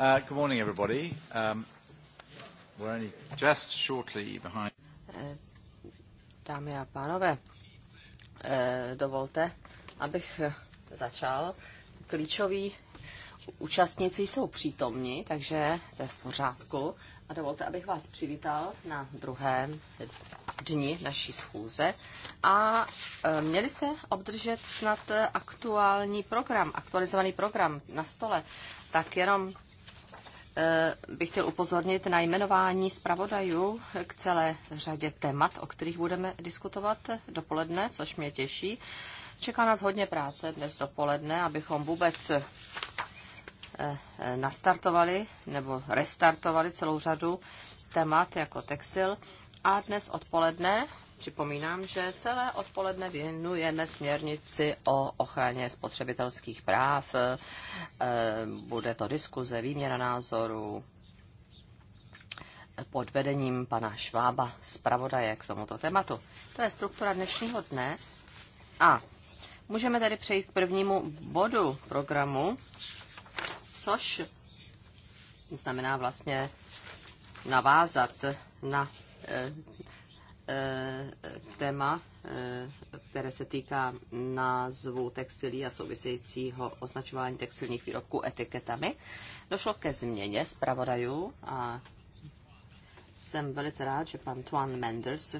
Uh, good morning, everybody. Um, we're only just shortly behind. Eh, dámy a pánové, eh, dovolte, abych začal. Klíčoví účastníci jsou přítomni, takže to je v pořádku. A dovolte, abych vás přivítal na druhém dni naší schůze. A eh, měli jste obdržet snad aktuální program, aktualizovaný program na stole. Tak jenom Eh, bych chtěl upozornit na jmenování zpravodajů k celé řadě témat, o kterých budeme diskutovat dopoledne, což mě těší. Čeká nás hodně práce dnes dopoledne, abychom vůbec eh, nastartovali nebo restartovali celou řadu témat jako textil. A dnes odpoledne Připomínám, že celé odpoledne věnujeme směrnici o ochraně spotřebitelských práv. E, bude to diskuze, výměna názorů pod vedením pana Švába, zpravodaje k tomuto tématu. To je struktura dnešního dne a můžeme tedy přejít k prvnímu bodu programu, což znamená vlastně navázat na e, Eh, téma, eh, které se týká názvu textilí a souvisejícího označování textilních výrobků etiketami. Došlo ke změně zpravodajů a jsem velice rád, že pan Tuan Menders,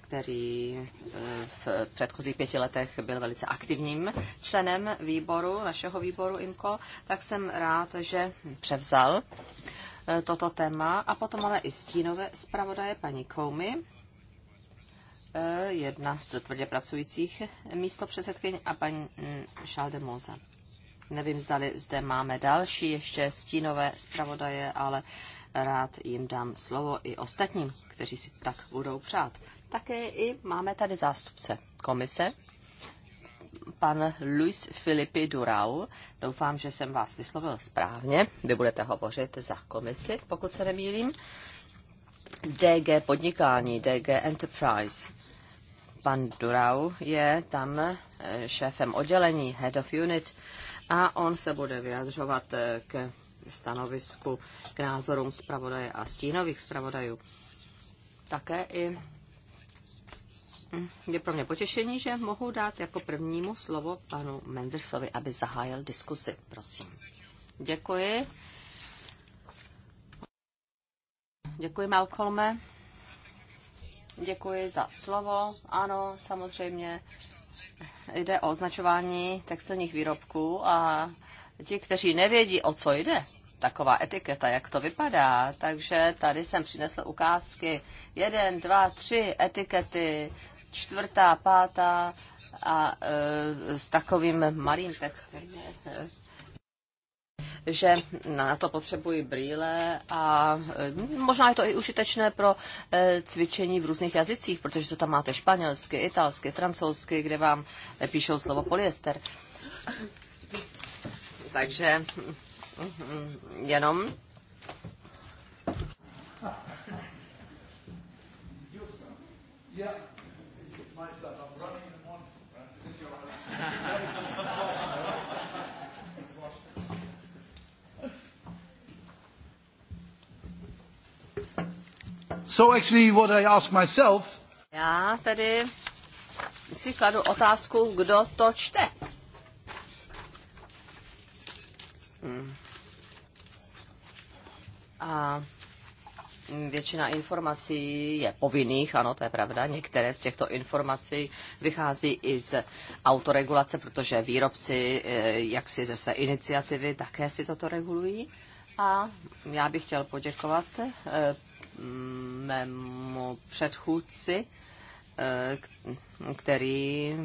který eh, v předchozích pěti letech byl velice aktivním členem výboru, našeho výboru IMCO, tak jsem rád, že převzal toto téma a potom ale i stínové zpravodaje paní Koumy, Eh, jedna z tvrdě pracujících místo předsedkyň a paní mm, Šaldemoza. Nevím, zda zde máme další ještě stínové zpravodaje, ale rád jim dám slovo i ostatním, kteří si tak budou přát. Také i máme tady zástupce komise, pan Luis Filipi Durau. Doufám, že jsem vás vyslovil správně. Vy budete hovořit za komisi, pokud se nemýlím. Z DG podnikání, DG Enterprise. Pan Durau je tam eh, šéfem oddělení, head of unit, a on se bude vyjadřovat eh, k stanovisku, k názorům zpravodaje a stínových zpravodajů. Také i hm, je pro mě potěšení, že mohu dát jako prvnímu slovo panu Mendersovi, aby zahájil diskusi. Prosím. Děkuji. Děkuji, Malcolme. Děkuji za slovo. Ano, samozřejmě jde o označování textilních výrobků a ti, kteří nevědí, o co jde, taková etiketa, jak to vypadá. Takže tady jsem přinesl ukázky. Jeden, dva, tři etikety, čtvrtá, pátá a e, s takovým malým textem. E, že na to potřebují brýle a e, možná je to i užitečné pro e, cvičení v různých jazycích, protože to tam máte španělsky, italsky, francouzsky, kde vám e, píšou slovo polyester. Takže mm, jenom Yeah. So actually what I ask myself... Já tedy si kladu otázku, kdo to čte. Hmm. A většina informací je povinných, ano, to je pravda. Některé z těchto informací vychází i z autoregulace, protože výrobci eh, jak si ze své iniciativy také si toto regulují. A já bych chtěl poděkovat eh, mému předchůdci, eh, který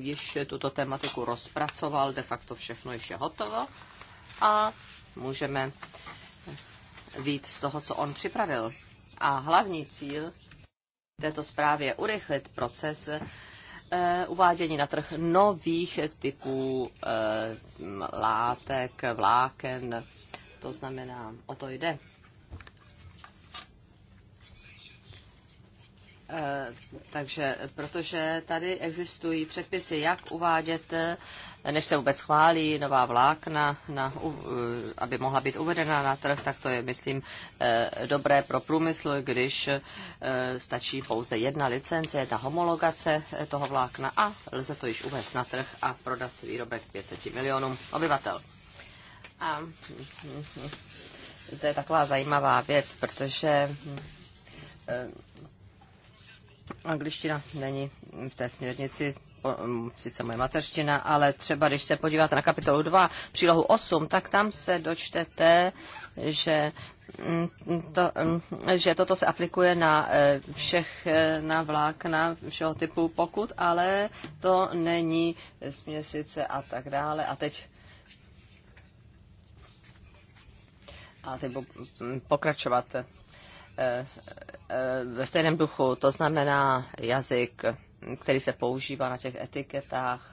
již tuto tematiku rozpracoval, de facto všechno již je hotovo a můžeme vít z toho, co on připravil. A hlavní cíl této zprávy je urychlit proces eh, uvádění na trh nových typů eh, látek, vláken. To znamená, o to jde. Eh, takže, protože tady existují předpisy, jak uvádět, eh, než se vůbec chválí nová vlákna, na, eh, aby mohla být uvedena na trh, tak to je, myslím, dobré pro průmysl, když stačí pouze jedna licence, ta homologace toho vlákna a lze to již uvést na trh a prodat výrobek 500 milionům obyvatel. A hm, hm, hm, zde je taková zajímavá věc, protože angličtina není v té směrnici mm, sice moje mateřština, ale třeba když se podíváte na kapitolu 2, přílohu 8, tak tam se dočtete, že, mm, to, mm, že toto se aplikuje na e, všech e, na vlákna všeho typu pokud, ale to není směsice a tak dále. A teď a teď pokračovat Eh, ve stejném duchu, to znamená jazyk, který se používá na těch etiketách,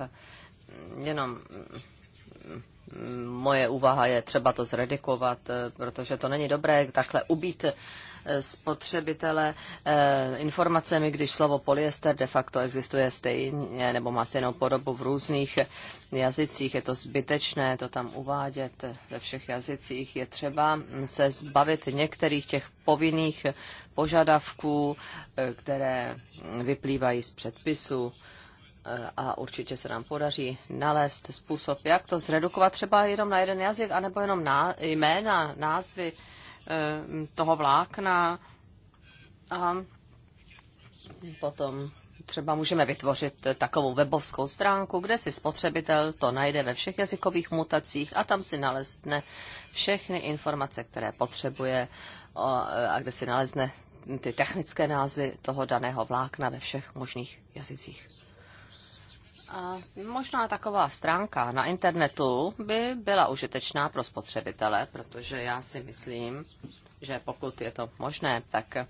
jenom mm, mm, moje úvaha je třeba to zredikovat, eh, protože to není dobré takhle ubít spotřebitele eh, informacemi, když slovo polyester de facto existuje stejně nebo má stejnou podobu v různých jazycích. Je to zbytečné to tam uvádět ve všech jazycích. Je třeba se zbavit některých těch povinných požadavků, eh, které vyplývají z předpisu eh, a určitě se nám podaří nalézt způsob, jak to zredukovat třeba jenom na jeden jazyk, anebo jenom na jména, názvy Eh, toho vlákna a potom třeba můžeme vytvořit takovou webovskou stránku, kde si spotřebitel to najde ve všech jazykových mutacích a tam si nalezne všechny informace, které potřebuje a kde si nalezne ty technické názvy toho daného vlákna ve všech možných jazycích. A možná taková stránka na internetu by byla užitečná pro spotřebitele, protože já si myslím, že pokud je to možné, tak eh,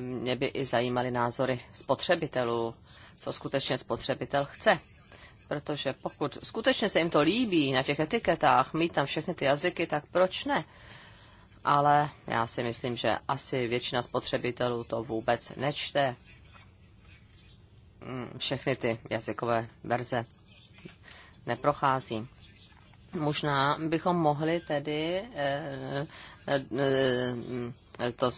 mě by i zajímaly názory spotřebitelů, co skutečně spotřebitel chce. Protože pokud skutečně se jim to líbí na těch etiketách, mít tam všechny ty jazyky, tak proč ne? Ale já si myslím, že asi většina spotřebitelů to vůbec nečte. Mm, všechny ty jazykové verze neprochází. Možná bychom mohli tedy eh, eh, eh, to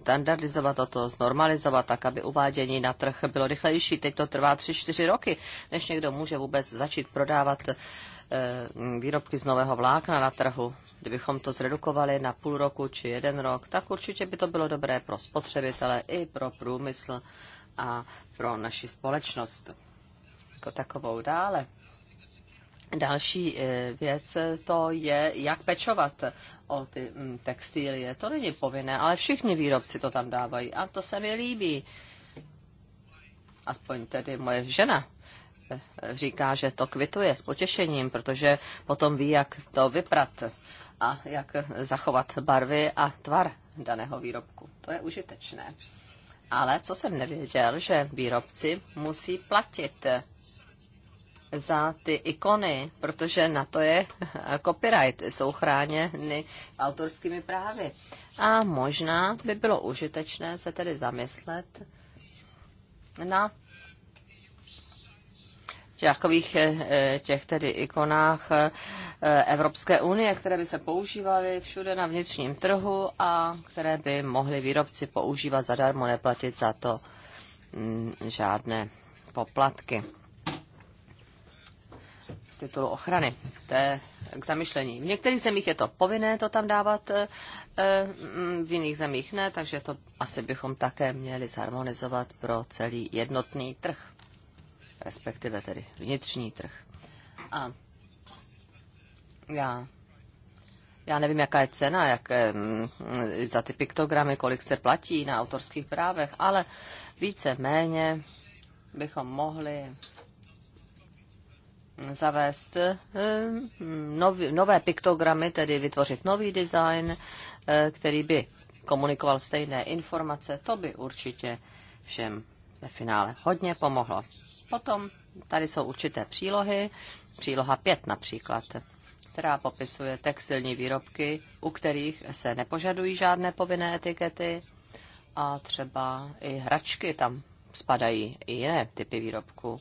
standardizovat, to znormalizovat tak, aby uvádění na trh bylo rychlejší. Teď to trvá 3-4 roky, než někdo může vůbec začít prodávat výrobky z nového vlákna na trhu. Kdybychom to zredukovali na půl roku či jeden rok, tak určitě by to bylo dobré pro spotřebitele i pro průmysl a pro naši společnost jako takovou dále. Další eh, věc to je, jak pečovat o ty mm, textilie. To není povinné, ale všichni výrobci to tam dávají a to se mi líbí. Aspoň tedy moje žena eh, říká, že to kvituje s potěšením, protože potom ví, jak to vyprat a jak zachovat barvy a tvar daného výrobku. To je užitečné. Ale co jsem nevěděl, že výrobci musí platit za ty ikony, protože na to je copyright, jsou chráněny autorskými právy. A možná by bylo užitečné se tedy zamyslet na těch, eh, eh, těch tedy ikonách eh, Evropské unie, které by se používaly všude na vnitřním trhu a které by mohli výrobci používat zadarmo, neplatit za to mm, žádné poplatky z titulu ochrany. To je k zamišlení. V některých zemích je to povinné to tam dávat, v jiných zemích ne, takže to asi bychom také měli zharmonizovat pro celý jednotný trh respektive tedy vnitřní trh. A já, já nevím, jaká je cena jak, mm, za ty piktogramy, kolik se platí na autorských právech, ale více méně bychom mohli zavést mm, nové piktogramy, tedy vytvořit nový design, eh, který by komunikoval stejné informace. To by určitě všem ve finále hodně pomohlo. Potom tady jsou určité přílohy, příloha 5 například, která popisuje textilní výrobky, u kterých se nepožadují žádné povinné etikety a třeba i hračky tam spadají, i jiné typy výrobků.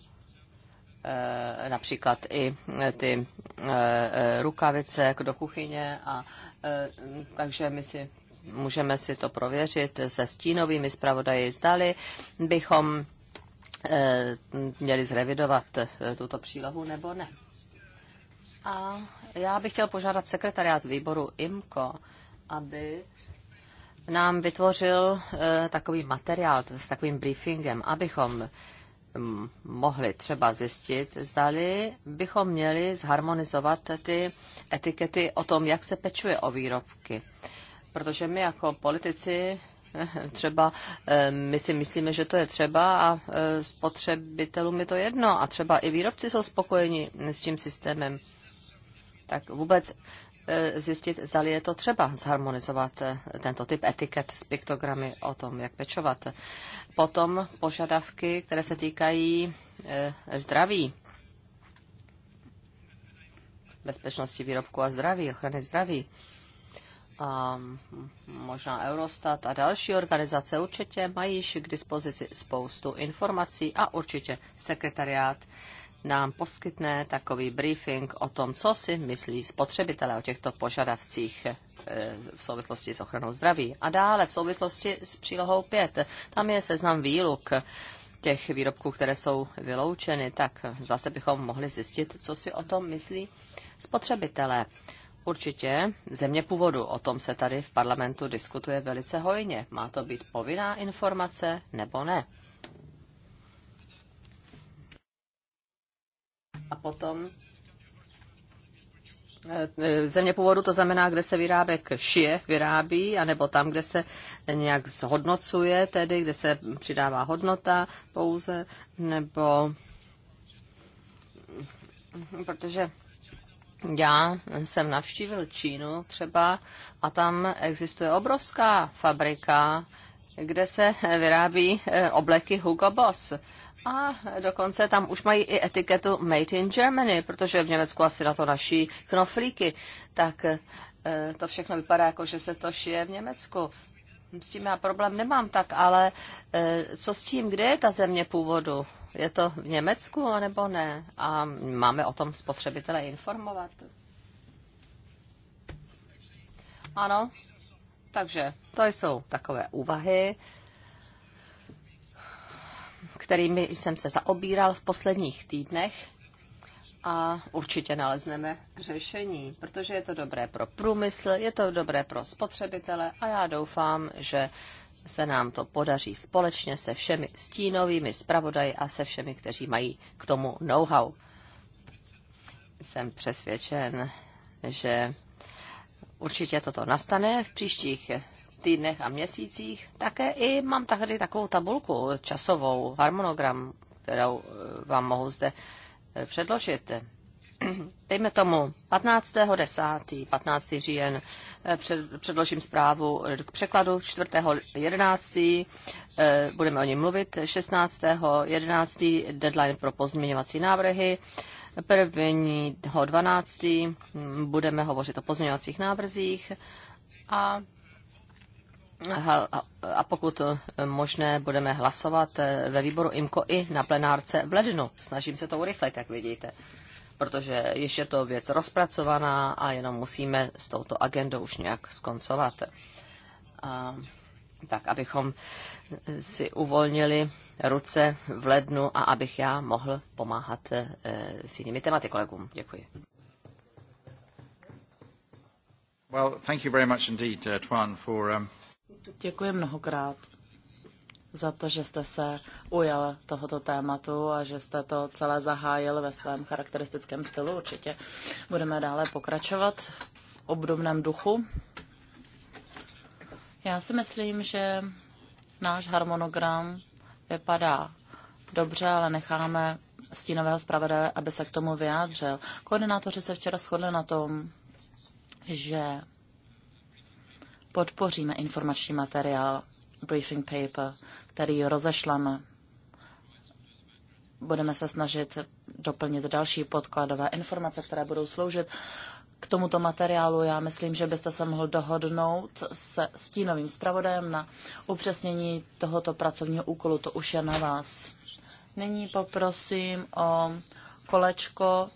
E, například i eh, ty e, rukavice do kuchyně a e, takže my si můžeme si to prověřit se stínovými zpravodaji, zdali bychom eh, měli zrevidovat eh, tuto přílohu nebo ne. A já bych chtěl požádat sekretariát výboru IMCO, aby nám vytvořil eh, takový materiál s takovým briefingem, abychom hm, mohli třeba zjistit, zdali bychom měli zharmonizovat ty etikety o tom, jak se pečuje o výrobky protože my jako politici eh, třeba eh, my si myslíme, že to je třeba a eh, spotřebitelům je to jedno a třeba i výrobci jsou spokojeni s tím systémem. Tak vůbec zjistit, zda je to třeba zharmonizovat tento typ etiket s piktogramy o tom, jak pečovat. Potom požadavky, které se týkají zdraví, bezpečnosti výrobku a zdraví, ochrany zdraví a možná Eurostat a další organizace určitě mají již k dispozici spoustu informací a určitě sekretariát nám poskytne takový briefing o tom, co si myslí spotřebitelé o těchto požadavcích eh, v souvislosti s ochranou zdraví. A dále v souvislosti s přílohou 5. Tam je seznam výluk těch výrobků, které jsou vyloučeny, tak zase bychom mohli zjistit, co si o tom myslí spotřebitelé. Určitě země původu, o tom se tady v parlamentu diskutuje velice hojně. Má to být povinná informace nebo ne? A potom eh, eh, Země původu to znamená, kde se vyrábek šije, vyrábí, anebo tam, kde se nějak zhodnocuje, tedy kde se přidává hodnota pouze, nebo protože já jsem navštívil Čínu třeba a tam existuje obrovská fabrika, kde se vyrábí e, obleky Hugo Boss. A dokonce tam už mají i etiketu Made in Germany, protože v Německu asi na to naší knoflíky. Tak e, to všechno vypadá jako, že se to šije v Německu s tím já problém nemám tak, ale e, co s tím, kde je ta země původu? Je to v Německu anebo ne? A máme o tom spotřebitele informovat? Ano, takže to jsou takové úvahy, kterými jsem se zaobíral v posledních týdnech a určitě nalezneme řešení, protože je to dobré pro průmysl, je to dobré pro spotřebitele a já doufám, že se nám to podaří společně se všemi stínovými zpravodaji a se všemi, kteří mají k tomu know-how. Jsem přesvědčen, že určitě toto nastane v příštích týdnech a měsících. Také i mám tady takovou tabulku časovou, harmonogram, kterou eh, vám mohu zde předložit. Dejme tomu 15. 10. 15. říjen předložím zprávu k překladu 4. 11. Eh, budeme o ní mluvit 16. 11. deadline pro pozměňovací návrhy 1. 12. budeme hovořit o pozměňovacích návrzích a a pokud eh, možné, budeme hlasovat eh, ve výboru IMKO i na plenárce v lednu. Snažím se to urychlit, jak vidíte, protože ještě to věc rozpracovaná a jenom musíme s touto agendou už nějak skoncovat. A, tak, abychom si uvolnili ruce v lednu a abych já mohl pomáhat eh, s jinými tématy kolegům. Děkuji. Well, thank you very much indeed, uh, Tuan, for um, Děkuji mnohokrát za to, že jste se ujel tohoto tématu a že jste to celé zahájil ve svém charakteristickém stylu. Určitě budeme dále pokračovat v obdobném duchu. Já si myslím, že náš harmonogram vypadá dobře, ale necháme stínového zpravodaje, aby se k tomu vyjádřil. Koordinátoři se včera shodli na tom, že podpoříme informační materiál, briefing paper, který rozešleme. Budeme se snažit doplnit další podkladové informace, které budou sloužit k tomuto materiálu. Já myslím, že byste se mohl dohodnout se stínovým zpravodajem na upřesnění tohoto pracovního úkolu. To už je na vás. Nyní poprosím o kolečko.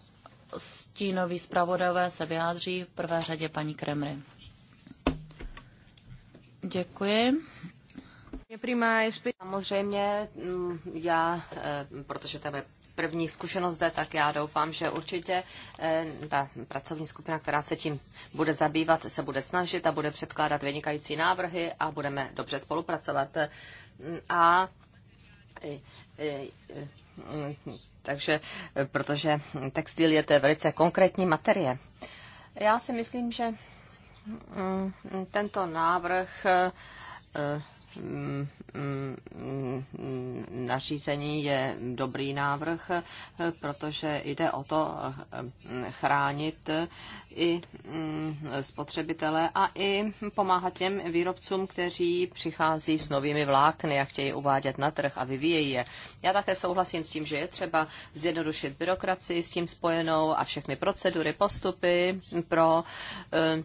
Stínový zpravodajové se vyjádří v prvé řadě paní Kremry. Děkuji. Samozřejmě, mm, já, eh, protože tebe první zkušenost zde, tak já doufám, že určitě eh, ta pracovní skupina, která se tím bude zabývat, se bude snažit a bude předkládat vynikající návrhy a budeme dobře spolupracovat. Mm, a takže, protože textil je to velice konkrétní materie. Já si myslím, že Mm, tento návrh eh, nařízení je dobrý návrh, protože jde o to chránit i spotřebitele a i pomáhat těm výrobcům, kteří přichází s novými vlákny a chtějí uvádět na trh a vyvíjejí je. Já také souhlasím s tím, že je třeba zjednodušit byrokracii s tím spojenou a všechny procedury, postupy pro eh,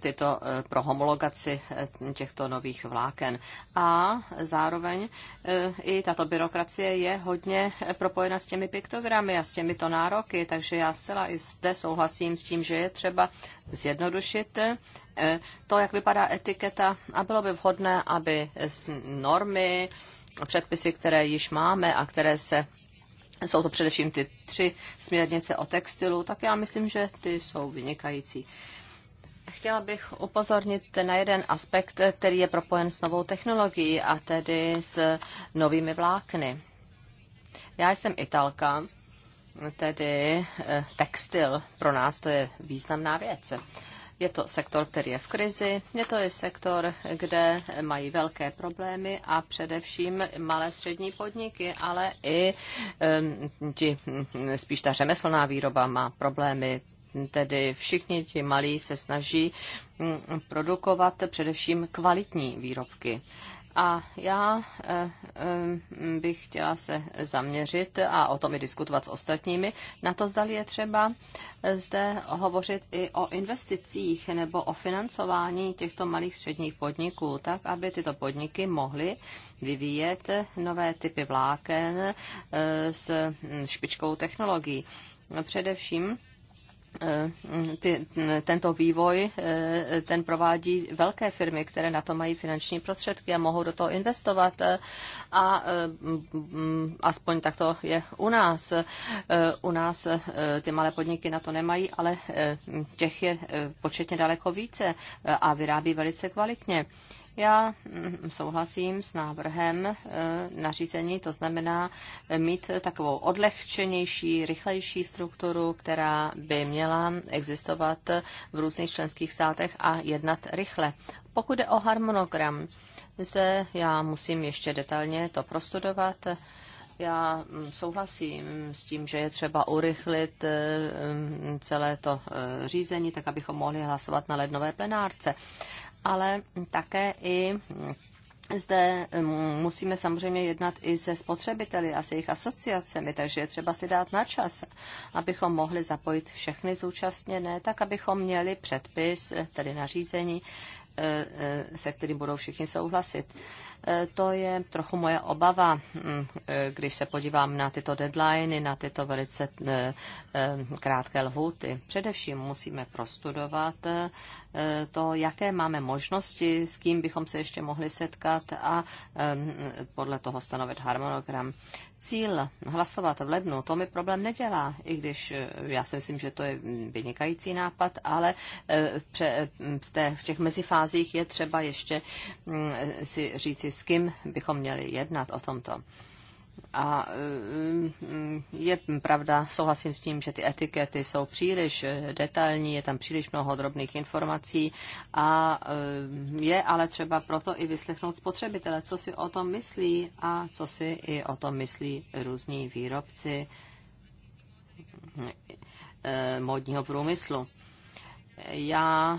tyto eh, pro homologaci eh, těchto nových vláken a zároveň e, i tato byrokracie je hodně propojena s těmi piktogramy a s těmito nároky, takže já zcela i zde souhlasím s tím, že je třeba zjednodušit e, to, jak vypadá etiketa a bylo by vhodné, aby normy, předpisy, které již máme a které se jsou to především ty tři směrnice o textilu, tak já myslím, že ty jsou vynikající. Chtěla bych upozornit na jeden aspekt, který je propojen s novou technologií a tedy s novými vlákny. Já jsem Italka, tedy eh, textil. Pro nás to je významná věc. Je to sektor, který je v krizi, je to i sektor, kde mají velké problémy a především malé střední podniky, ale i um, ti, hm, spíš ta řemeslná výroba má problémy, tedy všichni ti malí se snaží mm, produkovat především kvalitní výrobky. A já eh, eh, bych chtěla se zaměřit a o tom i diskutovat s ostatními. Na to zdali je třeba eh, zde hovořit i o investicích nebo o financování těchto malých středních podniků, tak aby tyto podniky mohly vyvíjet nové typy vláken s hm, špičkou technologií. Především Eh, ty, tento vývoj eh, ten provádí velké firmy, které na to mají finanční prostředky a mohou do toho investovat eh, a aspoň tak to je u nás. U nás ty malé podniky na to nemají, ale těch je početně daleko více a vyrábí velice kvalitně. Já mm, souhlasím s návrhem e, nařízení, to znamená mít takovou odlehčenější, rychlejší strukturu, která by měla existovat v různých členských státech a jednat rychle. Pokud jde o harmonogram, zde já musím ještě detailně to prostudovat. Já mm, souhlasím s tím, že je třeba urychlit e, mm, celé to e, řízení, tak abychom mohli hlasovat na lednové plenárce ale také i zde mm, musíme samozřejmě jednat i se spotřebiteli a s jejich asociacemi, takže je třeba si dát na čas, abychom mohli zapojit všechny zúčastněné, tak abychom měli předpis, tedy nařízení, e, e, se kterým budou všichni souhlasit. To je trochu moje obava, mm, když se podívám na tyto deadliny, na tyto velice eh, eh, krátké lhuty. Především musíme prostudovat eh, to, jaké máme možnosti, s kým bychom se ještě mohli setkat a podle toho stanovit harmonogram. Cíl hlasovat v lednu, to mi problém nedělá, i když já si myslím, že to je vynikající nápad, ale v, těch mezifázích je třeba ještě mm, si říci s kým bychom měli jednat o tomto. A eh, je pravda, souhlasím s tím, že ty etikety jsou příliš eh, detailní, je tam příliš mnoho drobných informací a eh, je ale třeba proto i vyslechnout spotřebitele, co si o tom myslí a co si i o tom myslí různí výrobci modního průmyslu. Já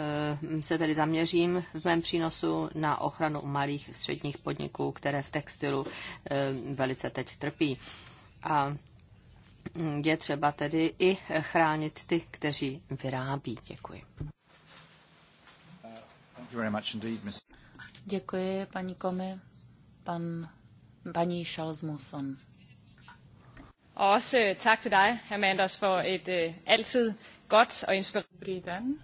Eh, se tedy zaměřím v mém přínosu na ochranu malých středních podniků, které v textilu eh, velice teď trpí. A mm, je třeba tedy i chránit ty, kteří vyrábí. Děkuji. Děkuji, paní Komi. Pan, paní Schalzmusson. Også tak til dig, Herr Manders, for et eh, altid godt og inspirerende. Dobrý den.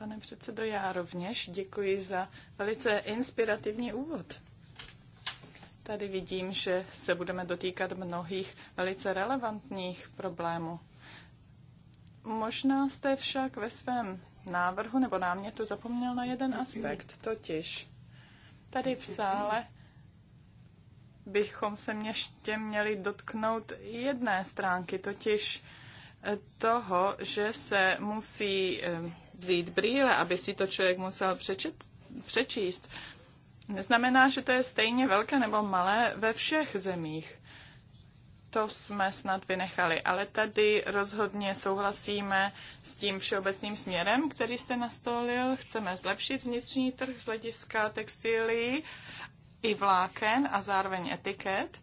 Pane předsedo, já rovněž děkuji za velice inspirativní úvod. Tady vidím, že se budeme dotýkat mnohých velice relevantních problémů. Možná jste však ve svém návrhu nebo námětu zapomněl na jeden aspekt, totiž tady v sále bychom se ještě měli dotknout jedné stránky, totiž toho, že se musí eh, vzít brýle, aby si to člověk musel přečet, přečíst, neznamená, že to je stejně velké nebo malé ve všech zemích. To jsme snad vynechali, ale tady rozhodně souhlasíme s tím všeobecným směrem, který jste nastolil. Chceme zlepšit vnitřní trh z hlediska textilií i vláken a zároveň etiket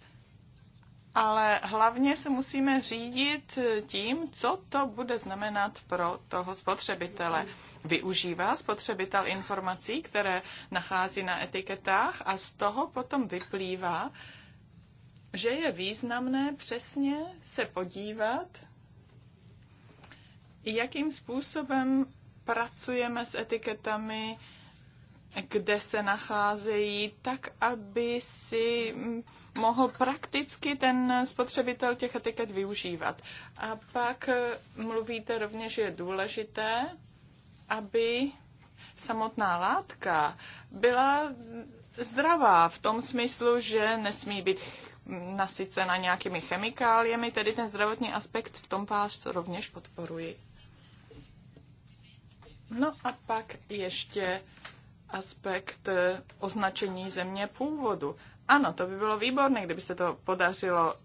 ale hlavně se musíme řídit tím, co to bude znamenat pro toho spotřebitele. Využívá spotřebitel informací, které nachází na etiketách a z toho potom vyplývá, že je významné přesně se podívat, jakým způsobem pracujeme s etiketami, kde se nacházejí, tak aby si mm, mohl prakticky ten spotřebitel těch etiket využívat. A pak eh, mluvíte rovněž, že je důležité, aby samotná látka byla zdravá v tom smyslu, že nesmí být nasycena nějakými chemikáliemi, tedy ten zdravotní aspekt v tom vás rovněž podporuji. No a pak ještě aspekt eh, označení země původu. Ano, to by bylo výborné, kdyby se to podařilo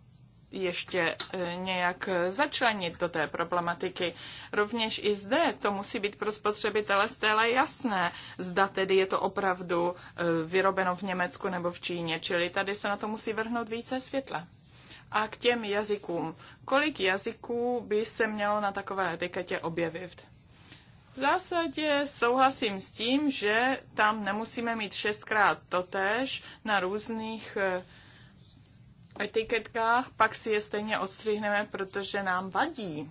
ještě eh, nějak eh, začlenit do té problematiky. Rovněž i zde to musí být pro spotřebitele stále jasné, zda tedy je to opravdu vyrobeno v Německu nebo v Číně, čili tady se na to musí vrhnout více světla. A k těm jazykům. Kolik jazyků by se mělo na takové etiketě objevit? V zásadě souhlasím s tím, že tam nemusíme mít šestkrát totéž na různých eh, etiketkách, pak si je stejně odstřihneme, protože nám vadí.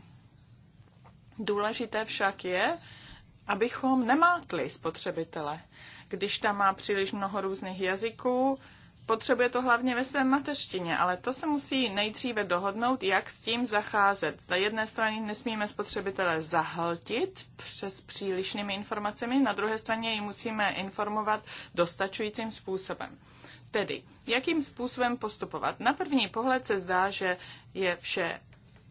Důležité však je, abychom nemátli spotřebitele. Když tam má příliš mnoho různých jazyků, potřebuje to hlavně ve svém mateřštině, ale to se musí nejdříve dohodnout, jak s tím zacházet. Na jedné straně nesmíme spotřebitele zahltit přes přílišnými informacemi, na druhé straně ji musíme informovat dostačujícím způsobem. Tedy, jakým způsobem postupovat? Na první pohled se zdá, že je vše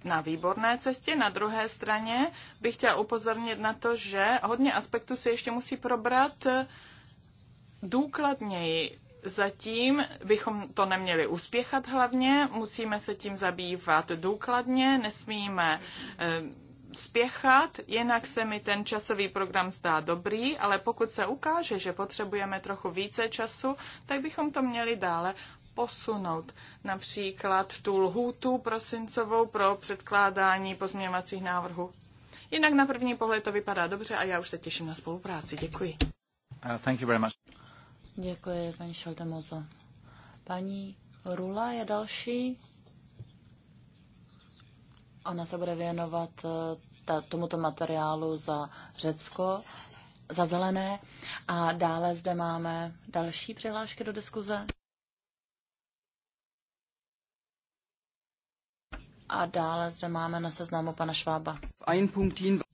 na výborné cestě. Na druhé straně bych chtěla upozornit na to, že hodně aspektů se ještě musí probrat důkladněji Zatím bychom to neměli uspěchat hlavně, musíme se tím zabývat důkladně, nesmíme eh, spěchat, jinak se mi ten časový program zdá dobrý, ale pokud se ukáže, že potřebujeme trochu více času, tak bychom to měli dále posunout. Například tu lhůtu prosincovou pro předkládání pozměňovacích návrhů. Jinak na první pohled to vypadá dobře a já už se těším na spolupráci. Děkuji. Uh, thank you very much. Děkuji, paní Šaldemoza. Paní Rula je další. Ona se bude věnovat eh, ta, tomuto materiálu za Řecko, za zelené. A dále zde máme další přihlášky do diskuze. A dále zde máme na seznamu pana Švába.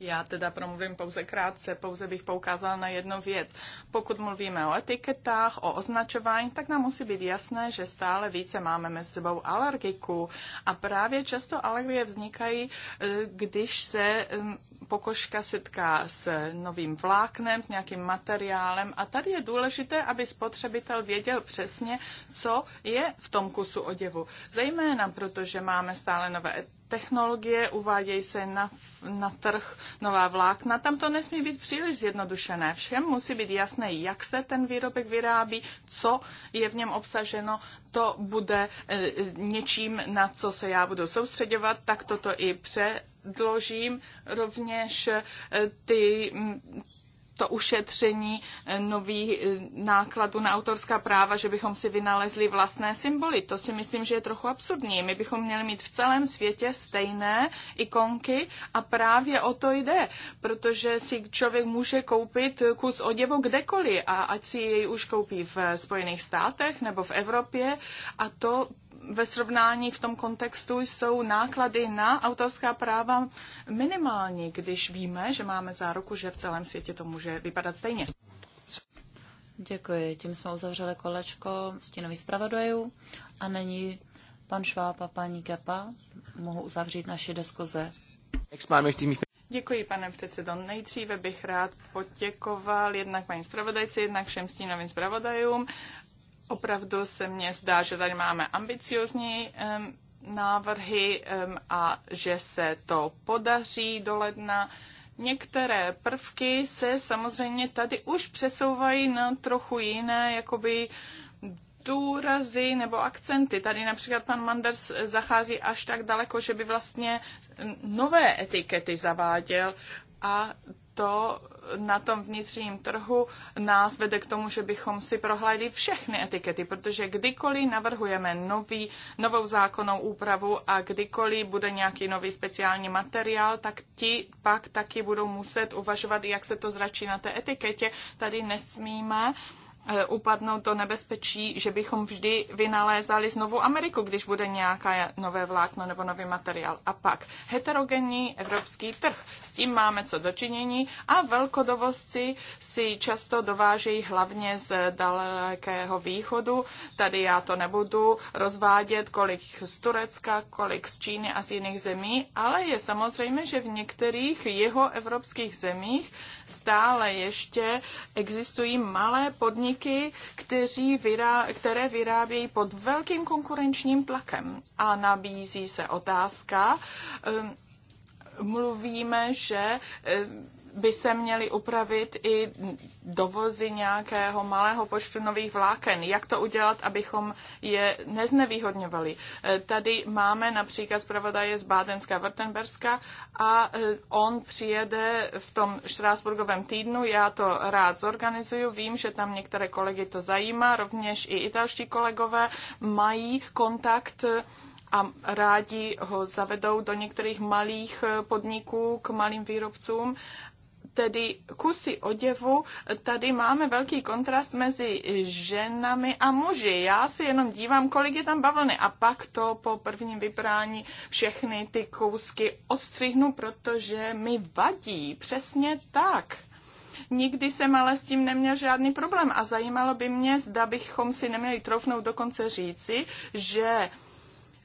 Já teda promluvím pouze krátce, pouze bych poukázal na jednu věc. Pokud mluvíme o etiketách, o označování, tak nám musí být jasné, že stále více máme mezi sebou alergiku A právě často alergie vznikají, eh, když se mm, pokožka setká s novým vláknem, s nějakým materiálem a tady je důležité, aby spotřebitel věděl přesně, co je v tom kusu oděvu. Zejména protože máme stále nové technologie, uvádějí se na, na trh nová vlákna. Tam to nesmí být příliš zjednodušené. Všem musí být jasné, jak se ten výrobek vyrábí, co je v něm obsaženo. To bude e, něčím, na co se já budu soustředovat, tak toto i pře dložím rovněž eh, ty mm, to ušetření eh, nových eh, nákladů na autorská práva, že bychom si vynalezli vlastné symboly. To si myslím, že je trochu absurdní. My bychom měli mít v celém světě stejné ikonky a právě o to jde, protože si člověk může koupit kus oděvu kdekoliv a ať si jej už koupí v eh, Spojených státech nebo v Evropě a to ve srovnání v tom kontextu jsou náklady na autorská práva minimální, když víme, že máme záruku, že v celém světě to může vypadat stejně. Děkuji. Tím jsme uzavřeli kolečko stínových zpravodajů a není pan Šváb a paní Kepa. Mohu uzavřít naši diskuze. Děkuji, pane předsedo. Nejdříve bych rád poděkoval jednak paní zpravodajci, jednak všem stínovým zpravodajům Opravdu se mně zdá, že tady máme ambiciozní um, návrhy um, a že se to podaří do ledna. Některé prvky se samozřejmě tady už přesouvají na trochu jiné, jakoby důrazy nebo akcenty. Tady například pan Manders zachází až tak daleko, že by vlastně nové etikety zaváděl a to na tom vnitřním trhu nás vede k tomu, že bychom si prohlédli všechny etikety, protože kdykoliv navrhujeme nový, novou zákonnou úpravu a kdykoliv bude nějaký nový speciální materiál, tak ti pak taky budou muset uvažovat, jak se to zračí na té etiketě. Tady nesmíme uh, Eh, upadnout do nebezpečí, že bychom vždy vynalézali znovu Ameriku, když bude nějaká nové vlákno nebo nový materiál. A pak heterogenní evropský trh. S tím máme co dočinění a velkodovozci si často dovážejí hlavně z dalekého východu. Tady já to nebudu rozvádět, kolik z Turecka, kolik z Číny a z jiných zemí, ale je samozřejmě, že v některých jeho evropských zemích stále ještě existují malé podniky, podniky, kteří vyrá, které vyrábějí pod velkým konkurenčním tlakem. A nabízí se otázka, ehm, mluvíme, že ehm, by se měly upravit i dovozy nějakého malého počtu nových vláken. Jak to udělat, abychom je neznevýhodňovali? E, tady máme například zpravodaje z Bádenska Vrtenberska a e, on přijede v tom Štrásburgovém týdnu. Já to rád zorganizuju. Vím, že tam některé kolegy to zajímá, rovněž i italští kolegové mají kontakt a rádi ho zavedou do některých malých podniků k malým výrobcům tedy kusy oděvu, tady máme velký kontrast mezi ženami a muži. Já se jenom dívám, kolik je tam bavlny a pak to po prvním vyprání všechny ty kousky odstřihnu, protože mi vadí. Přesně tak. Nikdy jsem ale s tím neměl žádný problém a zajímalo by mě, zda bychom si neměli troufnout dokonce říci, že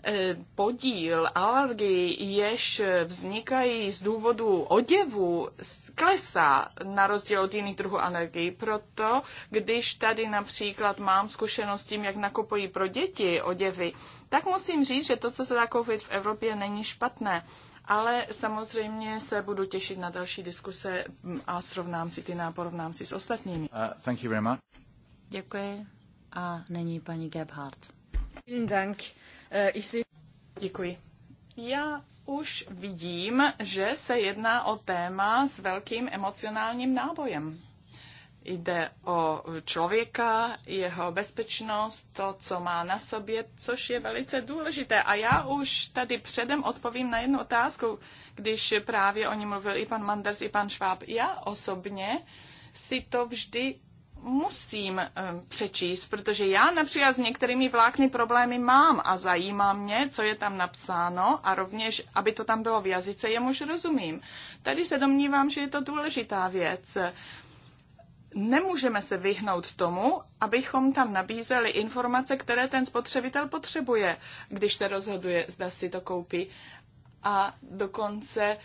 E, podíl alergií, jež vznikají z důvodu oděvu, klesá na rozdíl od jiných druhů alergií. Proto, když tady například mám zkušenost s tím, jak nakupují pro děti oděvy, tak musím říct, že to, co se dá koupit v Evropě, není špatné. Ale samozřejmě se budu těšit na další diskuse a srovnám si ty náporovnám si s ostatními. Uh, thank you very much. Děkuji. A není paní Gebhardt. Vielen Dank. Ich eh, Děkuji. Já už vidím, že se jedná o téma s velkým emocionálním nábojem. Jde o člověka, jeho bezpečnost, to, co má na sobě, což je velice důležité. A já už tady předem odpovím na jednu otázku, když právě o ní mluvil i pan Manders, i pan Šváb. Já osobně si to vždy musím eh, přečíst, protože já například s některými vlákny problémy mám a zajímá mě, co je tam napsáno a rovněž, aby to tam bylo v jazyce, jemuž rozumím. Tady se domnívám, že je to důležitá věc. Nemůžeme se vyhnout tomu, abychom tam nabízeli informace, které ten spotřebitel potřebuje, když se rozhoduje, zda si to koupí. A dokonce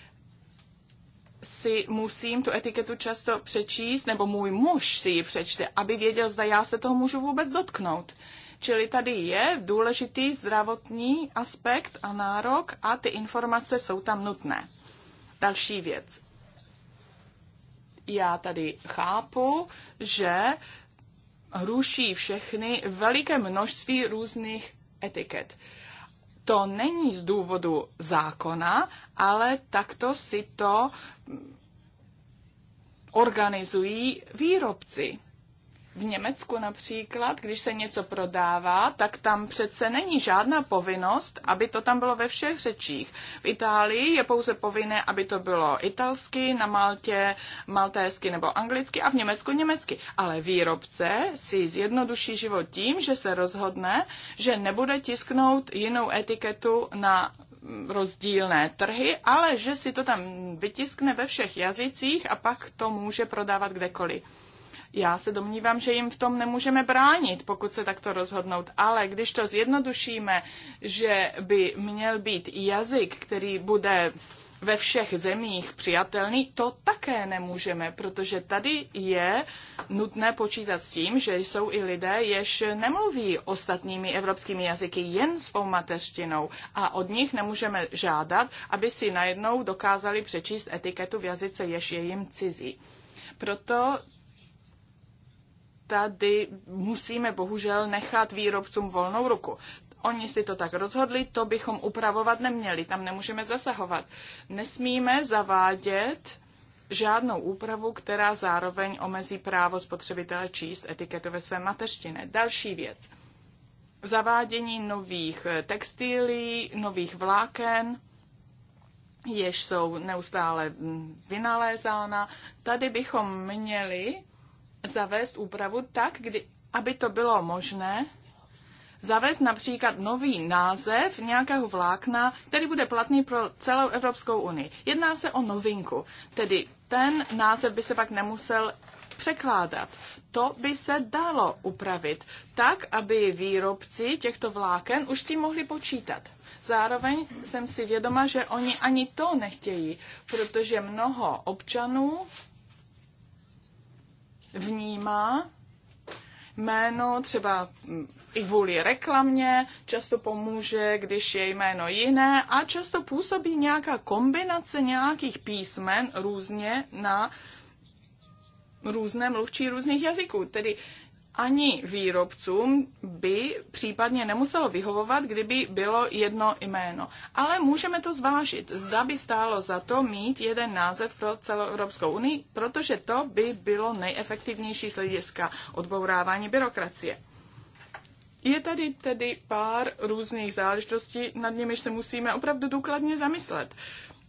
si musím tu etiketu často přečíst, nebo můj muž si ji přečte, aby věděl, zda já se toho můžu vůbec dotknout. Čili tady je důležitý zdravotní aspekt a nárok a ty informace jsou tam nutné. Další věc. Já tady chápu, že ruší všechny veliké množství různých etiket to není z důvodu zákona, ale takto si to organizují výrobci v Německu například, když se něco prodává, tak tam přece není žádná povinnost, aby to tam bylo ve všech řečích. V Itálii je pouze povinné, aby to bylo italsky, na Maltě maltésky nebo anglicky a v Německu německy. Ale výrobce si zjednoduší život tím, že se rozhodne, že nebude tisknout jinou etiketu na rozdílné trhy, ale že si to tam vytiskne ve všech jazycích a pak to může prodávat kdekoliv. Já se domnívám, že jim v tom nemůžeme bránit, pokud se takto rozhodnout, ale když to zjednodušíme, že by měl být jazyk, který bude ve všech zemích přijatelný, to také nemůžeme, protože tady je nutné počítat s tím, že jsou i lidé, jež nemluví ostatními evropskými jazyky jen svou mateřštinou a od nich nemůžeme žádat, aby si najednou dokázali přečíst etiketu v jazyce, jež je jim cizí. Proto tady musíme bohužel nechat výrobcům volnou ruku. Oni si to tak rozhodli, to bychom upravovat neměli, tam nemůžeme zasahovat. Nesmíme zavádět žádnou úpravu, která zároveň omezí právo spotřebitele číst etiketu ve své mateřštině. Další věc. Zavádění nových textilí, nových vláken, jež jsou neustále vynalézána. Tady bychom měli zavést úpravu tak, kdy, aby to bylo možné, zavést například nový název nějakého vlákna, který bude platný pro celou Evropskou unii. Jedná se o novinku, tedy ten název by se pak nemusel překládat. To by se dalo upravit tak, aby výrobci těchto vláken už s tím mohli počítat. Zároveň jsem si vědoma, že oni ani to nechtějí, protože mnoho občanů vnímá jméno, třeba i vůli reklamě, často pomůže, když je jméno jiné a často působí nějaká kombinace nějakých písmen různě na různé mluvčí různých jazyků. Tedy ani výrobcům by případně nemuselo vyhovovat, kdyby bylo jedno jméno. Ale můžeme to zvážit. Zda by stálo za to mít jeden název pro celou Evropskou unii, protože to by bylo nejefektivnější z hlediska odbourávání byrokracie. Je tady tedy pár různých záležitostí, nad nimiž se musíme opravdu důkladně zamyslet,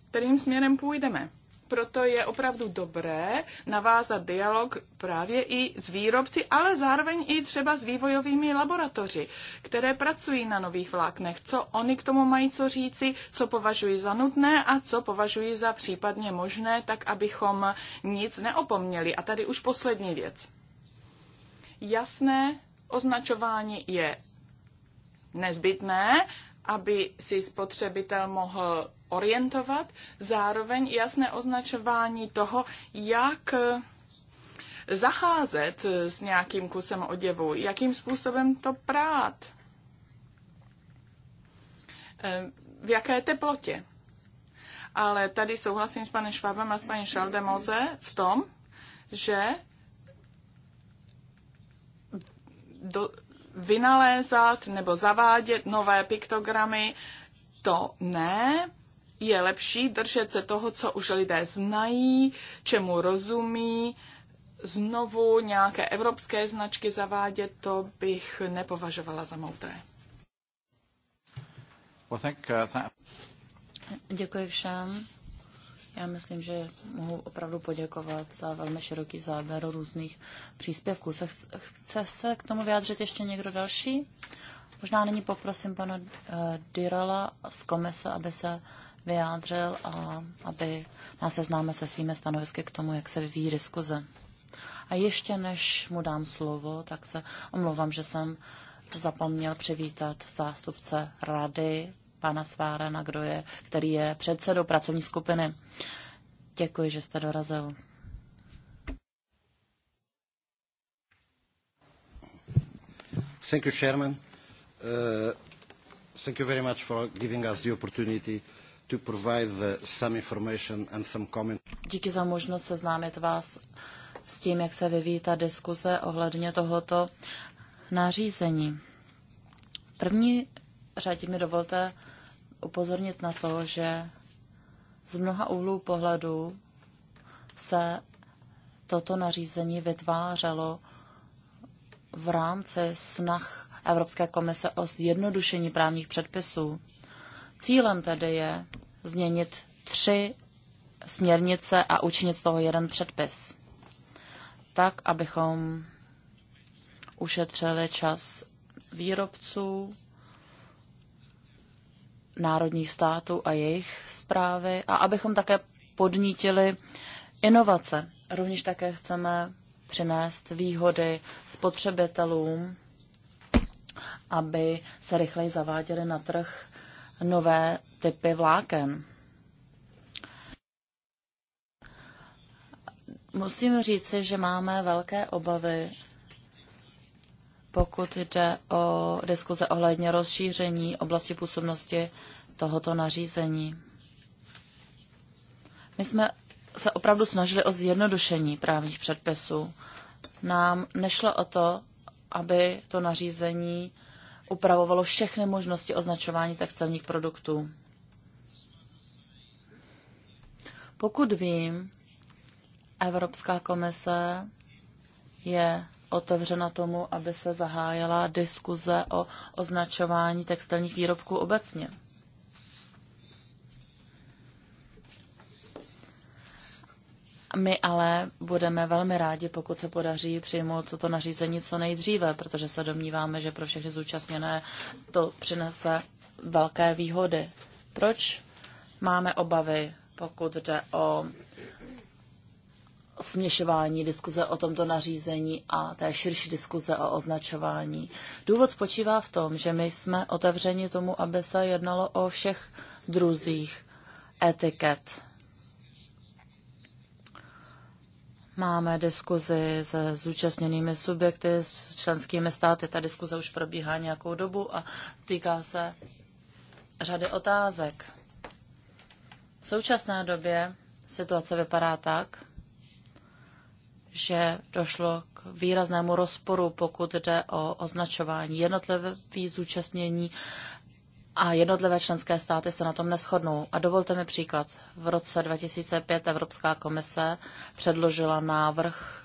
kterým směrem půjdeme. Proto je opravdu dobré navázat dialog právě i s výrobci, ale zároveň i třeba s vývojovými laboratoři, které pracují na nových vláknech, co oni k tomu mají co říci, co považují za nutné a co považují za případně možné, tak abychom nic neopomněli. A tady už poslední věc. Jasné označování je nezbytné, aby si spotřebitel mohl orientovat, zároveň jasné označování toho, jak eh, zacházet eh, s nějakým kusem oděvu, jakým způsobem to prát, eh, v jaké teplotě. Ale tady souhlasím s panem Švábem a s paní Šaldemoze v tom, že do, vynalézat nebo zavádět nové piktogramy, to ne, je lepší držet se toho, co už lidé znají, čemu rozumí, znovu nějaké evropské značky zavádět, to bych nepovažovala za moudré. Uh, Děkuji všem. Já myslím, že mohu opravdu poděkovat za velmi široký záběr různých příspěvků. Se, chce se k tomu vyjádřit ještě někdo další? Možná nyní poprosím pana uh, eh, Dirala z komise, aby se vyjádřil a aby nás seznámil se svými stanovisky k tomu, jak se vyvíjí diskuze. A ještě než mu dám slovo, tak se omlouvám, že jsem zapomněl přivítat zástupce rady pana Svárena, kdo je, který je předsedou pracovní skupiny. Děkuji, že jste dorazil. Thank you, Chairman. Uh, thank you very much for giving us the opportunity to provide some information and some comment. Díky za možnost seznámit vás s tím, jak se vyvíjí ta diskuze ohledně tohoto nařízení. První řadě mi dovolte upozornit na to, že z mnoha úhlů pohledu se toto nařízení vytvářelo v rámci snah Evropské komise o zjednodušení právních předpisů. Cílem tedy je změnit tři směrnice a učinit z toho jeden předpis. Tak, abychom ušetřili čas výrobců, národních států a jejich zprávy a abychom také podnítili inovace. Rovněž také chceme přinést výhody spotřebitelům, aby se rychleji zaváděly na trh nové typy vláken. Musím říci, že máme velké obavy, pokud jde o diskuze ohledně rozšíření oblasti působnosti tohoto nařízení. My jsme se opravdu snažili o zjednodušení právních předpisů. Nám nešlo o to, aby to nařízení upravovalo všechny možnosti označování textilních produktů. Pokud vím, Evropská komise je otevřena tomu, aby se zahájila diskuze o označování textilních výrobků obecně. My ale budeme velmi rádi, pokud se podaří přijmout toto nařízení co nejdříve, protože se domníváme, že pro všechny zúčastněné to přinese velké výhody. Proč máme obavy, pokud jde o směšování diskuze o tomto nařízení a té širší diskuze o označování. Důvod spočívá v tom, že my jsme otevřeni tomu, aby se jednalo o všech druzích etiket. Máme diskuzi se zúčastněnými subjekty, s členskými státy. Ta diskuze už probíhá nějakou dobu a týká se řady otázek. V současné době situace vypadá tak, že došlo k výraznému rozporu, pokud jde o označování. jednotlivých zúčastnění a jednotlivé členské státy se na tom neschodnou. A dovolte mi příklad. V roce 2005 Evropská komise předložila návrh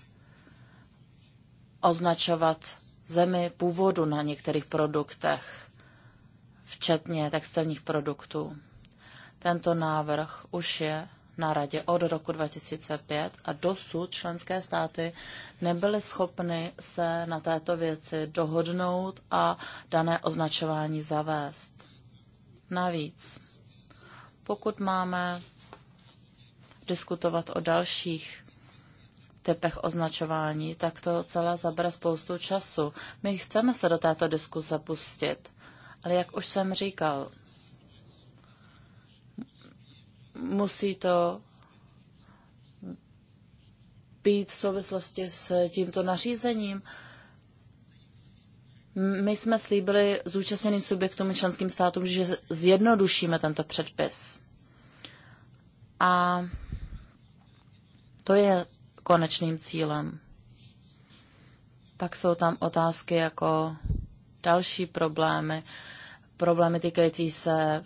označovat zemi původu na některých produktech, včetně textilních produktů. Tento návrh už je na radě od roku 2005 a dosud členské státy nebyly schopny se na této věci dohodnout a dané označování zavést navíc. Pokud máme diskutovat o dalších typech označování, tak to celé zabere spoustu času. My chceme se do této diskuse pustit, ale jak už jsem říkal, musí to být v souvislosti s tímto nařízením, my jsme slíbili zúčastněným subjektům i členským státům, že zjednodušíme tento předpis. A to je konečným cílem. Pak jsou tam otázky jako další problémy, problémy týkající se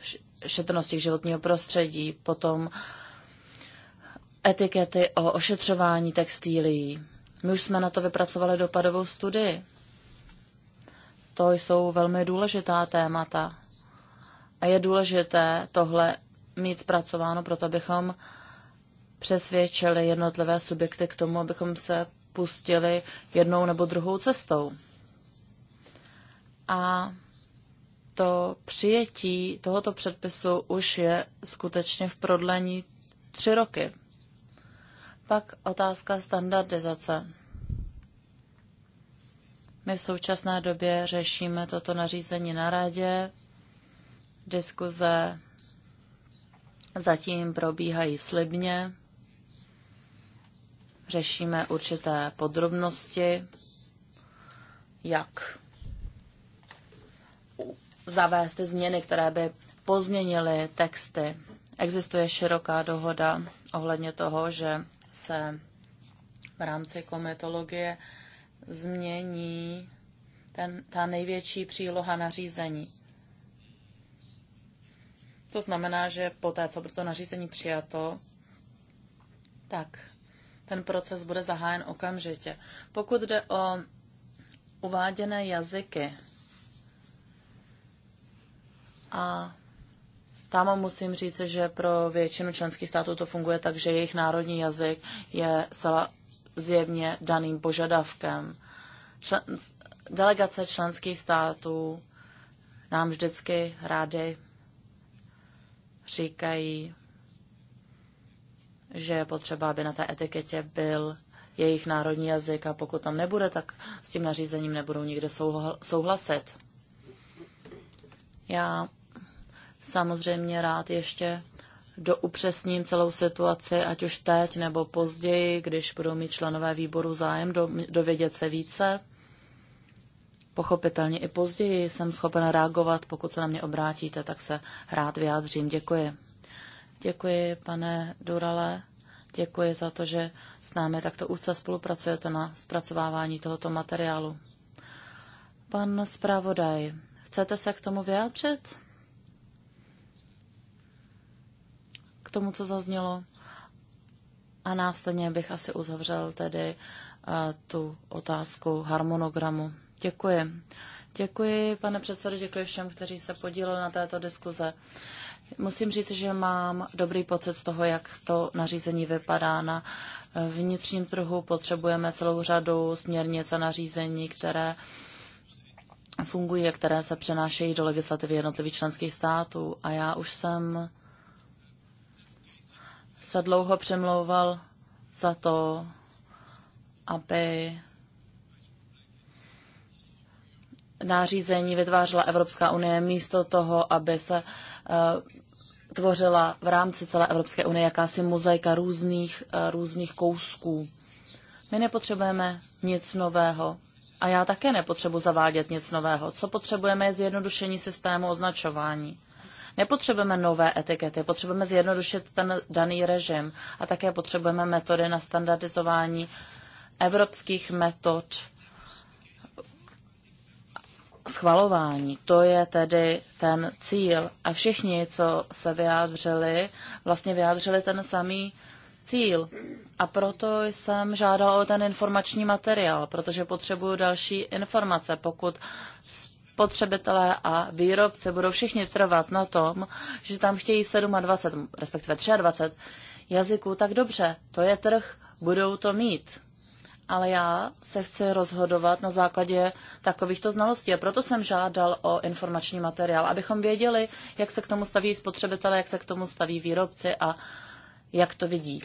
šetrnosti životního prostředí, potom etikety o ošetřování textílií. My už jsme na to vypracovali dopadovou studii. To jsou velmi důležitá témata. A je důležité tohle mít zpracováno, proto abychom přesvědčili jednotlivé subjekty k tomu, abychom se pustili jednou nebo druhou cestou. A to přijetí tohoto předpisu už je skutečně v prodlení tři roky. Pak otázka standardizace. My v současné době řešíme toto nařízení na radě. Diskuze zatím probíhají slibně. Řešíme určité podrobnosti, jak zavést změny, které by pozměnily texty. Existuje široká dohoda ohledně toho, že se v rámci kometologie změní ten, ta největší příloha nařízení. To znamená, že té, co bude to nařízení přijato, tak ten proces bude zahájen okamžitě. Pokud jde o uváděné jazyky, a tam musím říct, že pro většinu členských států to funguje tak, že jejich národní jazyk je zjevně daným požadavkem. Člen, delegace členských států nám vždycky rády říkají, že je potřeba, aby na té etiketě byl jejich národní jazyk a pokud tam nebude, tak s tím nařízením nebudou nikde souhlasit. Já samozřejmě rád ještě doupřesním celou situaci, ať už teď nebo později, když budou mít členové výboru zájem do, dovědět se více. Pochopitelně i později jsem schopen reagovat, pokud se na mě obrátíte, tak se rád vyjádřím. Děkuji. Děkuji, pane Durale. Děkuji za to, že s námi takto úzce spolupracujete na zpracovávání tohoto materiálu. Pan zpravodaj, chcete se k tomu vyjádřit? tomu, co zaznělo. A následně bych asi uzavřel tedy eh, tu otázku harmonogramu. Děkuji. Děkuji, pane předsedo, děkuji všem, kteří se podíleli na této diskuze. Musím říct, že mám dobrý pocit z toho, jak to nařízení vypadá. Na vnitřním trhu potřebujeme celou řadu směrnic a nařízení, které fungují a které se přenášejí do legislativy jednotlivých členských států. A já už jsem se dlouho přemlouval za to, aby nářízení vytvářela Evropská unie místo toho, aby se uh, tvořila v rámci celé Evropské unie jakási mozaika různých, uh, různých kousků. My nepotřebujeme nic nového. A já také nepotřebuji zavádět nic nového. Co potřebujeme je zjednodušení systému označování. Nepotřebujeme nové etikety, potřebujeme zjednodušit ten daný režim a také potřebujeme metody na standardizování evropských metod schvalování. To je tedy ten cíl. A všichni, co se vyjádřili, vlastně vyjádřili ten samý cíl. A proto jsem žádala o ten informační materiál, protože potřebuju další informace. Pokud spotřebitelé a výrobce budou všichni trvat na tom, že tam chtějí 27, respektive 23 jazyků, tak dobře, to je trh, budou to mít. Ale já se chci rozhodovat na základě takovýchto znalostí a proto jsem žádal o informační materiál, abychom věděli, jak se k tomu staví spotřebitelé, jak se k tomu staví výrobci a jak to vidí.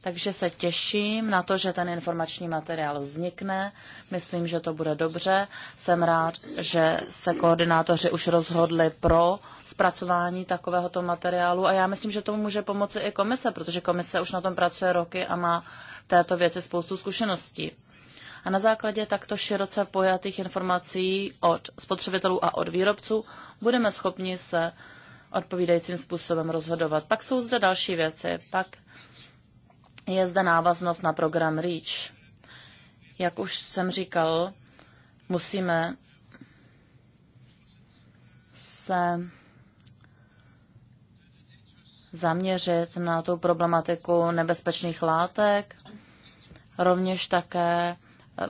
Takže se těším na to, že ten informační materiál vznikne. Myslím, že to bude dobře. Jsem rád, že se koordinátoři už rozhodli pro zpracování takovéhoto materiálu a já myslím, že tomu může pomoci i komise, protože komise už na tom pracuje roky a má této věci spoustu zkušeností. A na základě takto široce pojatých informací od spotřebitelů a od výrobců budeme schopni se odpovídajícím způsobem rozhodovat. Pak jsou zde další věci. Pak je zde návaznost na program REACH. Jak už jsem říkal, musíme se zaměřit na tu problematiku nebezpečných látek. Rovněž také eh,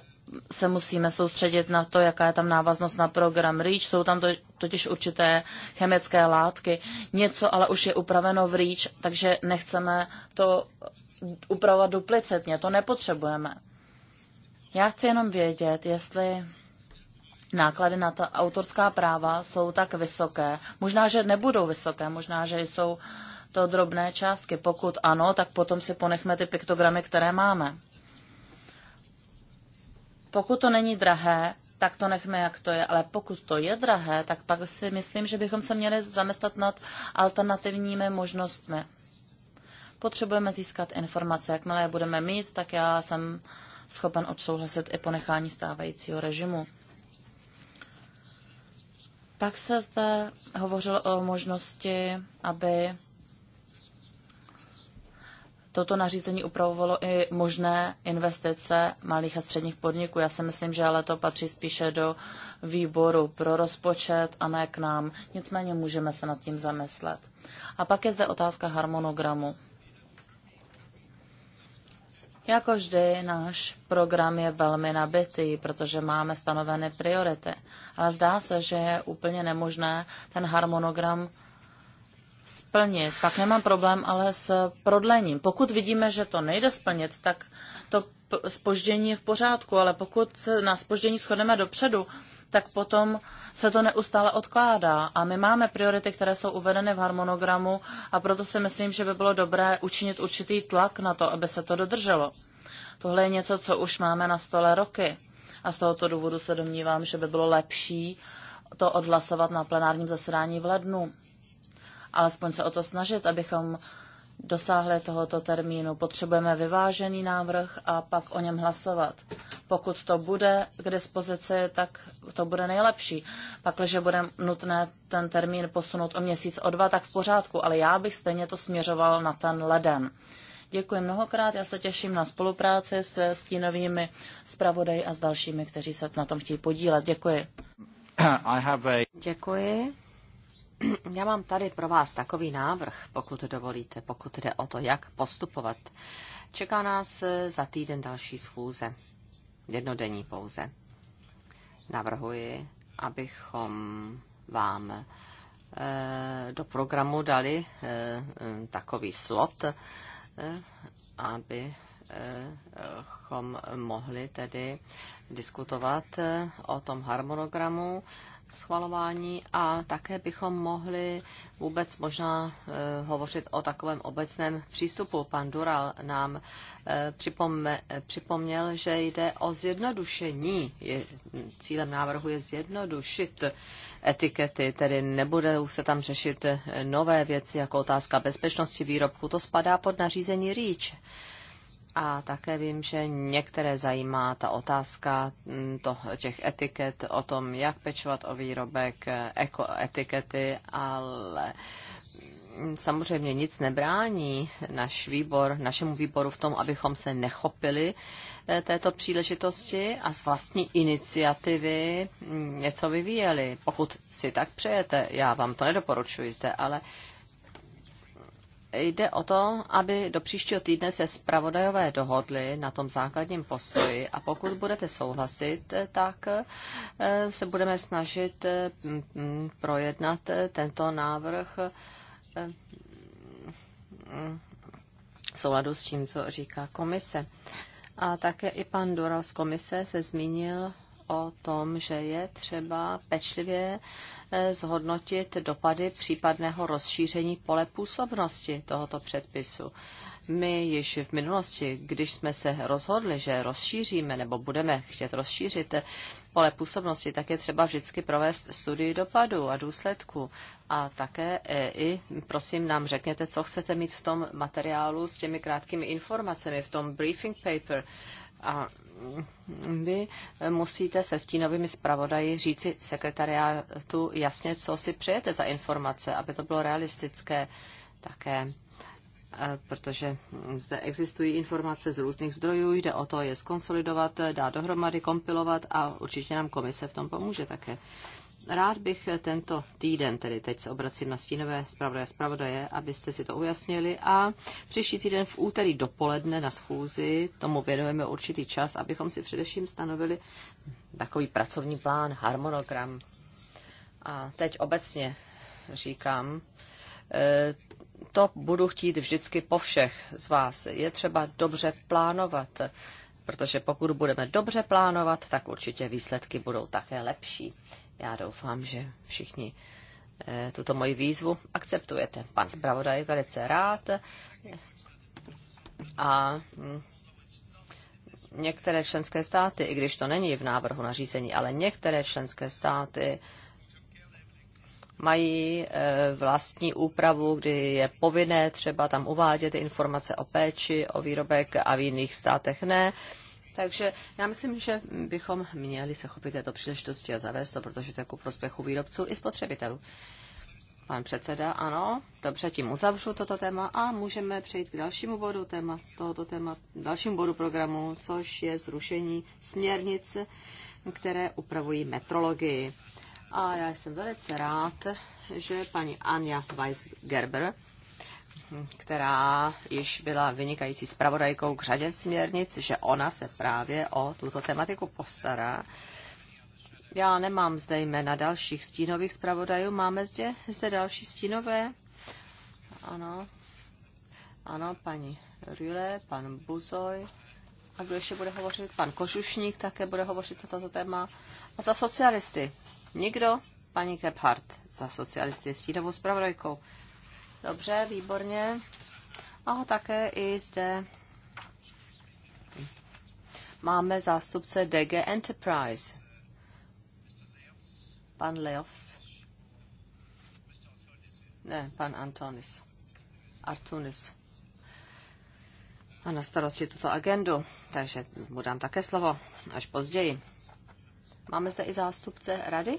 se musíme soustředit na to, jaká je tam návaznost na program REACH. Jsou tam to, totiž určité chemické látky. Něco ale už je upraveno v REACH, takže nechceme to upravovat duplicitně, to nepotřebujeme. Já chci jenom vědět, jestli náklady na ta autorská práva jsou tak vysoké. Možná, že nebudou vysoké, možná, že jsou to drobné částky. Pokud ano, tak potom si ponechme ty piktogramy, které máme. Pokud to není drahé, tak to nechme, jak to je. Ale pokud to je drahé, tak pak si myslím, že bychom se měli zamyslet nad alternativními možnostmi. Potřebujeme získat informace. Jakmile je budeme mít, tak já jsem schopen odsouhlasit i ponechání stávajícího režimu. Pak se zde hovořilo o možnosti, aby toto nařízení upravovalo i možné investice malých a středních podniků. Já si myslím, že ale to patří spíše do výboru pro rozpočet a ne k nám. Nicméně můžeme se nad tím zamyslet. A pak je zde otázka harmonogramu. Jako vždy, náš program je velmi nabitý, protože máme stanovené priority. Ale zdá se, že je úplně nemožné ten harmonogram splnit. Pak nemám problém ale s prodlením. Pokud vidíme, že to nejde splnit, tak to spoždění je v pořádku, ale pokud se na spoždění shodneme dopředu, tak potom se to neustále odkládá. A my máme priority, které jsou uvedeny v harmonogramu a proto si myslím, že by bylo dobré učinit určitý tlak na to, aby se to dodrželo. Tohle je něco, co už máme na stole roky. A z tohoto důvodu se domnívám, že by bylo lepší to odhlasovat na plenárním zasedání v lednu. Alespoň se o to snažit, abychom dosáhli tohoto termínu. Potřebujeme vyvážený návrh a pak o něm hlasovat. Pokud to bude k dispozici, tak to bude nejlepší. Pak, když bude nutné ten termín posunout o měsíc, o dva, tak v pořádku, ale já bych stejně to směřoval na ten leden. Děkuji mnohokrát, já se těším na spolupráci s stínovými zpravodaji a s dalšími, kteří se na tom chtějí podílet. Děkuji. I have a... Děkuji. Já mám tady pro vás takový návrh, pokud dovolíte, pokud jde o to, jak postupovat. Čeká nás za týden další schůze jednodenní pouze. Navrhuji, abychom vám eh, do programu dali eh, mm, takový slot, eh, abychom mohli tedy diskutovat o tom harmonogramu schvalování a také bychom mohli vůbec možná eh, hovořit o takovém obecném přístupu. Pan Dural nám eh, eh, připomněl, že jde o zjednodušení. cílem návrhu je zjednodušit etikety, tedy nebudou se tam řešit nové věci jako otázka bezpečnosti výrobku. To spadá pod nařízení REACH a také vím, že některé zajímá ta otázka mm, to, těch etiket o tom, jak pečovat o výrobek, eh, ekoetikety, ale mm, samozřejmě nic nebrání naš výbor, našemu výboru v tom, abychom se nechopili eh, této příležitosti a z vlastní iniciativy mm, něco vyvíjeli. Pokud si tak přejete, já vám to nedoporučuji zde, ale Jde o to, aby do příštího týdne se zpravodajové dohodli na tom základním postoji a pokud budete souhlasit, tak eh, se budeme snažit eh, projednat eh, tento návrh mm, v souladu s tím, co říká komise. A také i pan Dural z komise se zmínil o tom, že je třeba pečlivě eh, zhodnotit dopady případného rozšíření pole působnosti tohoto předpisu. My již v minulosti, když jsme se rozhodli, že rozšíříme nebo budeme chtět rozšířit eh, pole působnosti, tak je třeba vždycky provést studii dopadu a důsledku. A také eh, i, prosím, nám řekněte, co chcete mít v tom materiálu s těmi krátkými informacemi, v tom briefing paper. A vy musíte se stínovými zpravodaji říci sekretariátu jasně, co si přejete za informace, aby to bylo realistické také eh, protože zde existují informace z různých zdrojů, jde o to je skonsolidovat, dát dohromady, kompilovat a určitě nám komise v tom pomůže také. Rád bych tento týden, tedy teď se obracím na stínové zpravodaje, zpravodaje, abyste si to ujasnili a příští týden v úterý dopoledne na schůzi tomu věnujeme určitý čas, abychom si především stanovili takový pracovní plán, harmonogram. A teď obecně říkám, eh, to budu chtít vždycky po všech z vás. Je třeba dobře plánovat, protože pokud budeme dobře plánovat, tak určitě výsledky budou také lepší. Já doufám, že všichni eh, tuto moji výzvu akceptujete. Pan zpravodaj velice rád a mm, některé členské státy, i když to není v návrhu nařízení, ale některé členské státy mají eh, vlastní úpravu, kdy je povinné třeba tam uvádět informace o péči, o výrobek a v jiných státech ne. Takže já myslím, že bychom měli se chopit této příležitosti a zavést to, protože to je ku prospěchu výrobců i spotřebitelů. Pan předseda, ano, dobře, tím uzavřu toto téma a můžeme přejít k dalšímu bodu téma, tohoto téma, dalšímu bodu programu, což je zrušení směrnic, které upravují metrologii. A já jsem velice rád, že paní Anja Weisgerber která již byla vynikající zpravodajkou k řadě směrnic, že ona se právě o tuto tematiku postará. Já nemám zde jména dalších stínových zpravodajů. Máme zde, zde další stínové? Ano. Ano, paní Rüle, pan Buzoj. A kdo ještě bude hovořit? Pan Kožušník také bude hovořit na toto téma. A za socialisty? Nikdo? Paní Kephart, za socialisty stínovou zpravodajkou. Dobře, výborně. A také i zde máme zástupce DG Enterprise. Pan Leofs, Ne, pan Antonis. Artunis. A na starosti tuto agendu, takže mu dám také slovo až později. Máme zde i zástupce rady?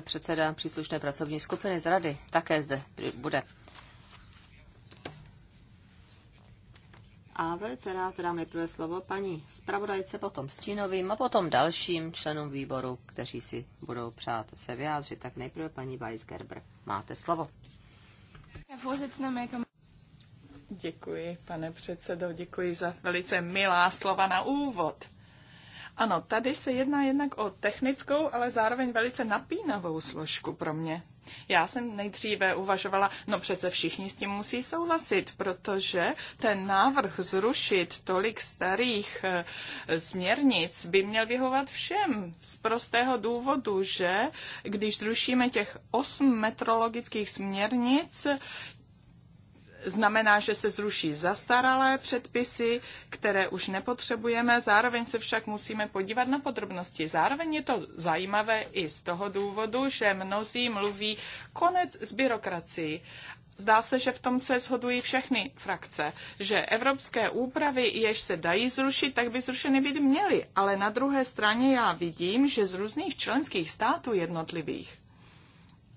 předseda příslušné pracovní skupiny z Rady také zde bude. A velice rád dám nejprve slovo paní zpravodajce, potom Stínovým a potom dalším členům výboru, kteří si budou přát se vyjádřit. Tak nejprve paní Weisgerber, máte slovo. Děkuji, pane předsedo, děkuji za velice milá slova na úvod. Ano, tady se jedná jednak o technickou, ale zároveň velice napínavou složku pro mě. Já jsem nejdříve uvažovala, no přece všichni s tím musí souhlasit, protože ten návrh zrušit tolik starých e, směrnic by měl vyhovat všem z prostého důvodu, že když zrušíme těch osm metrologických směrnic, znamená, že se zruší zastaralé předpisy, které už nepotřebujeme, zároveň se však musíme podívat na podrobnosti. Zároveň je to zajímavé i z toho důvodu, že mnozí mluví konec s byrokracií. Zdá se, že v tom se shodují všechny frakce, že evropské úpravy, jež se dají zrušit, tak by zrušeny být měly. Ale na druhé straně já vidím, že z různých členských států jednotlivých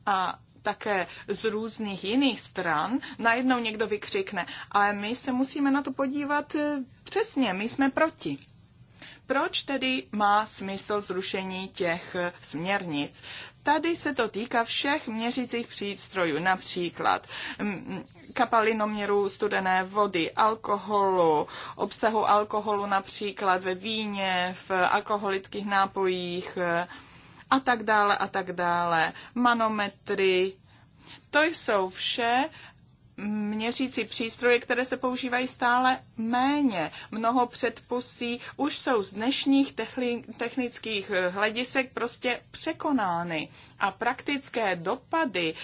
a také z různých jiných stran, najednou někdo vykřikne, ale my se musíme na to podívat eh, přesně, my jsme proti. Proč tedy má smysl zrušení těch eh, směrnic? Tady se to týká všech měřících přístrojů, například mm, mm, kapalinoměru studené vody, alkoholu, obsahu alkoholu například ve víně, v alkoholických nápojích, eh, a tak dále a tak dále, manometry. To jsou vše měřící přístroje, které se používají stále méně. Mnoho předpusí už jsou z dnešních technických eh, hledisek prostě překonány a praktické dopady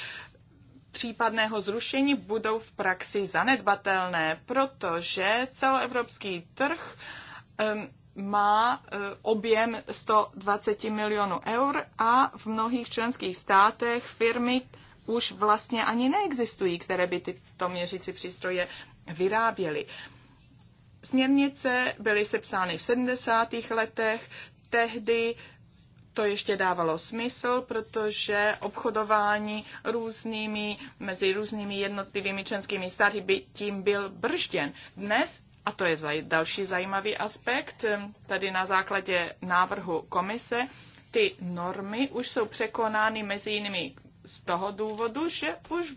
případného zrušení budou v praxi zanedbatelné, protože celoevropský trh um, má e, objem 120 milionů eur a v mnohých členských státech firmy už vlastně ani neexistují, které by tyto měřící přístroje vyráběly. Směrnice byly sepsány v 70. letech, tehdy to ještě dávalo smysl, protože obchodování různými, mezi různými jednotlivými členskými státy by tím byl bržděn. Dnes a to je další zajímavý aspekt, tady na základě návrhu komise, ty normy už jsou překonány mezi jinými z toho důvodu, že už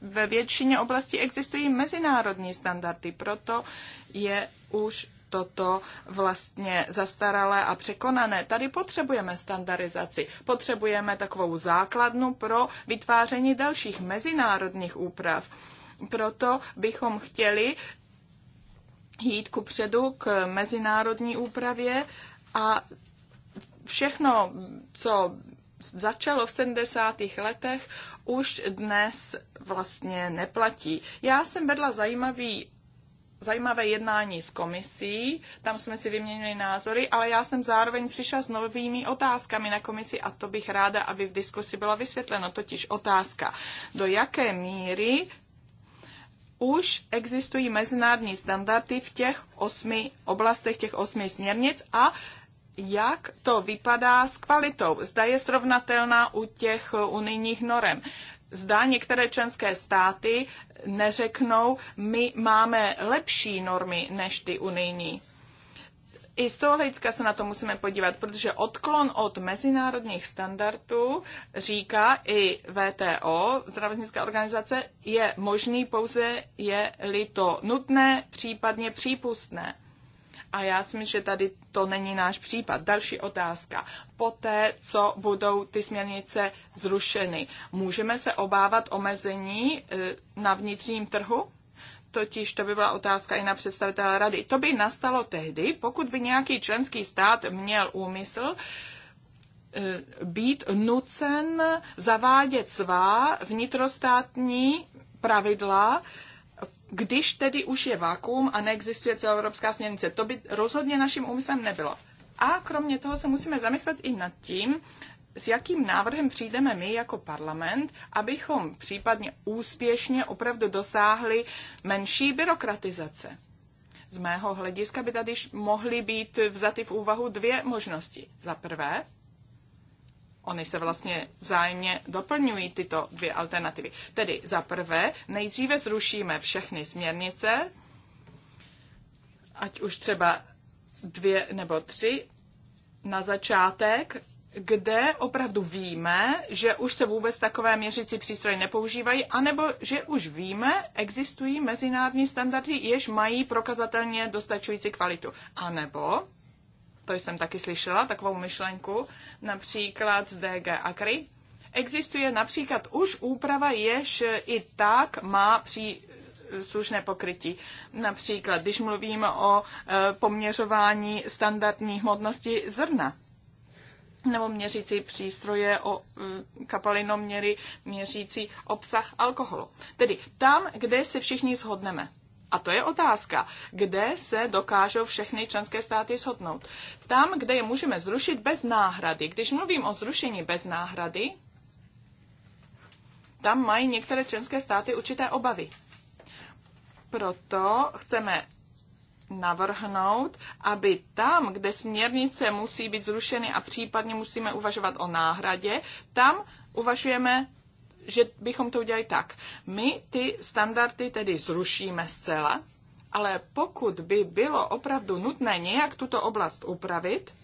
ve většině oblastí existují mezinárodní standardy, proto je už toto vlastně zastaralé a překonané. Tady potřebujeme standardizaci, potřebujeme takovou základnu pro vytváření dalších mezinárodních úprav. Proto bychom chtěli jít ku předu k mezinárodní úpravě a všechno, co začalo v 70. letech, už dnes vlastně neplatí. Já jsem vedla zajímavý zajímavé jednání s komisí, tam jsme si vyměnili názory, ale já jsem zároveň přišla s novými otázkami na komisi a to bych ráda, aby v diskusi bylo vysvětleno, totiž otázka, do jaké míry už existují mezinárodní standardy v těch osmi oblastech, těch osmi směrnic a jak to vypadá s kvalitou. Zda je srovnatelná u těch eh, unijních norem. Zda některé členské státy neřeknou, my máme lepší normy než ty unijní i z toho hlediska se na to musíme podívat, protože odklon od mezinárodních standardů, říká i VTO, zdravotnická organizace, je možný pouze, je-li to nutné, případně přípustné. A já si myslím, že tady to není náš případ. Další otázka. Poté, co budou ty směrnice zrušeny, můžeme se obávat omezení eh, na vnitřním trhu? totiž to by byla otázka i na představitele rady. To by nastalo tehdy, pokud by nějaký členský stát měl úmysl eh, být nucen zavádět svá vnitrostátní pravidla, když tedy už je vákum a neexistuje celoevropská směrnice. To by rozhodně naším úmyslem nebylo. A kromě toho se musíme zamyslet i nad tím, s jakým návrhem přijdeme my jako parlament, abychom případně úspěšně opravdu dosáhli menší byrokratizace. Z mého hlediska by tady mohly být vzaty v úvahu dvě možnosti. Za prvé, Ony se vlastně vzájemně doplňují tyto dvě alternativy. Tedy za prvé, nejdříve zrušíme všechny směrnice, ať už třeba dvě nebo tři na začátek kde opravdu víme, že už se vůbec takové měřící přístroje nepoužívají, anebo že už víme, existují mezinárodní standardy, jež mají prokazatelně dostačující kvalitu. A nebo, to jsem taky slyšela, takovou myšlenku, například z DG Akry, existuje například už úprava, jež i tak má při slušné pokrytí. Například, když mluvíme o e, poměřování standardní hmotnosti zrna nebo měřící přístroje o mm, kapalinoměry měřící obsah alkoholu. Tedy tam, kde se všichni shodneme. A to je otázka, kde se dokážou všechny členské státy shodnout. Tam, kde je můžeme zrušit bez náhrady. Když mluvím o zrušení bez náhrady, tam mají některé členské státy určité obavy. Proto chceme navrhnout, aby tam, kde směrnice musí být zrušeny a případně musíme uvažovat o náhradě, tam uvažujeme, že bychom to udělali tak. My ty standardy tedy zrušíme zcela, ale pokud by bylo opravdu nutné nějak tuto oblast upravit,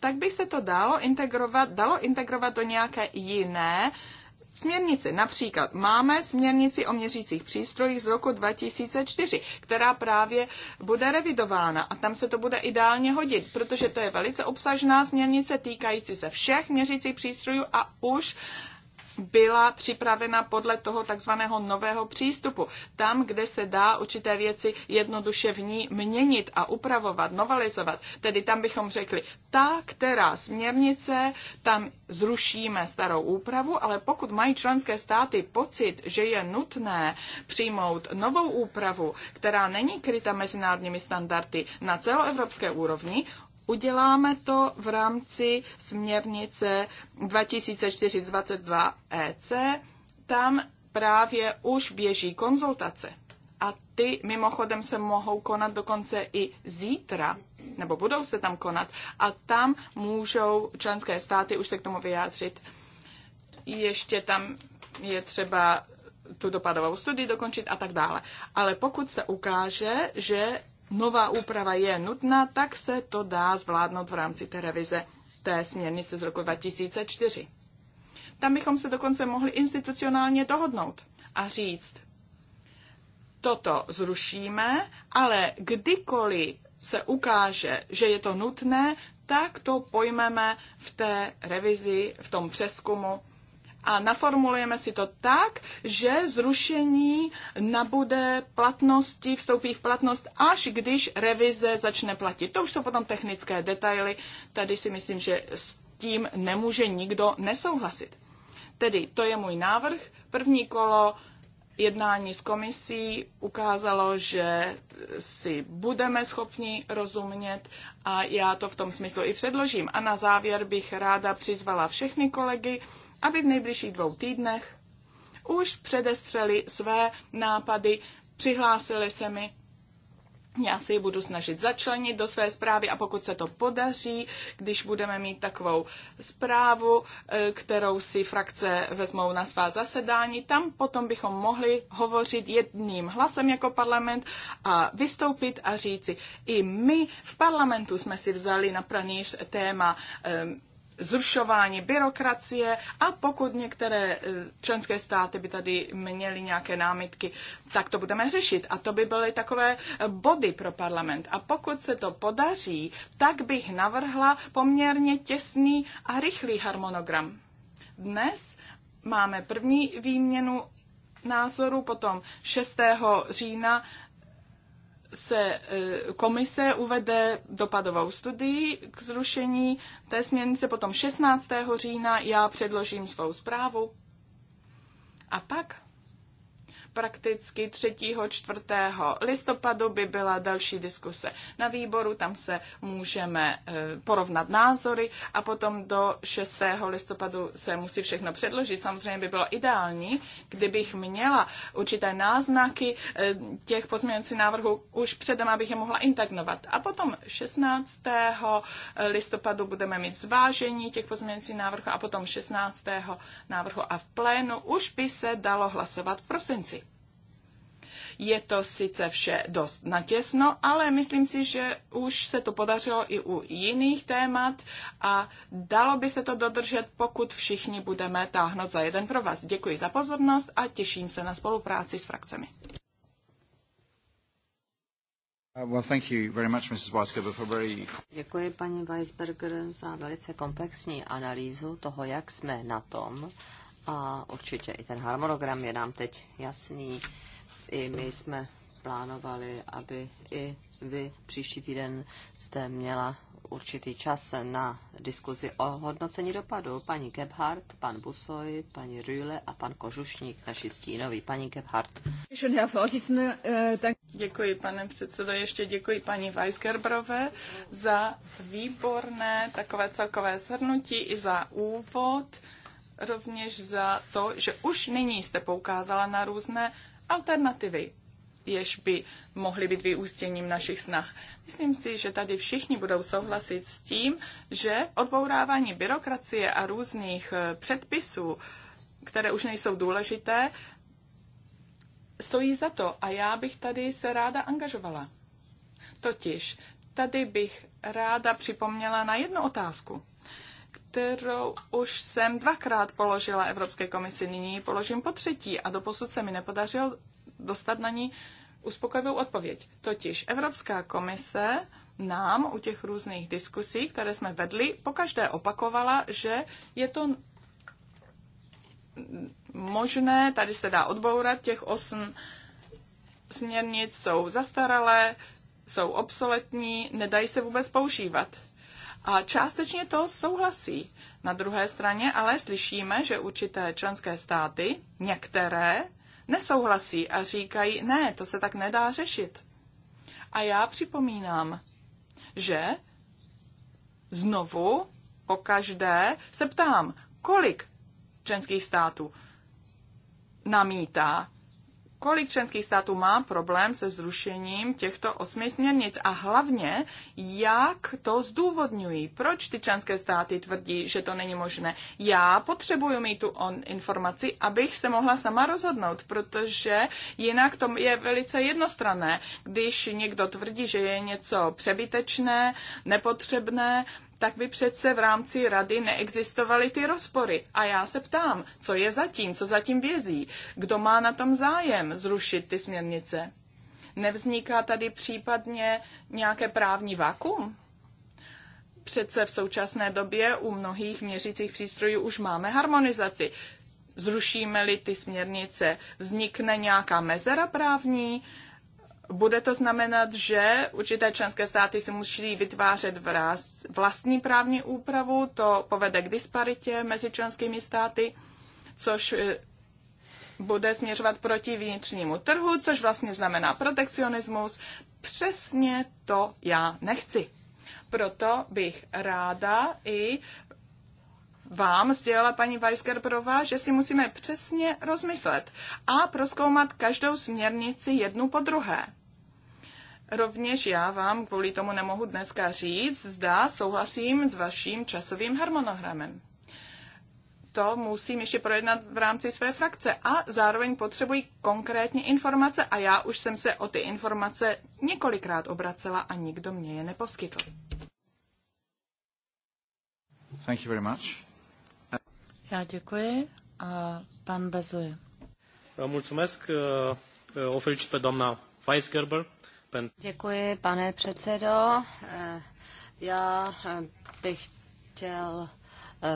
tak by se to dalo integrovat, dalo integrovat do nějaké jiné směrnici. Například máme směrnici o měřících přístrojích z roku 2004, která právě bude revidována a tam se to bude ideálně hodit, protože to je velice obsažná směrnice týkající se všech měřících přístrojů a už uh, byla připravena podle toho takzvaného nového přístupu. Tam, kde se dá určité věci jednoduše v ní měnit a upravovat, novelizovat, tedy tam bychom řekli, ta, která směrnice, tam zrušíme starou úpravu, ale pokud mají členské státy pocit, že je nutné přijmout novou úpravu, která není kryta mezinárodními standardy na celoevropské úrovni, Uděláme to v rámci směrnice 2004-22 EC. Tam právě už běží konzultace. A ty mimochodem se mohou konat dokonce i zítra, nebo budou se tam konat. A tam můžou členské státy už se k tomu vyjádřit. Ještě tam je třeba tu dopadovou studii dokončit a tak dále. Ale pokud se ukáže, že nová úprava je nutná, tak se to dá zvládnout v rámci té revize té směrnice z roku 2004. Tam bychom se dokonce mohli institucionálně dohodnout a říct, toto zrušíme, ale kdykoliv se ukáže, že je to nutné, tak to pojmeme v té revizi, v tom přeskumu a naformulujeme si to tak, že zrušení nabude platnosti, vstoupí v platnost, až když revize začne platit. To už jsou potom technické detaily, tady si myslím, že s tím nemůže nikdo nesouhlasit. Tedy to je můj návrh. První kolo jednání s komisí ukázalo, že si budeme schopni rozumět a já to v tom smyslu i předložím. A na závěr bych ráda přizvala všechny kolegy, aby v nejbližších dvou týdnech už předestřeli své nápady, přihlásili se mi. Já si ji budu snažit začlenit do své zprávy a pokud se to podaří, když budeme mít takovou zprávu, eh, kterou si frakce vezmou na svá zasedání, tam potom bychom mohli hovořit jedním hlasem jako parlament a vystoupit a říci, i my v parlamentu jsme si vzali na pranýř téma eh, zrušování byrokracie a pokud některé e, členské státy by tady měly nějaké námitky, tak to budeme řešit. A to by byly takové e, body pro parlament. A pokud se to podaří, tak bych navrhla poměrně těsný a rychlý harmonogram. Dnes máme první výměnu názoru, potom 6. října se e, komise uvede dopadovou studii k zrušení té směrnice, potom 16. října já předložím svou zprávu a pak prakticky 3. 4. listopadu by byla další diskuse na výboru, tam se můžeme eh, porovnat názory a potom do 6. listopadu se musí všechno předložit. Samozřejmě by bylo ideální, kdybych měla určité náznaky eh, těch pozměňovacích návrhů už předem, abych je mohla integrovat. A potom 16. listopadu budeme mít zvážení těch pozměňovacích návrhů a potom 16. návrhu a v plénu už by se dalo hlasovat v prosinci. Je to sice vše dost natěsno, ale myslím si, že už se to podařilo i u jiných témat a dalo by se to dodržet, pokud všichni budeme táhnout za jeden pro vás. Děkuji za pozornost a těším se na spolupráci s frakcemi. Uh, Děkuji paní Weisberger za velice komplexní analýzu toho, jak jsme na tom a určitě i ten harmonogram je nám teď jasný. I my jsme plánovali, aby i vy příští týden jste měla určitý čas na diskuzi o hodnocení dopadu. Paní Gebhardt, pan Busoj, paní Rühle a pan Kožušník, naši stínoví. Paní Gebhardt. Děkuji, pane předsedo. Ještě děkuji paní Weisgerbrové za výborné takové celkové shrnutí i za úvod rovněž za to, že už nyní jste poukázala na různé alternativy, jež by mohly být vyústěním našich snah. Myslím si, že tady všichni budou souhlasit s tím, že odbourávání byrokracie a různých eh, předpisů, které už nejsou důležité, stojí za to a já bych tady se ráda angažovala. Totiž tady bych ráda připomněla na jednu otázku kterou už jsem dvakrát položila Evropské komisi, nyní ji položím po třetí a doposud se mi nepodařilo dostat na ní uspokojivou odpověď. Totiž Evropská komise nám u těch různých diskusí, které jsme vedli, pokaždé opakovala, že je to možné, tady se dá odbourat, těch osm směrnic jsou zastaralé, jsou obsoletní, nedají se vůbec používat. A částečně to souhlasí. Na druhé straně ale slyšíme, že určité členské státy, některé, nesouhlasí a říkají, ne, to se tak nedá řešit. A já připomínám, že znovu po každé se ptám, kolik členských států namítá, kolik členských států má problém se zrušením těchto osmi směrnic a hlavně, jak to zdůvodňují. Proč ty členské státy tvrdí, že to není možné? Já potřebuju mít tu on informaci, abych se mohla sama rozhodnout, protože jinak to je velice jednostrané. Když někdo tvrdí, že je něco přebytečné, nepotřebné, tak by přece v rámci rady neexistovaly ty rozpory. A já se ptám, co je zatím, co zatím vězí, kdo má na tom zájem zrušit ty směrnice. Nevzniká tady případně nějaké právní vákum? Přece v současné době u mnohých měřících přístrojů už máme harmonizaci. Zrušíme-li ty směrnice, vznikne nějaká mezera právní, bude to znamenat, že určité členské státy si musí vytvářet vlastní právní úpravu, to povede k disparitě mezi členskými státy, což eh, bude směřovat proti vnitřnímu trhu, což vlastně znamená protekcionismus. Přesně to já nechci. Proto bych ráda i vám sdělila paní Weisgerberová, že si musíme přesně rozmyslet a proskoumat každou směrnici jednu po druhé. Rovněž já vám kvůli tomu nemohu dneska říct, zda souhlasím s vaším časovým harmonogramem. To musím ještě projednat v rámci své frakce a zároveň potřebuji konkrétní informace a já už jsem se o ty informace několikrát obracela a nikdo mě je neposkytl. Thank you very much. Já děkuji a pan Bezuje. Mulțumesc, eh, eh, o felicit pe doamna Weisgerber. Děkuji, pane předsedo. Eh, já bych chtěl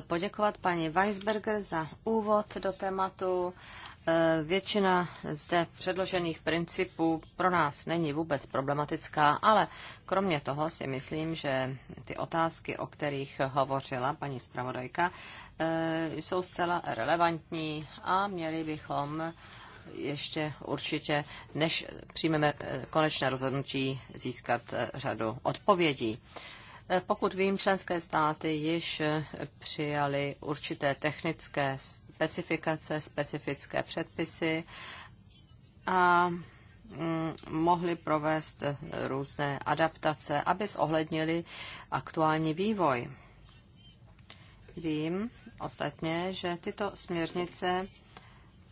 poděkovat paní Weisberger za úvod do tématu Eh, většina zde předložených principů pro nás není vůbec problematická, ale kromě toho si myslím, že ty otázky, o kterých hovořila paní zpravodajka, eh, jsou zcela relevantní a měli bychom ještě určitě, než přijmeme eh, konečné rozhodnutí, získat řadu odpovědí. Pokud vím, členské státy již přijali určité technické specifikace, specifické předpisy a mm, mohli provést různé adaptace, aby zohlednili aktuální vývoj. Vím ostatně, že tyto směrnice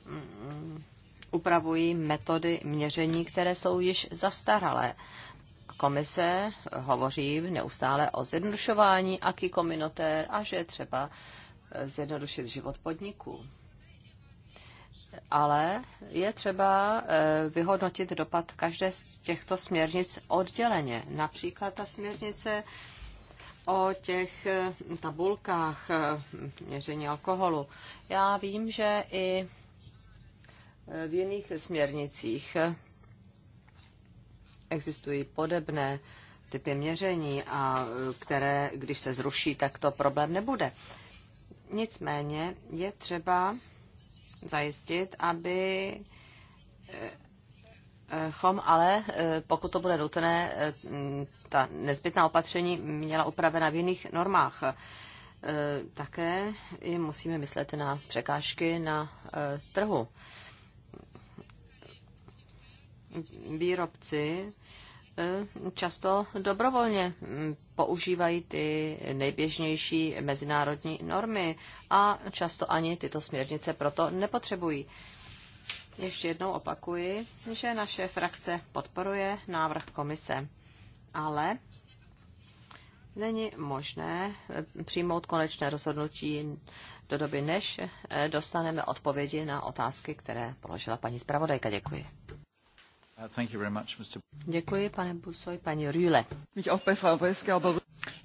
mm, upravují metody měření, které jsou již zastaralé. Komise hovoří neustále o zjednodušování aký kominotér a že třeba zjednodušit život podniků. Ale je třeba eh, vyhodnotit dopad každé z těchto směrnic odděleně. Například ta směrnice o těch eh, tabulkách eh, měření alkoholu. Já vím, že i v jiných směrnicích existují podobné typy měření, a které, když se zruší, tak to problém nebude. Nicméně je třeba zajistit, aby eh, chom ale, eh, pokud to bude nutné, eh, ta nezbytná opatření měla upravena v jiných normách. Také musíme myslet na překážky na trhu. Výrobci Eh, často dobrovolně hm, používají ty nejběžnější mezinárodní normy a často ani tyto směrnice proto nepotřebují. Ještě jednou opakuji, že naše frakce podporuje návrh komise, ale není možné eh, přijmout konečné rozhodnutí do doby, než eh, dostaneme odpovědi na otázky, které položila paní zpravodajka. Děkuji. Uh, Děkuji, pane Busoj, paní Rühle.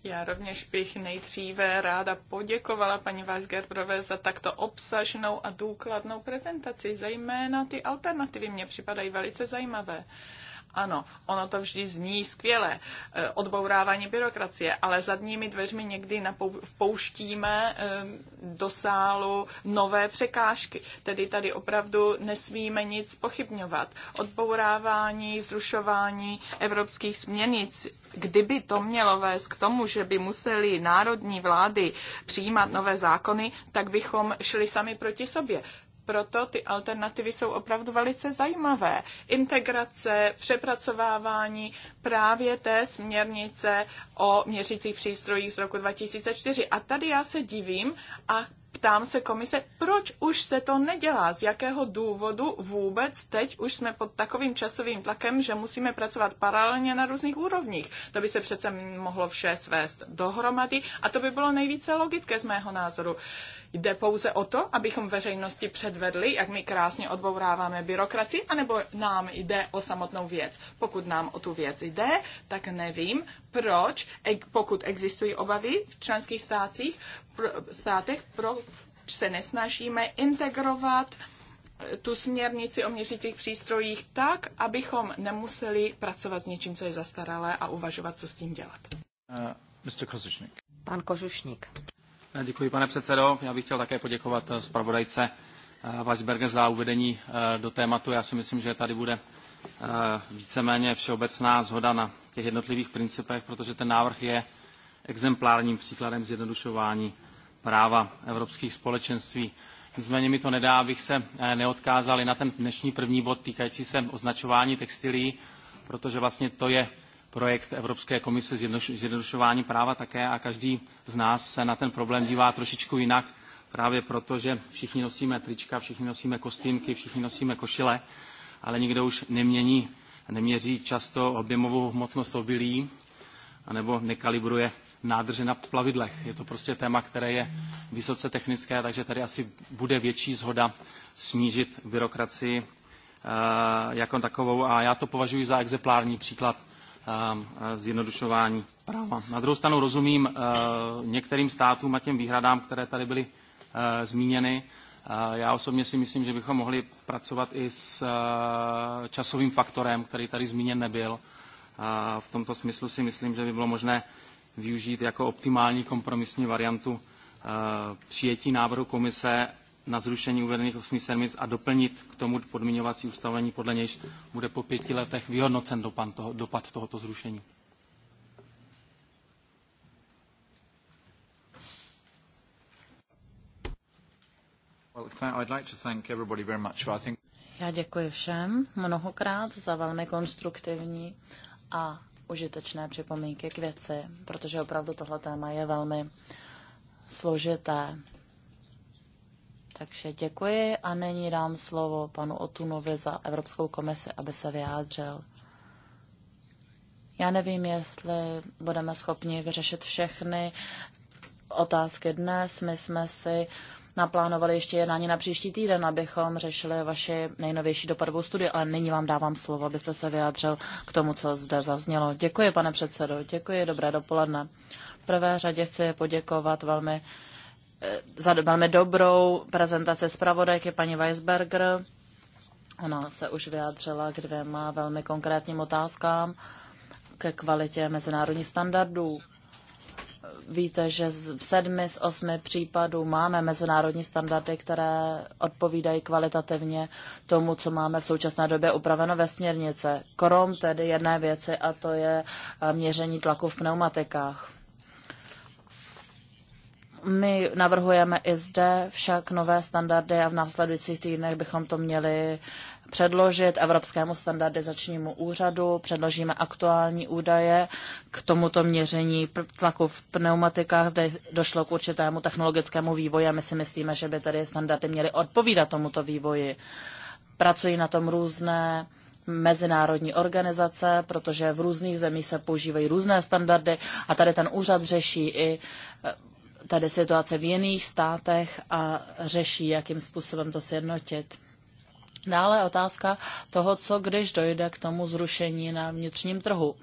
Já rovněž bych nejdříve ráda poděkovala paní Weisgerberové za takto obsažnou a důkladnou prezentaci. Zejména ty alternativy mě připadají velice zajímavé. Ano, ono to vždy zní skvěle, eh, odbourávání byrokracie, ale zadními dveřmi někdy vpouštíme eh, do sálu nové překážky. Tedy tady opravdu nesmíme nic pochybňovat. Odbourávání, zrušování evropských směrnic, kdyby to mělo vést k tomu, že by museli národní vlády přijímat nové zákony, tak bychom šli sami proti sobě proto ty alternativy jsou opravdu velice zajímavé. Integrace, přepracovávání právě té směrnice o měřících přístrojích z roku 2004. A tady já se divím a ptám se komise, proč už se to nedělá, z jakého důvodu vůbec teď už jsme pod takovým časovým tlakem, že musíme pracovat paralelně na různých úrovních. To by se přece mohlo vše svést dohromady a to by bylo nejvíce logické z mého názoru. Jde pouze o to, abychom veřejnosti předvedli, jak my krásně odbouráváme byrokraci, anebo nám jde o samotnou věc. Pokud nám o tu věc jde, tak nevím, proč, e, pokud existují obavy v členských státech, pro, státech proč se nesnažíme integrovat e, tu směrnici o měřících přístrojích tak, abychom nemuseli pracovat s něčím, co je zastaralé a uvažovat, co s tím dělat. Uh, Mr. Kozušník. Pan Kožušník. Děkuji, pane předsedo. Já bych chtěl také poděkovat eh, zpravodajce eh, Weisberger za uvedení eh, do tématu. Já si myslím, že tady bude víceméně všeobecná zhoda na těch jednotlivých principech, protože ten návrh je exemplárním příkladem zjednodušování práva evropských společenství. Nicméně mi to nedá, abych se neodkázal i na ten dnešní první bod týkající se označování textilí, protože vlastně to je projekt Evropské komise zjednodušování práva také a každý z nás se na ten problém dívá trošičku jinak, právě proto, že všichni nosíme trička, všichni nosíme kostýmky, všichni nosíme košile, ale nikdo už nemění, neměří často objemovou hmotnost obilí anebo nekalibruje nádrže na plavidlech. Je to prostě téma, které je vysoce technické, takže tady asi bude větší zhoda snížit byrokracii eh, jako takovou. A já to považuji za exemplární příklad Um, zjednodušování práva. Na druhou stranu rozumím uh, některým státům a těm výhradám, které tady byly uh, zmíněny. Uh, já osobně si myslím, že bychom mohli pracovat i s časovým faktorem, který tady zmíněn nebyl. V tomto smyslu si myslím, že by bylo možné využít jako optimální kompromisní variantu přijetí návrhu komise na zrušení uvedených osmi sedmic a doplnit k tomu podmiňovací ustavení, podle nějž bude po pěti letech vyhodnocen dopad, toho, dopad tohoto zrušení. Já děkuji všem mnohokrát za velmi konstruktivní a užitečné připomínky k věci, protože opravdu tohle téma je velmi složité. Takže děkuji a nyní dám slovo panu Otunovi za Evropskou komisi, aby se vyjádřil. Já nevím, jestli budeme schopni vyřešit všechny otázky dnes. My jsme si naplánovali ještě jednání na příští týden, abychom řešili vaši nejnovější dopadovou studii, ale nyní vám dávám slovo, abyste se vyjádřil k tomu, co zde zaznělo. Děkuji, pane předsedo, děkuji, dobré dopoledne. V prvé řadě chci poděkovat velmi za velmi dobrou prezentaci zpravodajky paní Weisberger. Ona se už vyjádřila k dvěma velmi konkrétním otázkám ke kvalitě mezinárodních standardů. Víte, že v sedmi z osmi případů máme mezinárodní standardy, které odpovídají kvalitativně tomu, co máme v současné době upraveno ve směrnice. Krom tedy jedné věci a to je měření tlaku v pneumatikách. My navrhujeme i zde však nové standardy a v následujících týdnech bychom to měli předložit Evropskému standardizačnímu úřadu, předložíme aktuální údaje k tomuto měření tlaku v pneumatikách. Zde došlo k určitému technologickému vývoji a my si myslíme, že by tady standardy měly odpovídat tomuto vývoji. Pracují na tom různé mezinárodní organizace, protože v různých zemích se používají různé standardy a tady ten úřad řeší i tady situace v jiných státech a řeší, jakým způsobem to sjednotit. Dále otázka toho, co když dojde k tomu zrušení na vnitřním trhu.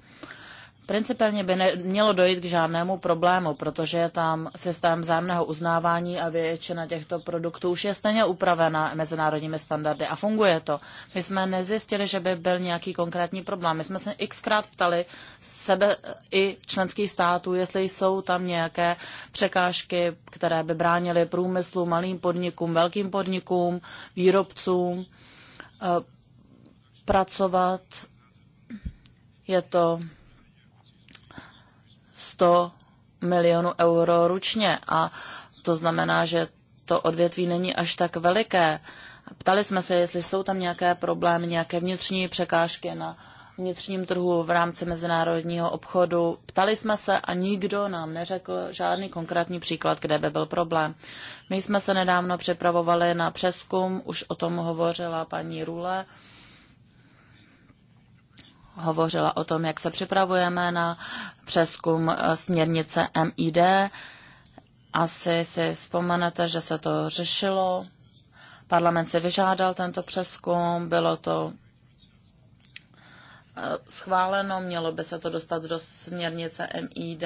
Principálně by nemělo dojít k žádnému problému, protože je tam systém vzájemného uznávání a většina těchto produktů už je stejně upravena mezinárodními standardy a funguje to. My jsme nezjistili, že by byl nějaký konkrétní problém. My jsme se xkrát ptali sebe i členských států, jestli jsou tam nějaké překážky, které by bránily průmyslu, malým podnikům, velkým podnikům, výrobcům eh, pracovat. Je to 100 milionů euro ručně a to znamená, že to odvětví není až tak veliké. Ptali jsme se, jestli jsou tam nějaké problémy, nějaké vnitřní překážky na vnitřním trhu v rámci mezinárodního obchodu. Ptali jsme se a nikdo nám neřekl žádný konkrétní příklad, kde by byl problém. My jsme se nedávno připravovali na přeskum, už o tom hovořila paní Rule hovořila o tom, jak se připravujeme na přeskum eh, směrnice MID. Asi si vzpomenete, že se to řešilo. Parlament si vyžádal tento přeskum, bylo to eh, schváleno, mělo by se to dostat do směrnice MID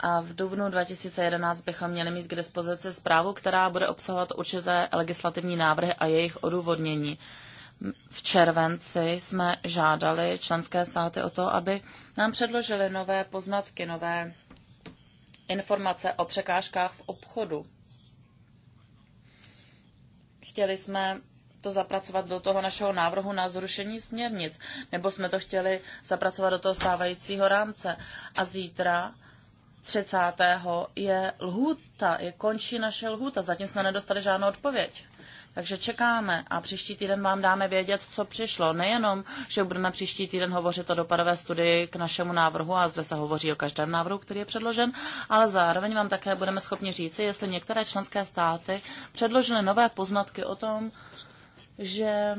a v dubnu 2011 bychom měli mít k dispozici zprávu, která bude obsahovat určité legislativní návrhy a jejich odůvodnění. Uh, v červenci jsme žádali členské státy o to, aby nám předložili nové poznatky, nové informace o překážkách v obchodu. Chtěli jsme to zapracovat do toho našeho návrhu na zrušení směrnic, nebo jsme to chtěli zapracovat do toho stávajícího rámce. A zítra 30. je lhůta, je končí naše lhůta. Zatím jsme nedostali žádnou odpověď. Takže čekáme a příští týden vám dáme vědět, co přišlo. Nejenom, že budeme příští týden hovořit o dopadové studii k našemu návrhu a zde se hovoří o každém návrhu, který je předložen, ale zároveň vám také budeme schopni říci, jestli některé členské státy předložily nové poznatky o tom, že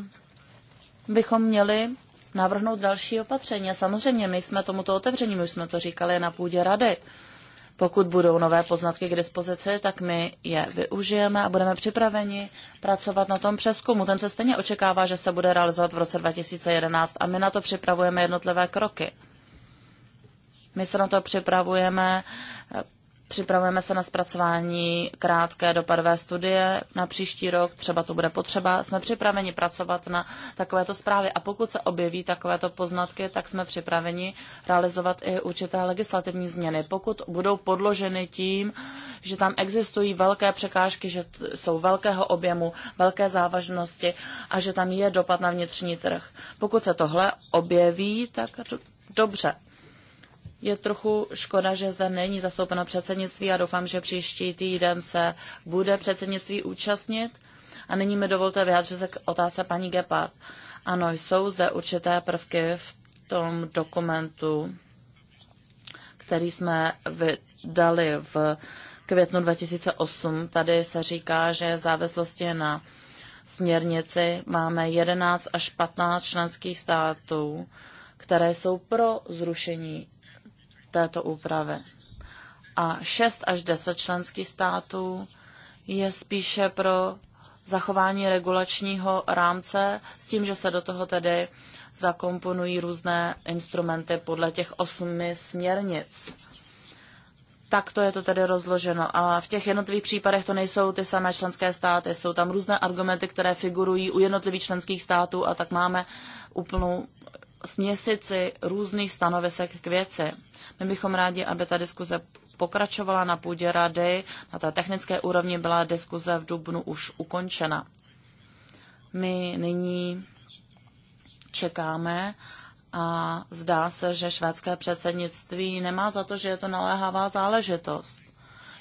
bychom měli navrhnout další opatření. samozřejmě my jsme tomuto otevření, my jsme to říkali na půdě rady. Pokud budou nové poznatky k dispozici, tak my je využijeme a budeme připraveni pracovat na tom přeskumu. Ten se stejně očekává, že se bude realizovat v roce 2011 a my na to připravujeme jednotlivé kroky. My se na to připravujeme Připravujeme se na zpracování krátké dopadové studie na příští rok, třeba to bude potřeba. Jsme připraveni pracovat na takovéto zprávy a pokud se objeví takovéto poznatky, tak jsme připraveni realizovat i určité legislativní změny. Pokud budou podloženy tím, že tam existují velké překážky, že jsou velkého objemu, velké závažnosti a že tam je dopad na vnitřní trh. Pokud se tohle objeví, tak dobře. Je trochu škoda, že zde není zastoupeno předsednictví a doufám, že příští týden se bude předsednictví účastnit. A nyní mi dovolte vyjádřit se k otázce paní Gepard. Ano, jsou zde určité prvky v tom dokumentu, který jsme vydali v květnu 2008. Tady se říká, že v závislosti na směrnici máme 11 až 15 členských států, které jsou pro zrušení této úpravy. A 6 až 10 členských států je spíše pro zachování regulačního rámce s tím, že se do toho tedy zakomponují různé instrumenty podle těch osmi směrnic. Tak to je to tedy rozloženo. A v těch jednotlivých případech to nejsou ty samé členské státy. Jsou tam různé argumenty, které figurují u jednotlivých členských států a tak máme úplnou směsici různých stanovisek k věci. My bychom rádi, aby ta diskuze pokračovala na půdě rady, na té technické úrovni byla diskuze v Dubnu už ukončena. My nyní čekáme a zdá se, že švédské předsednictví nemá za to, že je to naléhavá záležitost.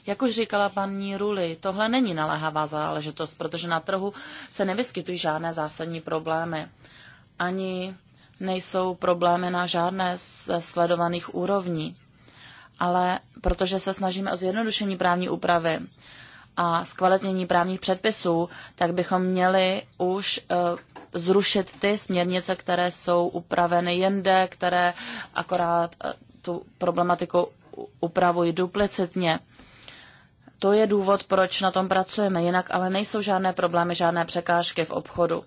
Jak už říkala paní Ruli, tohle není naléhavá záležitost, protože na trhu se nevyskytují žádné zásadní problémy. Ani nejsou problémy na žádné ze sledovaných úrovní. Ale protože se snažíme o zjednodušení právní úpravy a zkvalitnění právních předpisů, tak bychom měli už eh, zrušit ty směrnice, které jsou upraveny jinde, které akorát eh, tu problematiku upravují duplicitně. To je důvod, proč na tom pracujeme, jinak ale nejsou žádné problémy, žádné překážky v obchodu.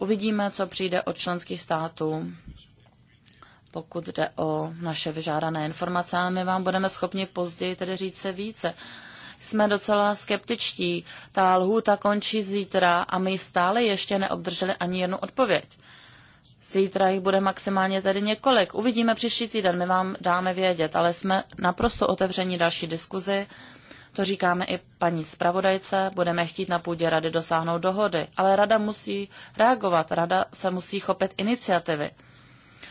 Uvidíme, co přijde od členských států. Pokud jde o naše vyžádané informace, a my vám budeme schopni později tedy říct se více. Jsme docela skeptičtí. Ta lhůta končí zítra a my stále ještě neobdrželi ani jednu odpověď. Zítra jich bude maximálně tedy několik. Uvidíme příští týden, my vám dáme vědět, ale jsme naprosto otevření další diskuzi to říkáme i paní zpravodajce, budeme chtít na půdě rady dosáhnout dohody, ale rada musí reagovat, rada se musí chopit iniciativy.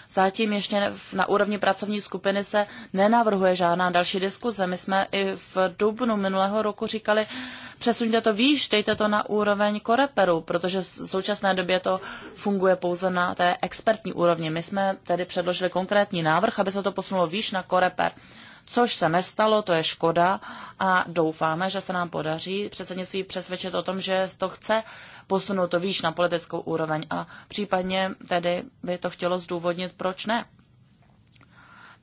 Zatím ještě na úrovni pracovní skupiny se nenavrhuje žádná další diskuze. My jsme i v dubnu minulého roku říkali, přesuňte to výš, dejte to na úroveň koreperu, protože v současné době to funguje pouze na té expertní úrovni. My jsme tedy předložili konkrétní návrh, aby se to posunulo výš na koreper což se nestalo, to je škoda a doufáme, že se nám podaří předsednictví přesvědčit o tom, že to chce posunout to výš na politickou úroveň a případně tedy by to chtělo zdůvodnit, proč ne.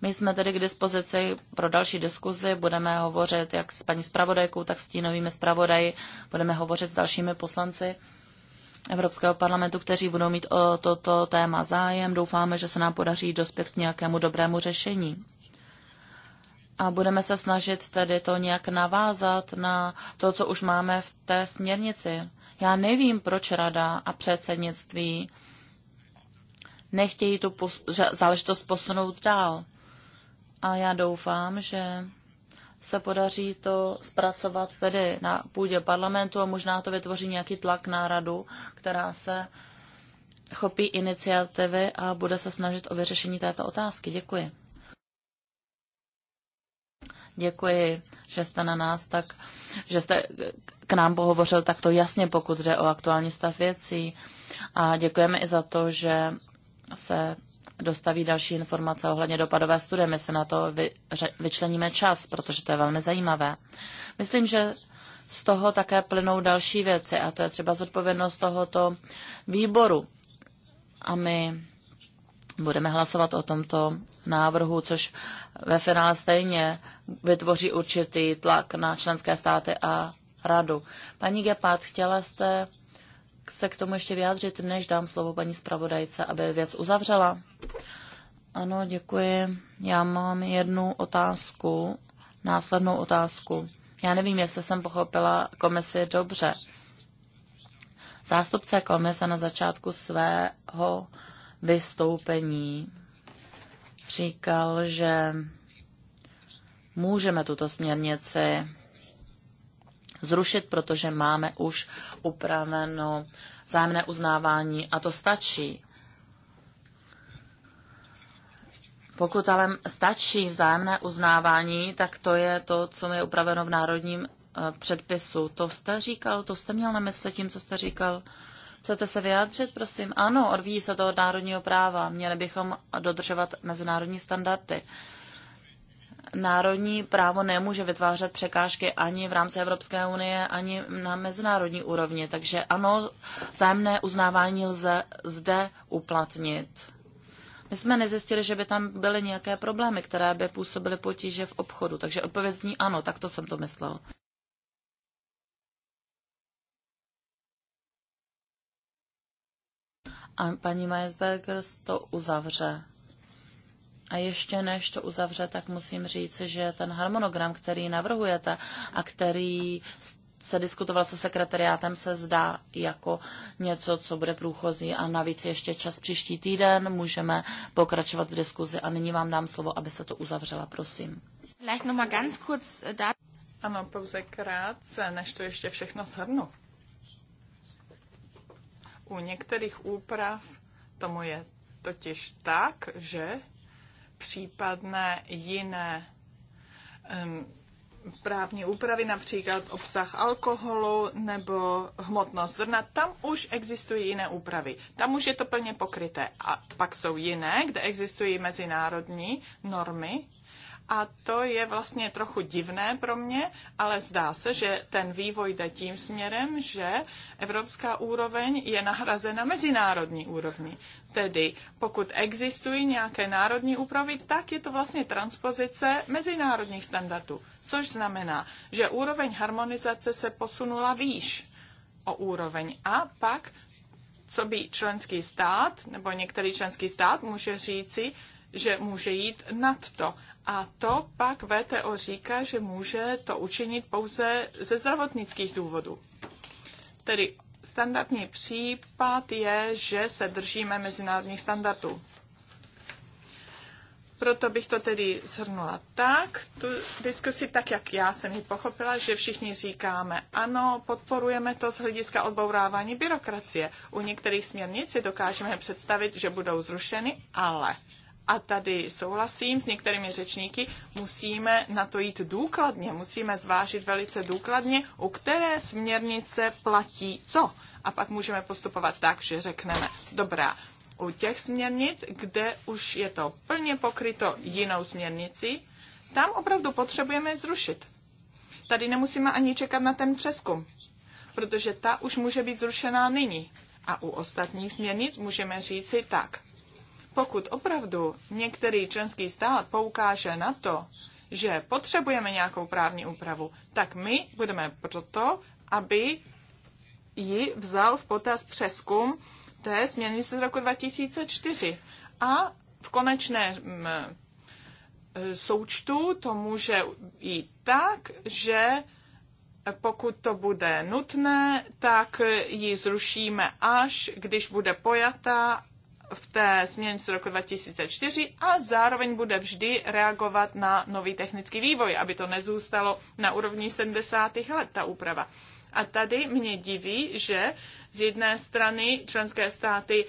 My jsme tedy k dispozici pro další diskuzi, budeme hovořit jak s paní zpravodajkou, tak s tínovými zpravodaji, budeme hovořit s dalšími poslanci Evropského parlamentu, kteří budou mít o toto téma zájem. Doufáme, že se nám podaří dospět k nějakému dobrému řešení. A budeme se snažit tedy to nějak navázat na to, co už máme v té směrnici. Já nevím, proč rada a předsednictví nechtějí tu pos- záležitost posunout dál. A já doufám, že se podaří to zpracovat tedy na půdě parlamentu a možná to vytvoří nějaký tlak na radu, která se chopí iniciativy a bude se snažit o vyřešení této otázky. Děkuji. Děkuji, že jste na nás tak, že jste k nám pohovořil takto jasně, pokud jde o aktuální stav věcí. A děkujeme i za to, že se dostaví další informace ohledně dopadové studie. My se na to vy, ře, vyčleníme čas, protože to je velmi zajímavé. Myslím, že z toho také plynou další věci a to je třeba zodpovědnost tohoto výboru. A my budeme hlasovat o tomto návrhu, což ve finále stejně vytvoří určitý tlak na členské státy a radu. Paní Gepard, chtěla jste se k tomu ještě vyjádřit, než dám slovo paní zpravodajce, aby věc uzavřela? Ano, děkuji. Já mám jednu otázku, následnou otázku. Já nevím, jestli jsem pochopila komisi dobře. Zástupce komise na začátku svého vystoupení říkal, že můžeme tuto směrnici zrušit, protože máme už upraveno zájemné uznávání a to stačí. Pokud ale stačí vzájemné uznávání, tak to je to, co je upraveno v národním eh, předpisu. To jste říkal, to jste měl na mysli tím, co jste říkal Chcete se vyjádřit, prosím? Ano, odvíjí se to od národního práva. Měli bychom dodržovat mezinárodní standardy. Národní právo nemůže vytvářet překážky ani v rámci Evropské unie, ani na mezinárodní úrovni. Takže ano, vzájemné uznávání lze zde uplatnit. My jsme nezjistili, že by tam byly nějaké problémy, které by působily potíže v obchodu. Takže odpověď zní ano, tak to jsem to myslel. a paní Meisberger to uzavře. A ještě než to uzavře, tak musím říct, že ten harmonogram, který navrhujete a který se diskutoval se sekretariátem, se zdá jako něco, co bude průchozí a navíc ještě čas příští týden, můžeme pokračovat v diskuzi a nyní vám dám slovo, abyste to uzavřela, prosím. Äh, ano, pouze krátce, než to ještě všechno shrnu. U některých úprav tomu je totiž tak, že případné jiné um, právní úpravy, například obsah alkoholu nebo hmotnost zrna, tam už existují jiné úpravy. Tam už je to plně pokryté. A pak jsou jiné, kde existují mezinárodní normy, a to je vlastně trochu divné pro mě, ale zdá se, že ten vývoj jde tím směrem, že evropská úroveň je nahrazena mezinárodní úrovní. Tedy pokud existují nějaké národní úpravy, tak je to vlastně transpozice mezinárodních standardů, což znamená, že úroveň harmonizace se posunula výš o úroveň a pak co by členský stát nebo některý členský stát může říci, že může jít nad to. A to pak VTO říká, že může to učinit pouze ze zdravotnických důvodů. Tedy standardní případ je, že se držíme mezinárodních standardů. Proto bych to tedy zhrnula tak, tu diskusi tak, jak já jsem ji pochopila, že všichni říkáme, ano, podporujeme to z hlediska odbourávání byrokracie. U některých směrnic si dokážeme představit, že budou zrušeny, ale a tady souhlasím s některými řečníky, musíme na to jít důkladně, musíme zvážit velice důkladně, u které směrnice platí co. A pak můžeme postupovat tak, že řekneme, dobrá, u těch směrnic, kde už je to plně pokryto jinou směrnicí, tam opravdu potřebujeme zrušit. Tady nemusíme ani čekat na ten přeskum, protože ta už může být zrušená nyní. A u ostatních směrnic můžeme říci tak pokud opravdu některý členský stát poukáže na to, že potřebujeme nějakou právní úpravu, tak my budeme proto, aby ji vzal v potaz přeskum té směrnice z roku 2004. A v konečném eh, součtu to může jít tak, že pokud to bude nutné, tak ji zrušíme až, když bude pojatá v té změně z roku 2004 a zároveň bude vždy reagovat na nový technický vývoj, aby to nezůstalo na úrovni 70. let, ta úprava. A tady mě diví, že z jedné strany členské státy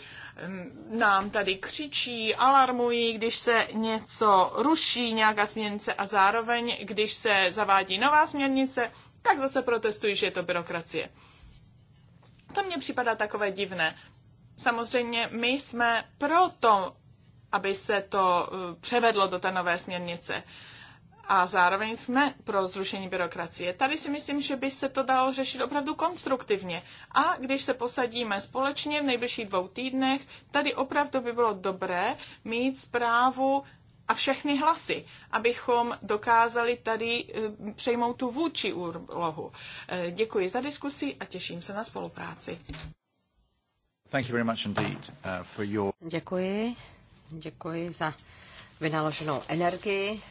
mm, nám tady křičí, alarmují, když se něco ruší, nějaká směrnice a zároveň, když se zavádí nová směrnice, tak zase protestují, že je to byrokracie. To mně připadá takové divné. Samozřejmě my jsme proto, aby se to eh, převedlo do té nové směrnice. A zároveň jsme pro zrušení byrokracie. Tady si myslím, že by se to dalo řešit opravdu konstruktivně. A když se posadíme společně v nejbližších dvou týdnech, tady opravdu by bylo dobré mít zprávu a všechny hlasy, abychom dokázali tady eh, přejmout tu vůči úlohu. Eh, děkuji za diskusi a těším se na spolupráci. Uh, Děkuji. Děkuji za vynaloženou energii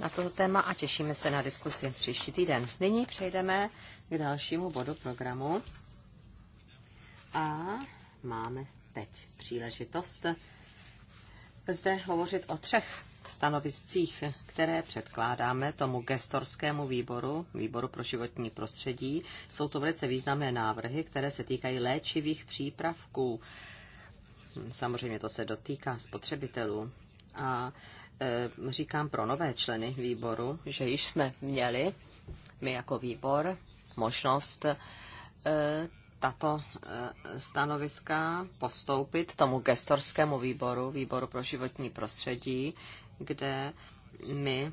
na toto téma a těšíme se na diskusi příští týden. Nyní přejdeme k dalšímu bodu programu. A máme teď příležitost zde hovořit o třech stanoviscích, které předkládáme tomu gestorskému výboru, výboru pro životní prostředí. Jsou to velice významné návrhy, které se týkají léčivých přípravků. Samozřejmě to se dotýká spotřebitelů. A e, říkám pro nové členy výboru, že již jsme měli, my jako výbor, možnost e, tato e, stanoviska postoupit tomu gestorskému výboru, výboru pro životní prostředí, kde my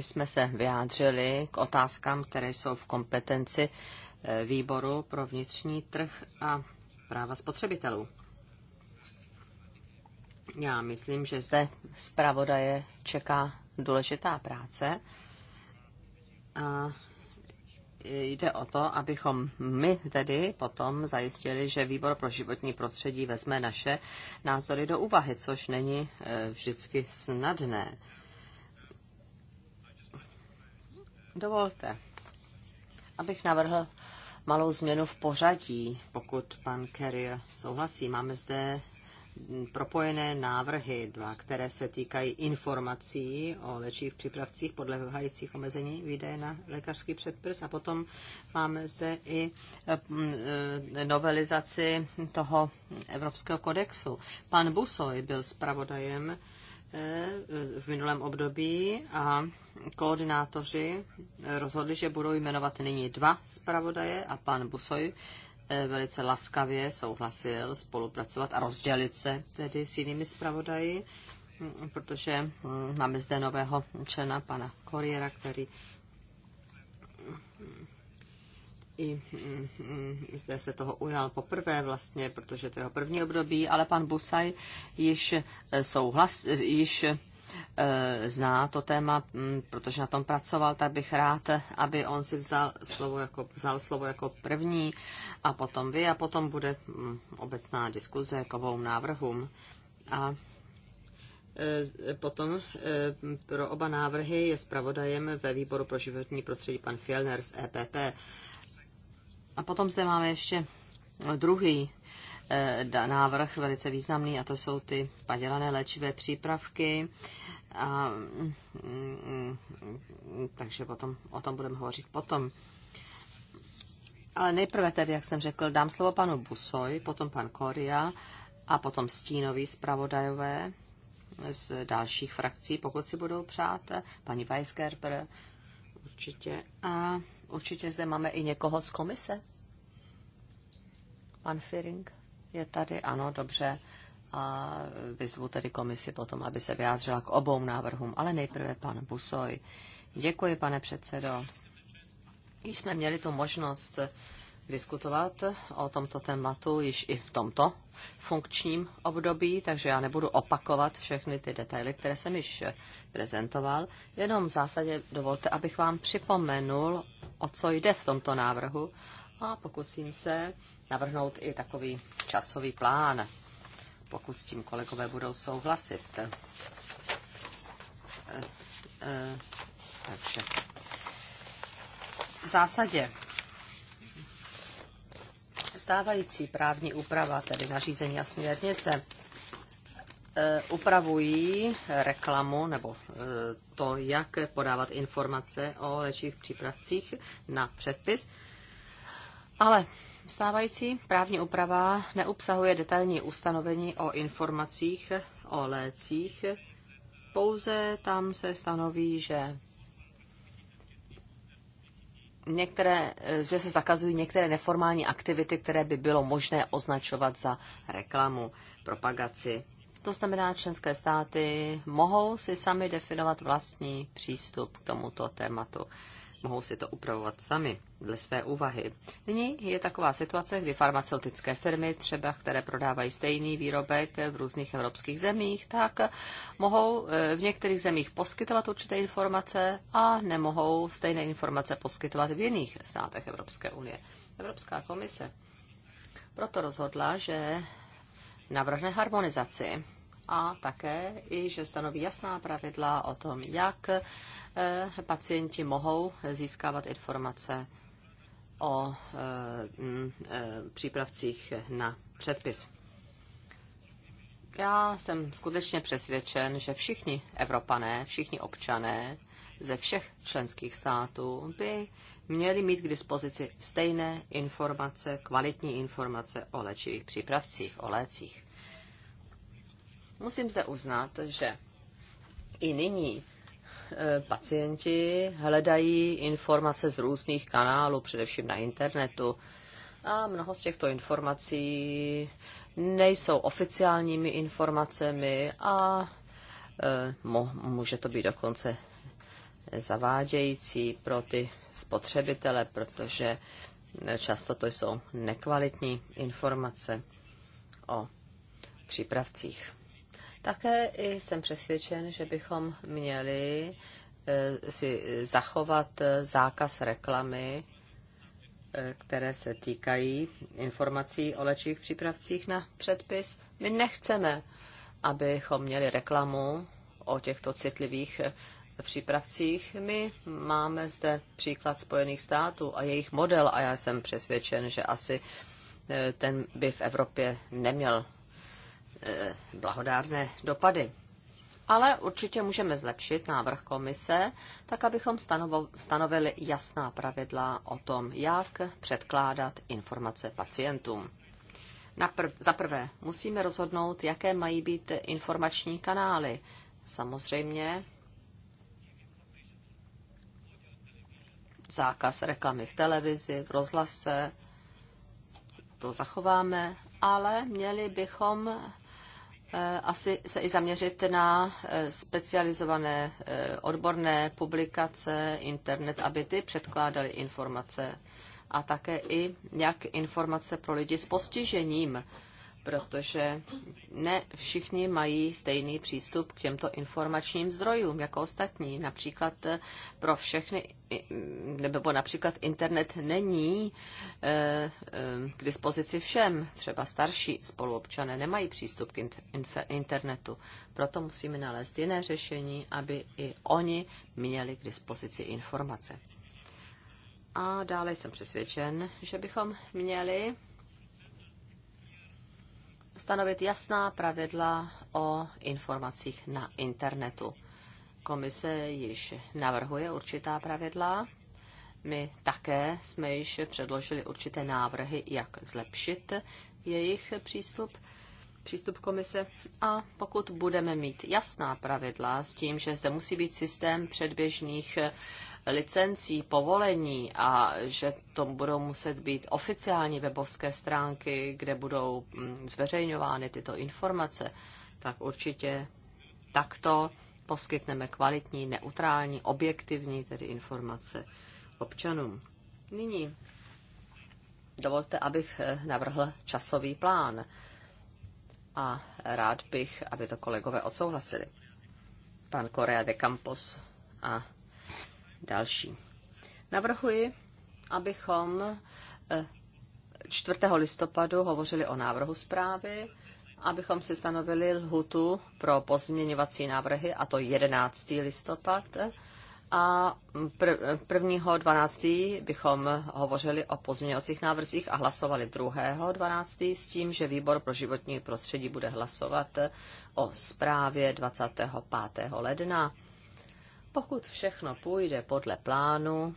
jsme se vyjádřili k otázkám, které jsou v kompetenci eh, výboru pro vnitřní trh a práva spotřebitelů. Já myslím, že zde zpravodaje čeká důležitá práce a jde o to, abychom my tedy potom zajistili, že výbor pro životní prostředí vezme naše názory do úvahy, což není e, vždycky snadné. Dovolte, abych navrhl malou změnu v pořadí, pokud pan Kerry souhlasí. Máme zde propojené návrhy, dva, které se týkají informací o léčivých přípravcích vyhajících omezení výdaje na lékařský předpis. A potom máme zde i mm, e, novelizaci toho Evropského kodexu. Pan Busoj byl zpravodajem e, v minulém období a koordinátoři rozhodli, že budou jmenovat nyní dva zpravodaje a pan Busoj Eh, velice laskavě souhlasil spolupracovat a rozdělit se tedy s jinými zpravodaji, mm, protože mm, máme zde nového člena, pana Koriera, který mm, i zde se toho ujal poprvé vlastně, protože to je jeho první období, ale pan Busaj již eh, souhlas, již Eh, zná to téma, mm, protože na tom pracoval, tak bych rád, aby on si vzal slovo jako, vzal slovo jako první a potom vy a potom bude mm, obecná diskuze k ovou návrhům. A eh, Potom eh, pro oba návrhy je zpravodajem ve výboru pro životní prostředí pan Fielner z EPP. A potom se máme ještě druhý Eh, návrh velice významný a to jsou ty padělané léčivé přípravky. A, mm, mm, takže potom, o tom budeme hovořit potom. Ale nejprve tedy, jak jsem řekl, dám slovo panu Busoj, potom pan Koria a potom stínový zpravodajové z dalších frakcí, pokud si budou přát, paní Weisgerber určitě. A určitě zde máme i někoho z komise. Pan Firing je tady, ano, dobře. A vyzvu tedy komisi potom, aby se vyjádřila k obou návrhům. Ale nejprve pan Busoj. Děkuji, pane předsedo. Již jsme měli tu možnost diskutovat o tomto tématu již i v tomto funkčním období, takže já nebudu opakovat všechny ty detaily, které jsem již prezentoval. Jenom v zásadě dovolte, abych vám připomenul, o co jde v tomto návrhu a pokusím se navrhnout i takový časový plán, pokud s tím kolegové budou souhlasit. Eh, eh, takže v zásadě stávající právní úprava, tedy nařízení a směrnice, eh, upravují reklamu nebo to, jak podávat informace o léčivých přípravcích na předpis. Ale Stávající právní úprava neobsahuje detailní ustanovení o informacích o lécích, pouze tam se stanoví, že některé, že se zakazují některé neformální aktivity, které by bylo možné označovat za reklamu, propagaci. To znamená, členské státy mohou si sami definovat vlastní přístup k tomuto tématu mohou si to upravovat sami dle své úvahy. Nyní je taková situace, kdy farmaceutické firmy, třeba které prodávají stejný výrobek v různých evropských zemích, tak mohou eh, v některých zemích poskytovat určité informace a nemohou stejné informace poskytovat v jiných státech Evropské unie. Evropská komise proto rozhodla, že navrhne harmonizaci a také i, že stanoví jasná pravidla o tom, jak eh, pacienti mohou získávat informace o eh, eh, přípravcích na předpis. Já jsem skutečně přesvědčen, že všichni Evropané, všichni občané ze všech členských států by měli mít k dispozici stejné informace, kvalitní informace o léčivých přípravcích, o lécích. Musím zde uznat, že i nyní e, pacienti hledají informace z různých kanálů, především na internetu. A mnoho z těchto informací nejsou oficiálními informacemi a e, může to být dokonce zavádějící pro ty spotřebitele, protože často to jsou nekvalitní informace o přípravcích. Také jsem přesvědčen, že bychom měli eh, si zachovat eh, zákaz reklamy, eh, které se týkají informací o léčivých přípravcích na předpis. My nechceme, abychom měli reklamu o těchto citlivých přípravcích. My máme zde příklad Spojených států a jejich model a já jsem přesvědčen, že asi ten by v Evropě neměl Eh, blahodárné dopady. Ale určitě můžeme zlepšit návrh komise, tak abychom stanovili jasná pravidla o tom, jak předkládat informace pacientům. Napr- za prvé, musíme rozhodnout, jaké mají být informační kanály. Samozřejmě zákaz reklamy v televizi, v rozhlase, to zachováme, ale měli bychom Eh, asi se i zaměřit na eh, specializované eh, odborné publikace, internet, aby ty předkládaly informace a také i jak informace pro lidi s postižením protože ne všichni mají stejný přístup k těmto informačním zdrojům jako ostatní. Například eh, pro všechny, mm, nebo například internet není eh, eh, k dispozici všem. Třeba starší spoluobčané nemají přístup k internetu. Proto musíme nalézt jiné řešení, aby i oni měli k dispozici informace. A dále jsem přesvědčen, že bychom měli stanovit jasná pravidla o informacích na internetu. Komise již navrhuje určitá pravidla. My také jsme již předložili určité návrhy, jak zlepšit jejich přístup, přístup komise. A pokud budeme mít jasná pravidla s tím, že zde musí být systém předběžných licencí, povolení a že tom budou muset být oficiální webovské stránky, kde budou mm, zveřejňovány tyto informace, tak určitě takto poskytneme kvalitní, neutrální, objektivní tedy informace občanům. Nyní dovolte, abych eh, navrhl časový plán a rád bych, aby to kolegové odsouhlasili. Pan Korea de Campos a další. Navrhuji, abychom 4. Eh, listopadu hovořili o návrhu zprávy, abychom si stanovili lhutu pro pozměňovací návrhy, a to 11. listopad, a 1. 12. bychom hovořili o pozměňovacích návrzích a hlasovali 2. 12. s tím, že výbor pro životní prostředí bude hlasovat o zprávě 25. ledna. Pokud všechno půjde podle plánu,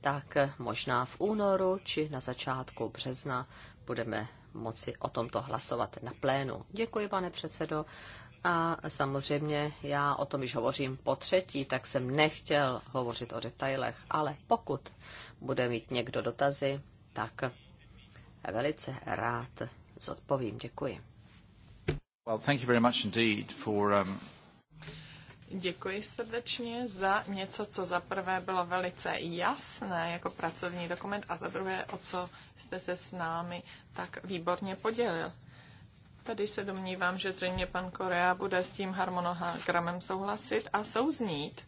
tak možná v únoru či na začátku března budeme moci o tomto hlasovat na plénu. Děkuji, pane předsedo. A samozřejmě já o tom již hovořím po třetí, tak jsem nechtěl hovořit o detailech, ale pokud bude mít někdo dotazy, tak velice rád zodpovím. Děkuji. Well, thank you very much indeed for, um... Děkuji srdečně za něco, co za prvé bylo velice jasné jako pracovní dokument a za druhé, o co jste se s námi tak výborně podělil. Tady se domnívám, že zřejmě pan Korea bude s tím harmonogramem souhlasit a souznít.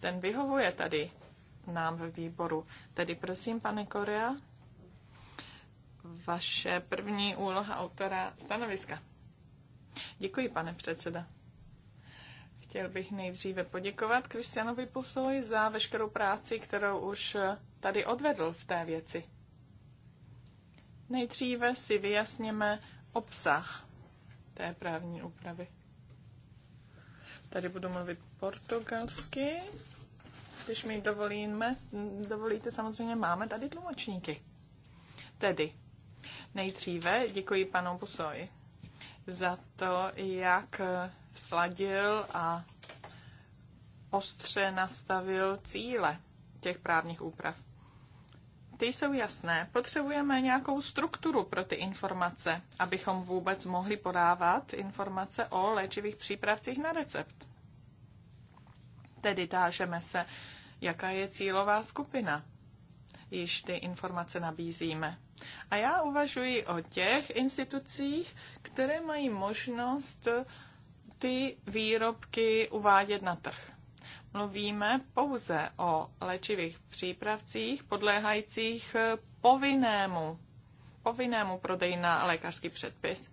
Ten vyhovuje tady nám ve výboru. Tedy prosím, pane Korea, vaše první úloha autora stanoviska. Děkuji, pane předseda. Chtěl bych nejdříve poděkovat Kristianovi Pusovi za veškerou práci, kterou už tady odvedl v té věci. Nejdříve si vyjasněme obsah té právní úpravy. Tady budu mluvit portugalsky. Když mi dovolíme, dovolíte, samozřejmě máme tady tlumočníky. Tedy, nejdříve děkuji panu Pusoji za to, jak sladil a ostře nastavil cíle těch právních úprav. Ty jsou jasné. Potřebujeme nějakou strukturu pro ty informace, abychom vůbec mohli podávat informace o léčivých přípravcích na recept. Tedy tážeme se, jaká je cílová skupina. Již ty informace nabízíme. A já uvažuji o těch institucích, které mají možnost uh, ty výrobky uvádět na trh. Mluvíme pouze o léčivých přípravcích podléhajících eh, povinnému, povinnému prodeji na lékařský předpis.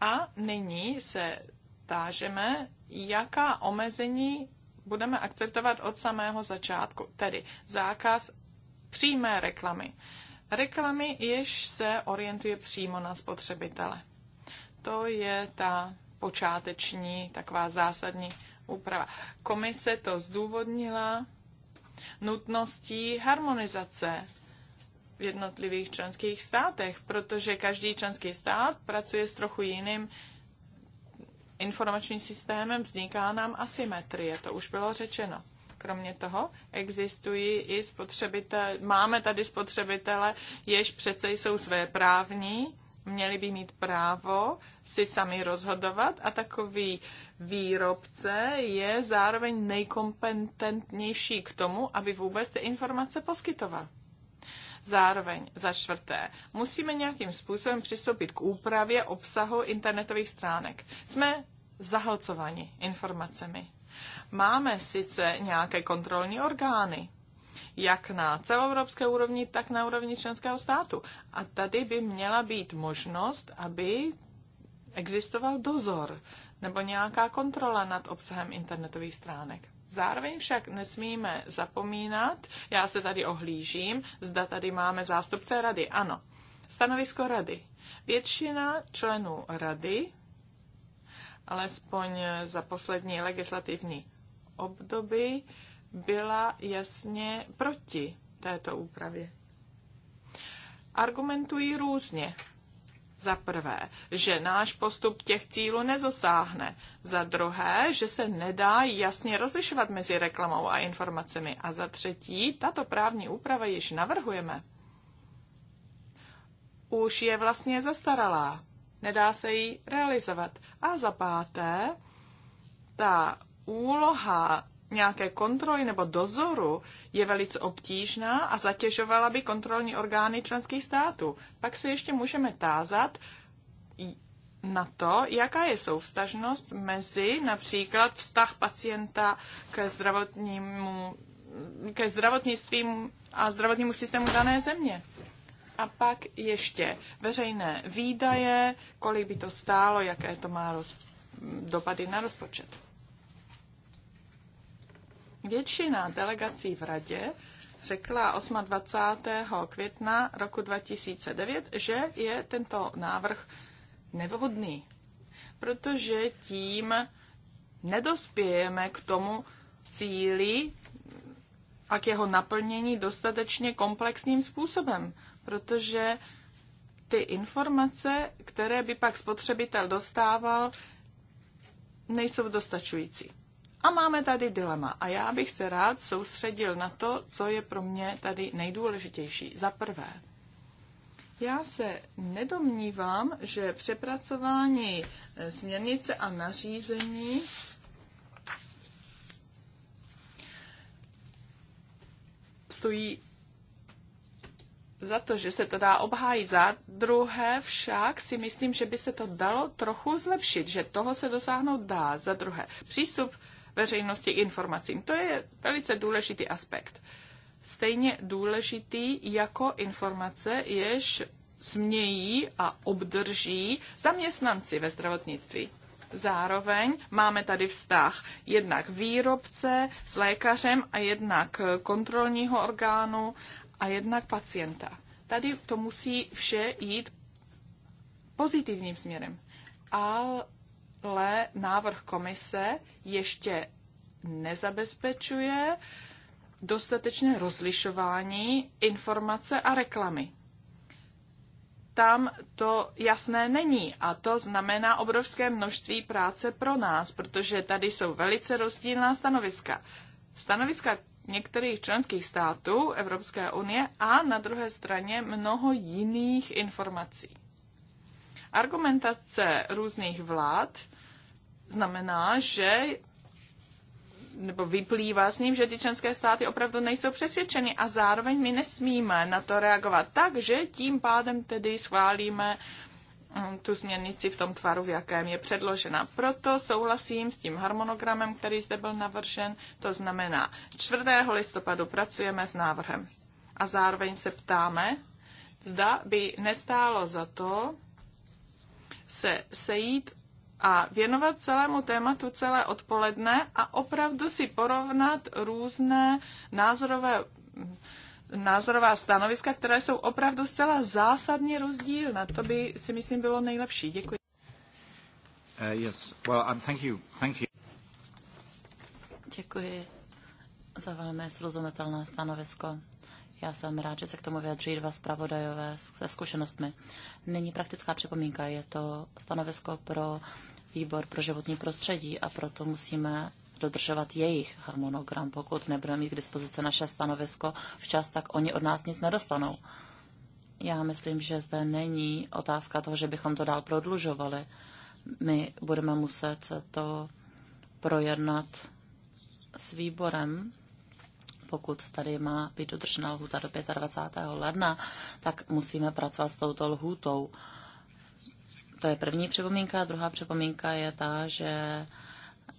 A nyní se tážeme, jaká omezení budeme akceptovat od samého začátku, tedy zákaz přímé reklamy. Reklamy, jež se orientuje přímo na spotřebitele. To je ta počáteční, taková zásadní úprava. Komise to zdůvodnila nutností harmonizace v jednotlivých členských státech, protože každý členský stát pracuje s trochu jiným informačním systémem, vzniká nám asymetrie, to už bylo řečeno. Kromě toho existují i spotřebitelé, máme tady spotřebitele, jež přece jsou své právní Měli by mít právo si sami rozhodovat a takový výrobce je zároveň nejkompetentnější k tomu, aby vůbec ty informace poskytoval. Zároveň za čtvrté, musíme nějakým způsobem přistoupit k úpravě obsahu internetových stránek. Jsme zahlcovaní informacemi. Máme sice nějaké kontrolní orgány, jak na celoevropské úrovni, tak na úrovni členského státu. A tady by měla být možnost, aby existoval dozor nebo nějaká kontrola nad obsahem internetových stránek. Zároveň však nesmíme zapomínat, já se tady ohlížím, zda tady máme zástupce rady. Ano, stanovisko rady. Většina členů rady, alespoň za poslední legislativní období, byla jasně proti této úpravě. Argumentují různě. Za prvé, že náš postup těch cílů nezosáhne. Za druhé, že se nedá jasně rozlišovat mezi reklamou a informacemi. A za třetí, tato právní úprava již navrhujeme. Už je vlastně zastaralá. Nedá se ji realizovat. A za páté, ta úloha nějaké kontroly nebo dozoru je velice obtížná a zatěžovala by kontrolní orgány členských států. Pak se ještě můžeme tázat na to, jaká je souvstažnost mezi například vztah pacienta ke zdravotnímu ke zdravotnictví a zdravotnímu systému dané země. A pak ještě veřejné výdaje, kolik by to stálo, jaké to má roz, dopady na rozpočet. Většina delegací v radě řekla 28. května roku 2009, že je tento návrh nevhodný, protože tím nedospějeme k tomu cíli a k jeho naplnění dostatečně komplexním způsobem, protože ty informace, které by pak spotřebitel dostával, nejsou dostačující. A máme tady dilema. A já bych se rád soustředil na to, co je pro mě tady nejdůležitější. Za prvé, já se nedomnívám, že přepracování eh, směrnice a nařízení stojí za to, že se to dá obhájit. Za druhé však si myslím, že by se to dalo trochu zlepšit, že toho se dosáhnout dá. Za druhé, přístup veřejnosti k informacím. To je velice důležitý aspekt. Stejně důležitý jako informace, jež smějí a obdrží zaměstnanci ve zdravotnictví. Zároveň máme tady vztah jednak výrobce s lékařem a jednak kontrolního orgánu a jednak pacienta. Tady to musí vše jít pozitivním směrem. Ale ale návrh komise ještě nezabezpečuje dostatečné rozlišování informace a reklamy. Tam to jasné není a to znamená obrovské množství práce pro nás, protože tady jsou velice rozdílná stanoviska. Stanoviska některých členských států Evropské unie a na druhé straně mnoho jiných informací. Argumentace různých vlád znamená, že nebo vyplývá s ním, že ty členské státy opravdu nejsou přesvědčeny a zároveň my nesmíme na to reagovat tak, že tím pádem tedy schválíme hm, tu směrnici v tom tvaru, v jakém je předložena. Proto souhlasím s tím harmonogramem, který zde byl navržen, to znamená 4. listopadu pracujeme s návrhem a zároveň se ptáme, zda by nestálo za to se sejít a věnovat celému tématu celé odpoledne a opravdu si porovnat různé názorové názorová stanoviska, které jsou opravdu zcela zásadně rozdíl. Na to by si myslím bylo nejlepší. Děkuji. Uh, yes. well, um, thank you. Thank you. Děkuji za velmi srozumitelné stanovisko. Já jsem rád, že se k tomu vyjadří dva zpravodajové se zkušenostmi. Není praktická připomínka, je to stanovisko pro výbor pro životní prostředí a proto musíme dodržovat jejich harmonogram. Pokud nebudeme mít k dispozici naše stanovisko včas, tak oni od nás nic nedostanou. Já myslím, že zde není otázka toho, že bychom to dál prodlužovali. My budeme muset to projednat s výborem pokud tady má být dodržena lhůta do 25. ledna, tak musíme pracovat s touto lhůtou. To je první připomínka. Druhá připomínka je ta, že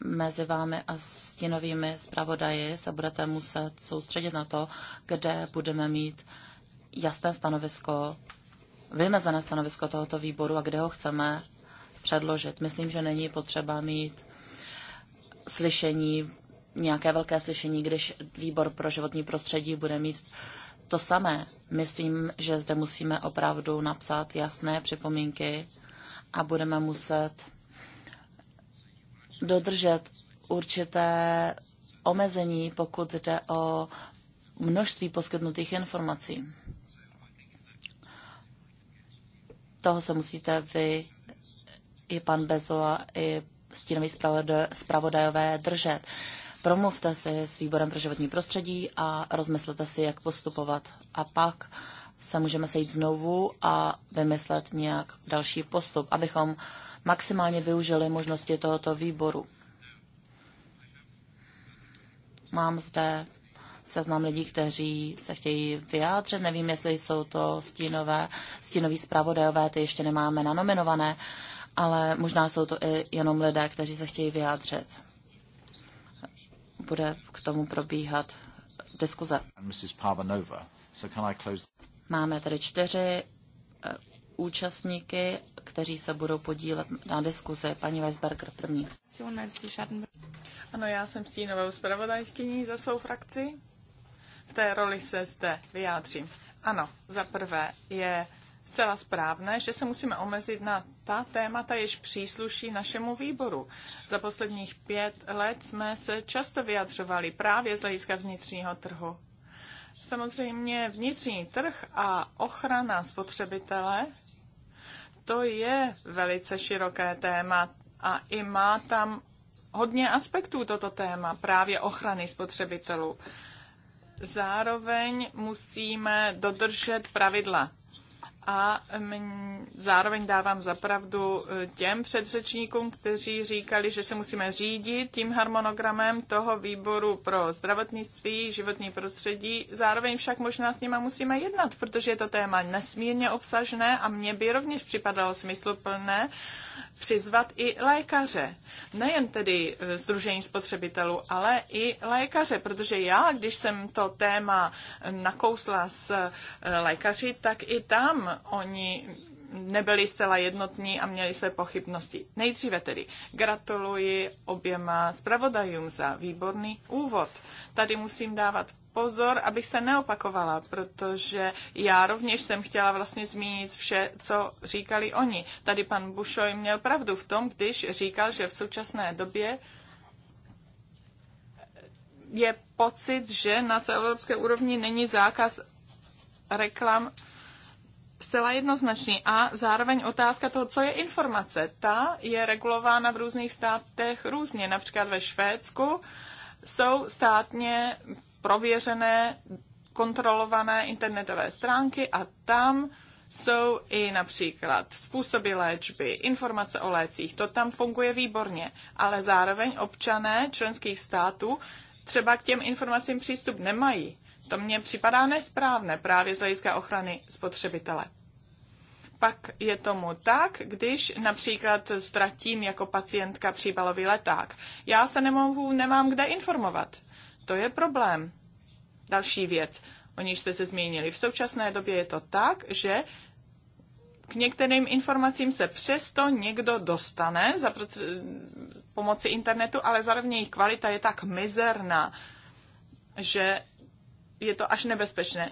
mezi vámi a stinovými zpravodaji se budete muset soustředit na to, kde budeme mít jasné stanovisko, vymezené stanovisko tohoto výboru a kde ho chceme předložit. Myslím, že není potřeba mít slyšení nějaké velké slyšení, když výbor pro životní prostředí bude mít to samé. Myslím, že zde musíme opravdu napsat jasné připomínky a budeme muset dodržet určité omezení, pokud jde o množství poskytnutých informací. Toho se musíte vy i pan a i stínový zpravodajové držet promluvte si s výborem pro životní prostředí a rozmyslete si, jak postupovat. A pak se můžeme sejít znovu a vymyslet nějak další postup, abychom maximálně využili možnosti tohoto výboru. Mám zde seznam lidí, kteří se chtějí vyjádřit. Nevím, jestli jsou to stínové, stínoví zpravodajové, ty ještě nemáme nanominované, ale možná jsou to i jenom lidé, kteří se chtějí vyjádřit bude k tomu probíhat diskuze. Máme tady čtyři eh, účastníky, kteří se budou podílet na diskuzi. Paní Weisberger první. Ano, já jsem stínovou zpravodajkyní za svou frakci. V té roli se zde vyjádřím. Ano, za prvé je zcela správné, že se musíme omezit na ta témata, jež přísluší našemu výboru. Za posledních pět let jsme se často vyjadřovali právě z hlediska vnitřního trhu. Samozřejmě vnitřní trh a ochrana spotřebitele, to je velice široké téma a i má tam hodně aspektů toto téma, právě ochrany spotřebitelů. Zároveň musíme dodržet pravidla a zároveň dávám zapravdu e, těm předřečníkům, kteří říkali, že se musíme řídit tím harmonogramem toho výboru pro zdravotnictví, životní prostředí. Zároveň však možná s nima musíme jednat, protože je to téma nesmírně obsažné a mně by rovněž připadalo smysluplné přizvat i lékaře. Nejen tedy e, Združení spotřebitelů, ale i lékaře, protože já, když jsem to téma nakousla s e, lékaři, tak i tam oni nebyli zcela jednotní a měli své pochybnosti. Nejdříve tedy gratuluji oběma zpravodajům za výborný úvod. Tady musím dávat pozor, abych se neopakovala, protože já rovněž jsem chtěla vlastně zmínit vše, co říkali oni. Tady pan Bušoj měl pravdu v tom, když říkal, že v současné době je pocit, že na celoevropské úrovni není zákaz reklam zcela jednoznačný. A zároveň otázka toho, co je informace. Ta je regulována v různých státech různě. Například ve Švédsku jsou státně prověřené, kontrolované internetové stránky a tam jsou i například způsoby léčby, informace o lécích, to tam funguje výborně, ale zároveň občané členských států třeba k těm informacím přístup nemají. To mně připadá nesprávné právě z hlediska ochrany spotřebitele. Pak je tomu tak, když například ztratím jako pacientka příbalový leták. Já se nemohu, nemám kde informovat. To je problém. Další věc, o níž jste se zmínili. V současné době je to tak, že k některým informacím se přesto někdo dostane za pomoci internetu, ale zároveň jejich kvalita je tak mizerná, že je to až nebezpečné.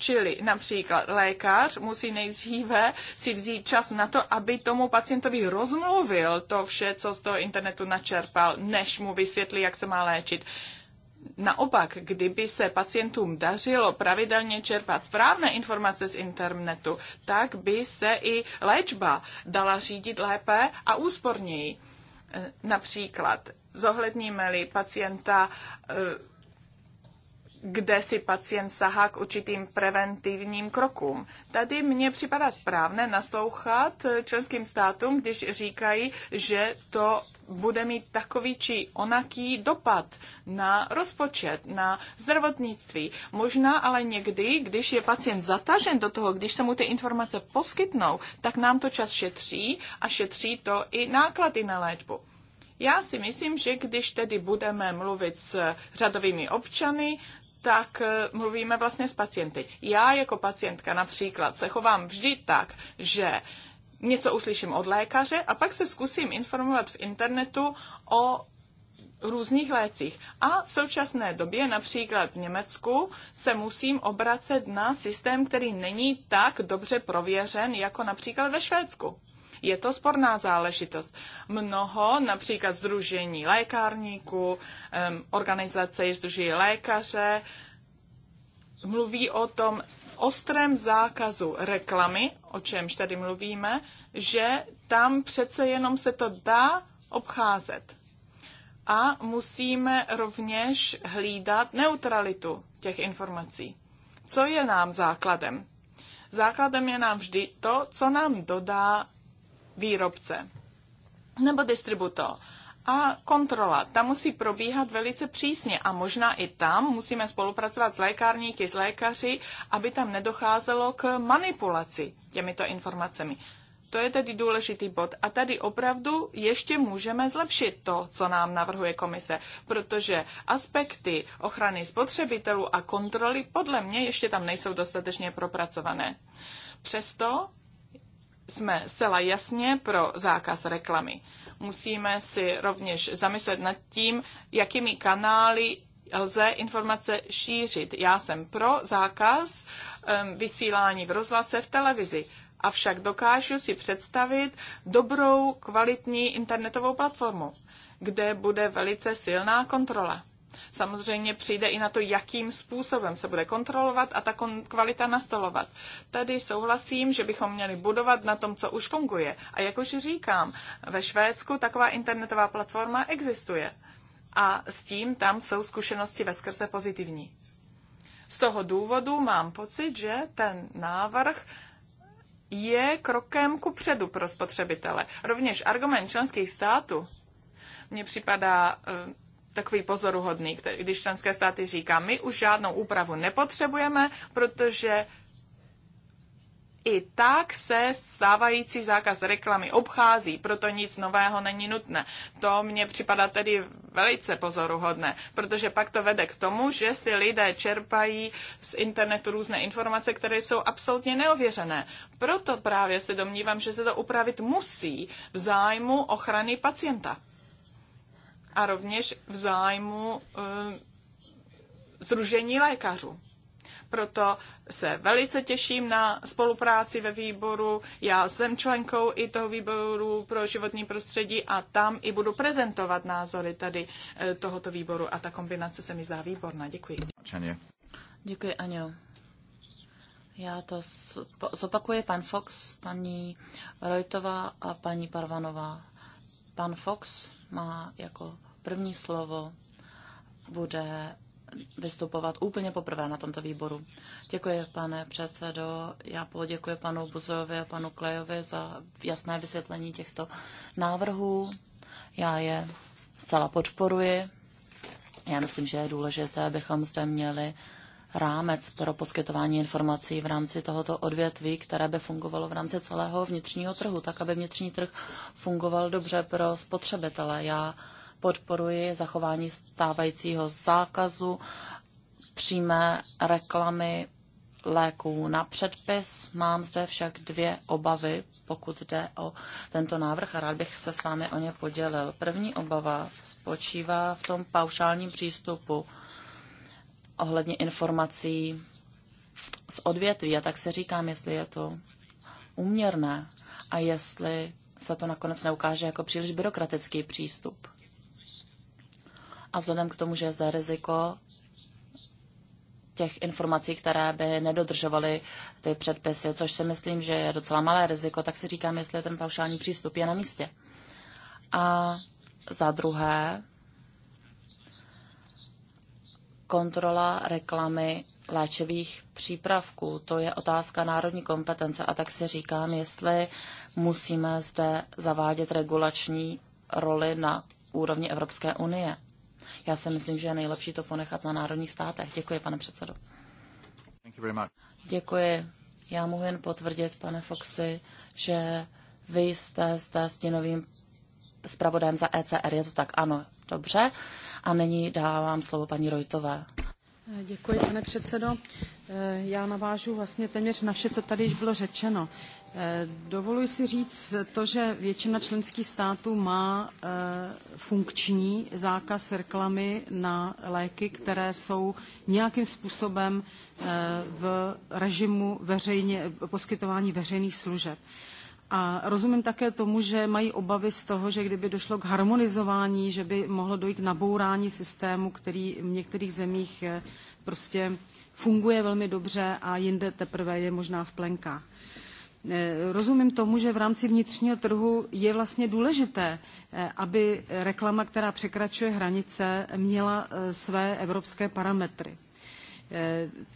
Čili například lékař musí nejdříve si vzít čas na to, aby tomu pacientovi rozmluvil to vše, co z toho internetu načerpal, než mu vysvětlí, jak se má léčit. Naopak, kdyby se pacientům dařilo pravidelně čerpat správné informace z internetu, tak by se i léčba dala řídit lépe a úsporněji. E, například zohledníme-li pacienta e, kde si pacient sahá k určitým preventivním krokům. Tady mně připadá správné naslouchat členským státům, když říkají, že to bude mít takový či onaký dopad na rozpočet, na zdravotnictví. Možná ale někdy, když je pacient zatažen do toho, když se mu ty informace poskytnou, tak nám to čas šetří a šetří to i náklady na léčbu. Já si myslím, že když tedy budeme mluvit s řadovými občany, tak eh, mluvíme vlastně s pacienty. Já jako pacientka například se chovám vždy tak, že něco uslyším od lékaře a pak se zkusím informovat v internetu o různých lécích. A v současné době, například v Německu, se musím obracet na systém, který není tak dobře prověřen, jako například ve Švédsku. Je to sporná záležitost. Mnoho, například združení lékárníků, organizace, Združení lékaře, mluví o tom ostrém zákazu reklamy, o čemž tady mluvíme, že tam přece jenom se to dá obcházet. A musíme rovněž hlídat neutralitu těch informací. Co je nám základem? Základem je nám vždy to, co nám dodá výrobce nebo distributor. A kontrola, ta musí probíhat velice přísně a možná i tam musíme spolupracovat s lékárníky, s lékaři, aby tam nedocházelo k manipulaci těmito informacemi. To je tedy důležitý bod. A tady opravdu ještě můžeme zlepšit to, co nám navrhuje komise, protože aspekty ochrany spotřebitelů a kontroly podle mě ještě tam nejsou dostatečně propracované. Přesto jsme zcela jasně pro zákaz reklamy. Musíme si rovněž zamyslet nad tím, jakými kanály lze informace šířit. Já jsem pro zákaz vysílání v rozhlase, v televizi, avšak dokážu si představit dobrou, kvalitní internetovou platformu, kde bude velice silná kontrola Samozřejmě přijde i na to, jakým způsobem se bude kontrolovat a ta kvalita nastolovat. Tady souhlasím, že bychom měli budovat na tom, co už funguje. A jak už říkám, ve Švédsku taková internetová platforma existuje. A s tím tam jsou zkušenosti ve skrze pozitivní. Z toho důvodu mám pocit, že ten návrh je krokem ku předu pro spotřebitele. Rovněž argument členských států mně připadá eh, takový pozoruhodný, když členské státy říká, my už žádnou úpravu nepotřebujeme, protože i tak se stávající zákaz reklamy obchází, proto nic nového není nutné. To mně připadá tedy velice pozoruhodné, protože pak to vede k tomu, že si lidé čerpají z internetu různé informace, které jsou absolutně neověřené. Proto právě se domnívám, že se to upravit musí v zájmu ochrany pacienta a rovněž v zájmu eh, Združení lékařů. Proto se velice těším na spolupráci ve výboru. Já jsem členkou i toho výboru pro životní prostředí a tam i budu prezentovat názory tady eh, tohoto výboru a ta kombinace se mi zdá výborná. Děkuji. Čaně. Děkuji, Aňo. Já to zopakuji pan Fox, paní Rojtová a paní Parvanová. Pan Fox má jako první slovo bude vystupovat úplně poprvé na tomto výboru. Děkuji, pane předsedo. Já poděkuji panu Buzovi a panu Klejovi za jasné vysvětlení těchto návrhů. Já je zcela podporuji. Já myslím, že je důležité, abychom zde měli rámec pro poskytování informací v rámci tohoto odvětví, které by fungovalo v rámci celého vnitřního trhu, tak aby vnitřní trh fungoval dobře pro spotřebitele. Já podporuji zachování stávajícího zákazu přímé reklamy léků na předpis. Mám zde však dvě obavy, pokud jde o tento návrh a rád bych se s vámi o ně podělil. První obava spočívá v tom paušálním přístupu ohledně informací z odvětví. A tak se říkám, jestli je to uměrné a jestli se to nakonec neukáže jako příliš byrokratický přístup a vzhledem k tomu, že je zde riziko těch informací, které by nedodržovaly ty předpisy, což si myslím, že je docela malé riziko, tak si říkám, jestli ten paušální přístup je na místě. A za druhé, kontrola reklamy léčivých přípravků. To je otázka národní kompetence a tak si říkám, jestli musíme zde zavádět regulační roli na úrovni Evropské unie. Já si myslím, že je nejlepší to ponechat na národních státech. Děkuji, pane předsedo. Děkuji. Já mohu jen potvrdit, pane Foxy, že vy jste zde s novým zpravodajem za ECR. Je to tak? Ano, dobře. A nyní dávám slovo paní Rojtové. Děkuji, pane předsedo. E, já navážu vlastně téměř na vše, co tady již bylo řečeno. Eh, dovoluji si říct to, že většina členských států má eh, funkční zákaz reklamy na léky, které jsou nějakým způsobem eh, v režimu veřejně, poskytování veřejných služeb. A rozumím také tomu, že mají obavy z toho, že kdyby došlo k harmonizování, že by mohlo dojít k nabourání systému, který v některých zemích prostě funguje velmi dobře a jinde teprve je možná v plenkách. Eh, rozumím tomu, že v rámci vnitřního trhu je vlastně důležité, eh, aby reklama, která překračuje hranice, měla eh, své evropské parametry.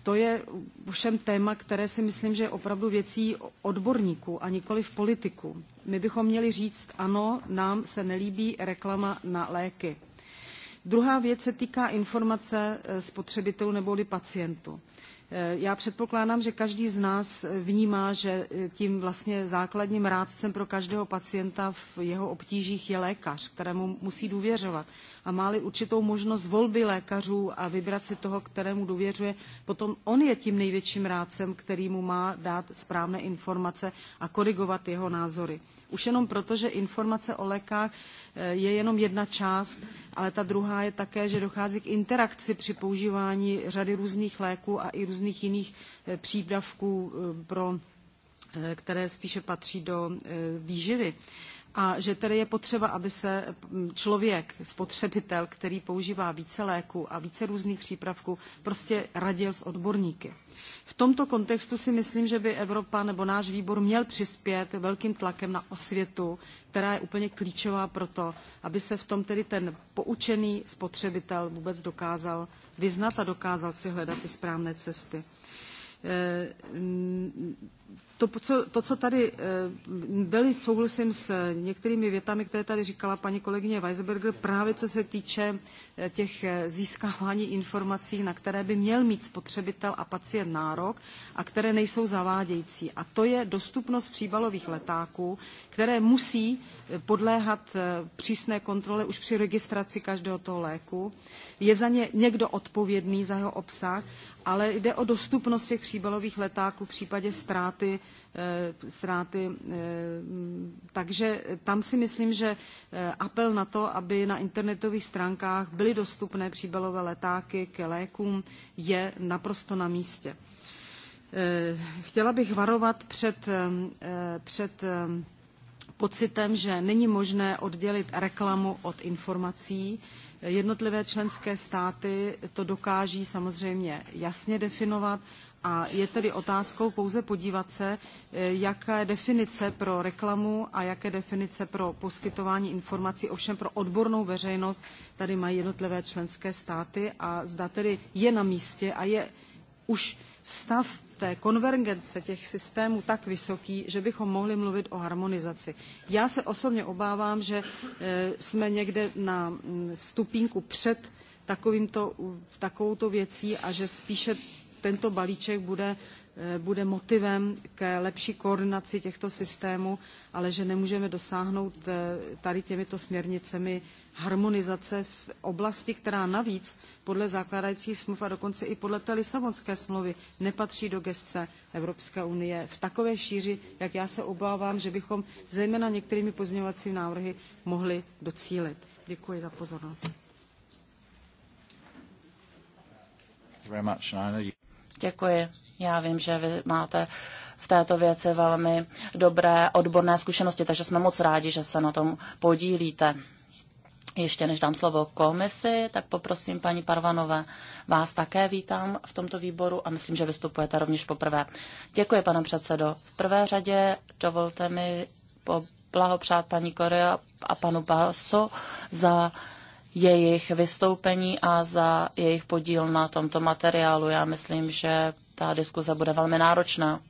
To je všem téma, které si myslím, že je opravdu věcí odborníků a nikoli v politiků. My bychom měli říct, ano, nám se nelíbí reklama na léky. Druhá věc se týká informace spotřebitelů neboli pacientů. Já předpokládám, že každý z nás vnímá, že tím vlastně základním rádcem pro každého pacienta v jeho obtížích je lékař, kterému musí důvěřovat. A má-li určitou možnost volby lékařů a vybrat si toho, kterému důvěřuje, potom on je tím největším rádcem, který mu má dát správné informace a korigovat jeho názory. Už jenom proto, že informace o lékách je jenom jedna část, ale ta druhá je také, že dochází k interakci při používání řady různých léků a i různých jiných eh, přídavků, eh, pro, eh, které spíše patří do výživy a že tedy je potřeba, aby se mm, člověk, spotřebitel, který používá více léků a více různých přípravků, prostě radil s odborníky. V tomto kontextu si myslím, že by Evropa nebo náš výbor měl přispět velkým tlakem na osvětu, která je úplně klíčová pro to, aby se v tom tedy ten poučený spotřebitel vůbec dokázal vyznat a dokázal si hledat ty správné cesty. Eh, to, co, to, co tady velmi eh, souhlasím s některými větami, které tady říkala paní kolegyně Weisberger, právě co se týče eh, těch eh, získávání informací, na které by měl mít spotřebitel a pacient nárok a které nejsou zavádějící. A to je dostupnost příbalových letáků, které musí podléhat eh, přísné kontrole už při registraci každého toho léku. Je za ně někdo odpovědný za jeho obsah, ale jde o dostupnost těch příbalových letáků v případě ztráty. Eh, ztráty. Eh, takže tam si myslím, že apel na to, aby na internetových stránkách byly dostupné příbalové letáky ke lékům, je naprosto na místě. Chtěla bych varovat před, před pocitem, že není možné oddělit reklamu od informací. Jednotlivé členské státy to dokáží samozřejmě jasně definovat a je tedy otázkou pouze podívat se, jaké definice pro reklamu a jaké definice pro poskytování informací, ovšem pro odbornou veřejnost, tady mají jednotlivé členské státy a zda tedy je na místě a je už stav té konvergence těch systémů tak vysoký, že bychom mohli mluvit o harmonizaci. Já se osobně obávám, že e, jsme někde na stupínku před takovýmto, takovouto věcí a že spíše tento balíček bude Eh, bude motivem k lepší koordinaci těchto systémů, ale že nemůžeme dosáhnout eh, tady těmito směrnicemi harmonizace v oblasti, která navíc podle zakládajících smluv a dokonce i podle té Lisabonské smlouvy nepatří do gestce Evropské unie v takové šíři, jak já se obávám, že bychom zejména některými pozměňovacími návrhy mohli docílit. Děkuji za pozornost. Děkuji. Já vím, že vy máte v této věci velmi dobré odborné zkušenosti, takže jsme moc rádi, že se na tom podílíte. Ještě než dám slovo komisi, tak poprosím paní Parvanové, vás také vítám v tomto výboru a myslím, že vystupujete rovněž poprvé. Děkuji, pane předsedo. V prvé řadě dovolte mi poblahopřát paní Korea a panu Balso za jejich vystoupení a za jejich podíl na tomto materiálu. Já myslím, že ta diskuze bude velmi náročná.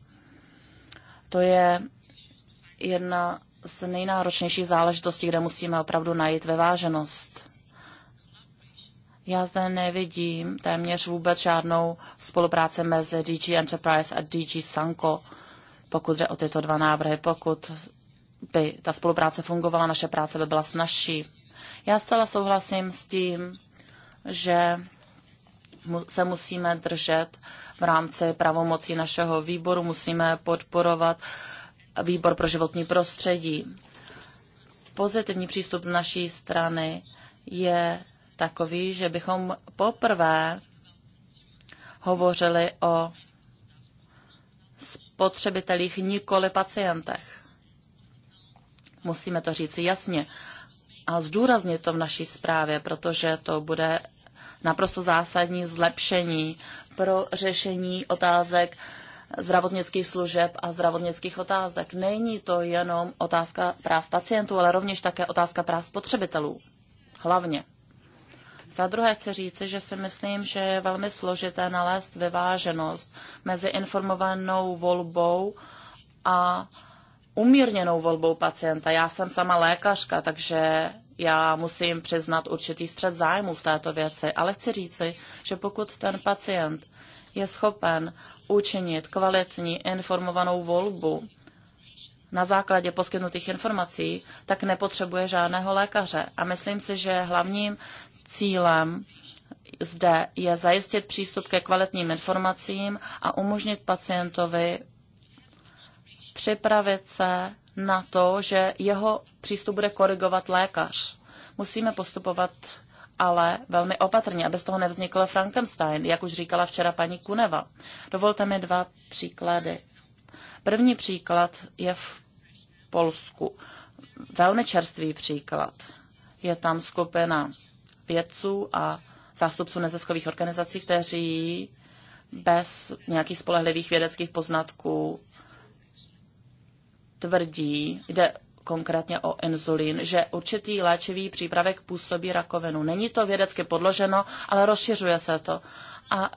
To je jedna z nejnáročnějších záležitostí, kde musíme opravdu najít vyváženost. Já zde nevidím téměř vůbec žádnou spolupráci mezi DG Enterprise a DG Sanko, pokud jde o tyto dva návrhy. Pokud by ta spolupráce fungovala, naše práce by byla snažší. Já zcela souhlasím s tím, že se musíme držet v rámci pravomocí našeho výboru, musíme podporovat výbor pro životní prostředí. Pozitivní přístup z naší strany je takový, že bychom poprvé hovořili o spotřebitelích, nikoli pacientech. Musíme to říci jasně a zdůraznit to v naší zprávě, protože to bude naprosto zásadní zlepšení pro řešení otázek zdravotnických služeb a zdravotnických otázek. Není to jenom otázka práv pacientů, ale rovněž také otázka práv spotřebitelů. Hlavně. Za druhé chci říci, že si myslím, že je velmi složité nalézt vyváženost mezi informovanou volbou a umírněnou volbou pacienta. Já jsem sama lékařka, takže já musím přiznat určitý střed zájmu v této věci, ale chci říci, že pokud ten pacient je schopen učinit kvalitní informovanou volbu na základě poskytnutých informací, tak nepotřebuje žádného lékaře. A myslím si, že hlavním cílem zde je zajistit přístup ke kvalitním informacím a umožnit pacientovi připravit se na to, že jeho přístup bude korigovat lékař. Musíme postupovat ale velmi opatrně, aby z toho nevznikl Frankenstein, jak už říkala včera paní Kuneva. Dovolte mi dva příklady. První příklad je v Polsku. Velmi čerstvý příklad. Je tam skupina vědců a zástupců neziskových organizací, kteří bez nějakých spolehlivých vědeckých poznatků tvrdí, jde konkrétně o inzulín, že určitý léčivý přípravek působí rakovinu. Není to vědecky podloženo, ale rozšiřuje se to. A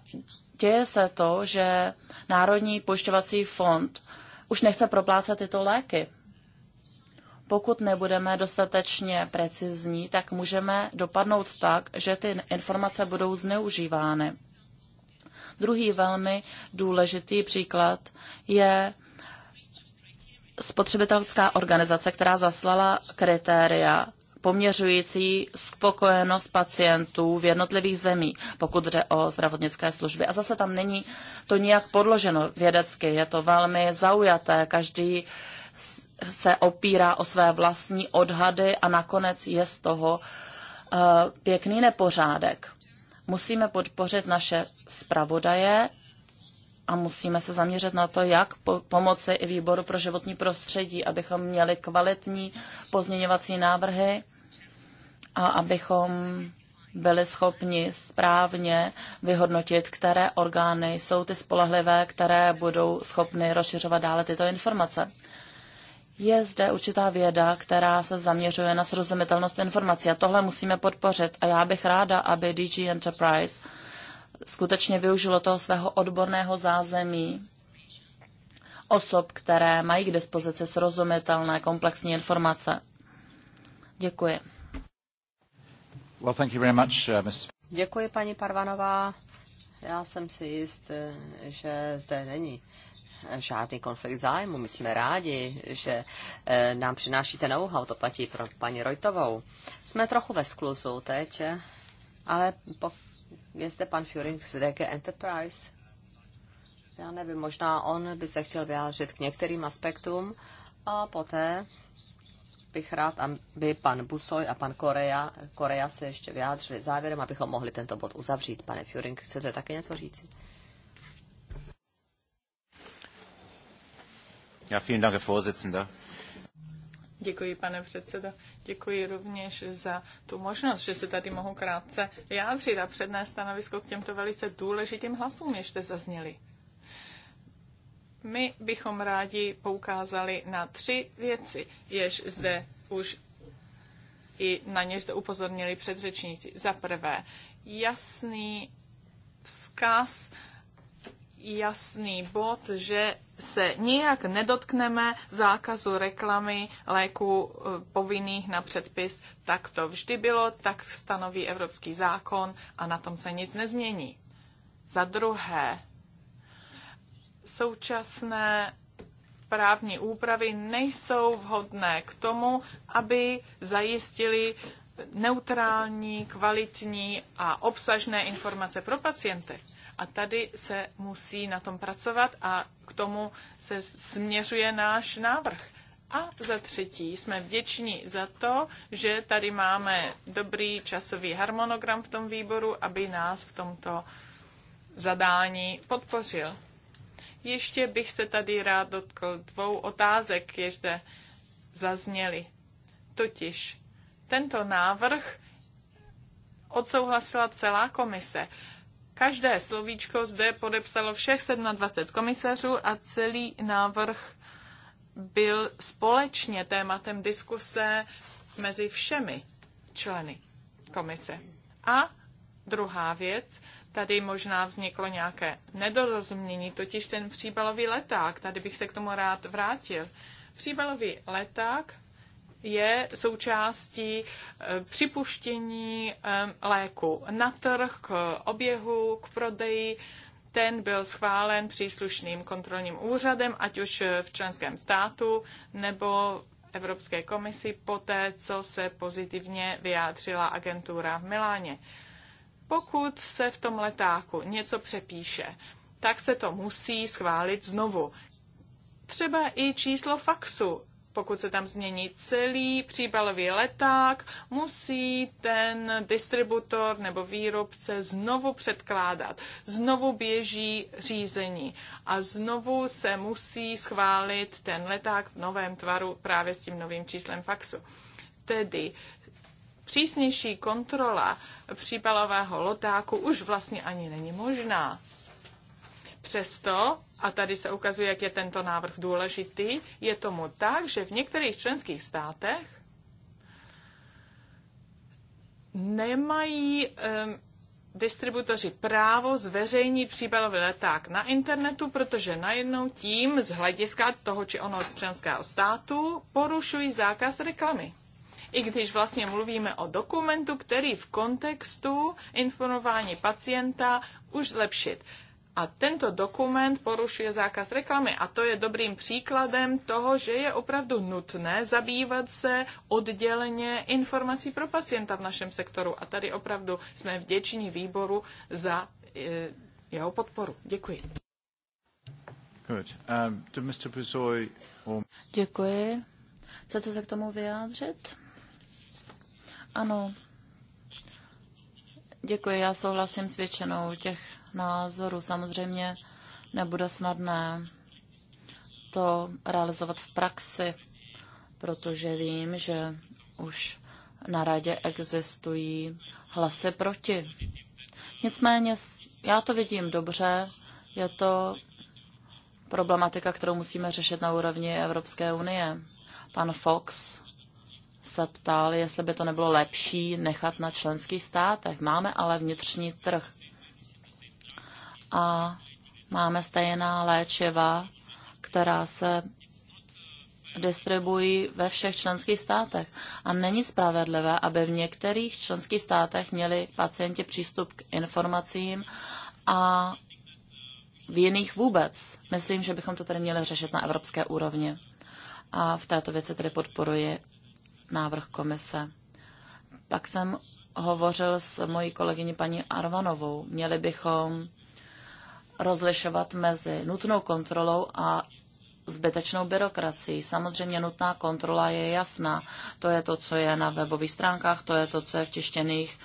děje se to, že Národní pojišťovací fond už nechce proplácet tyto léky. Pokud nebudeme dostatečně precizní, tak můžeme dopadnout tak, že ty informace budou zneužívány. Druhý velmi důležitý příklad je spotřebitelská organizace, která zaslala kritéria poměřující spokojenost pacientů v jednotlivých zemích, pokud jde o zdravotnické služby. A zase tam není to nijak podloženo vědecky, je to velmi zaujaté, každý se opírá o své vlastní odhady a nakonec je z toho eh, pěkný nepořádek. Musíme podpořit naše zpravodaje a musíme se zaměřit na to, jak po- pomoci i výboru pro životní prostředí, abychom měli kvalitní pozměňovací návrhy a abychom byli schopni správně vyhodnotit, které orgány jsou ty spolehlivé, které budou schopny rozšiřovat dále tyto informace. Je zde určitá věda, která se zaměřuje na srozumitelnost informací a tohle musíme podpořit. A já bych ráda, aby DG Enterprise skutečně využilo toho svého odborného zázemí osob, které mají k dispozici srozumitelné komplexní informace. Děkuji. Well, thank you very much, uh, Ms. Děkuji, paní Parvanová. Já jsem si jist, že zde není žádný konflikt zájmu. My jsme rádi, že eh, nám přinášíte know-how, to platí pro paní Rojtovou. Jsme trochu ve skluzu teď, ale po, je zde pan Furing z DG Enterprise. Já nevím, možná on by se chtěl vyjádřit k některým aspektům a poté bych rád, aby pan Busoj a pan Korea, Korea se ještě vyjádřili závěrem, abychom mohli tento bod uzavřít. Pane Furing, chcete také něco říci? Ja, vielen Dank, Herr Vorsitzender. Děkuji, pane předsedo. Děkuji rovněž za tu možnost, že se tady mohu krátce vyjádřit a přednést stanovisko k těmto velice důležitým hlasům, jež jste zazněli. My bychom rádi poukázali na tři věci, jež zde už i na ně zde upozornili předřečníci. Za prvé, jasný vzkaz, jasný bod, že se nijak nedotkneme zákazu reklamy léků e, povinných na předpis. Tak to vždy bylo, tak stanoví evropský zákon a na tom se nic nezmění. Za druhé, současné právní úpravy nejsou vhodné k tomu, aby zajistili neutrální, kvalitní a obsažné informace pro pacienty. A tady se musí na tom pracovat a k tomu se směřuje náš návrh. A za třetí jsme vděční za to, že tady máme dobrý časový harmonogram v tom výboru, aby nás v tomto zadání podpořil. Ještě bych se tady rád dotkl dvou otázek, jež zde zazněly. Totiž tento návrh odsouhlasila celá komise. Každé slovíčko zde podepsalo všech 27 komisařů a celý návrh byl společně tématem diskuse mezi všemi členy komise. A druhá věc, tady možná vzniklo nějaké nedorozumění, totiž ten příbalový leták, tady bych se k tomu rád vrátil. Příbalový leták je součástí eh, připuštění eh, léku na trh, k oběhu, k prodeji. Ten byl schválen příslušným kontrolním úřadem, ať už eh, v členském státu nebo Evropské komisi poté, co se pozitivně vyjádřila agentura v Miláně. Pokud se v tom letáku něco přepíše, tak se to musí schválit znovu. Třeba i číslo faxu pokud se tam změní celý příbalový leták, musí ten distributor nebo výrobce znovu předkládat. Znovu běží řízení a znovu se musí schválit ten leták v novém tvaru právě s tím novým číslem faxu. Tedy přísnější kontrola příbalového letáku už vlastně ani není možná Přesto, a tady se ukazuje, jak je tento návrh důležitý, je tomu tak, že v některých členských státech nemají um, distributoři právo zveřejnit příbalový leták na internetu, protože najednou tím z hlediska toho či ono členského státu porušují zákaz reklamy. I když vlastně mluvíme o dokumentu, který v kontextu informování pacienta už zlepšit. A tento dokument porušuje zákaz reklamy a to je dobrým příkladem toho, že je opravdu nutné zabývat se odděleně informací pro pacienta v našem sektoru. A tady opravdu jsme vděční výboru za e, jeho podporu. Děkuji. Good. Um, Mr. Buzoy, or... Děkuji. Chcete se k tomu vyjádřit? Ano. Děkuji, já souhlasím s většinou těch názoru. Samozřejmě nebude snadné to realizovat v praxi, protože vím, že už na radě existují hlasy proti. Nicméně já to vidím dobře, je to problematika, kterou musíme řešit na úrovni Evropské unie. Pan Fox se ptal, jestli by to nebylo lepší nechat na členských státech. Máme ale vnitřní trh a máme stejná léčiva, která se distribuují ve všech členských státech. A není spravedlivé, aby v některých členských státech měli pacienti přístup k informacím a v jiných vůbec. Myslím, že bychom to tedy měli řešit na evropské úrovni. A v této věci tedy podporuji návrh komise. Pak jsem hovořil s mojí kolegyní paní Arvanovou. Měli bychom rozlišovat mezi nutnou kontrolou a zbytečnou byrokracií. Samozřejmě nutná kontrola je jasná. To je to, co je na webových stránkách, to je to, co je v tištěných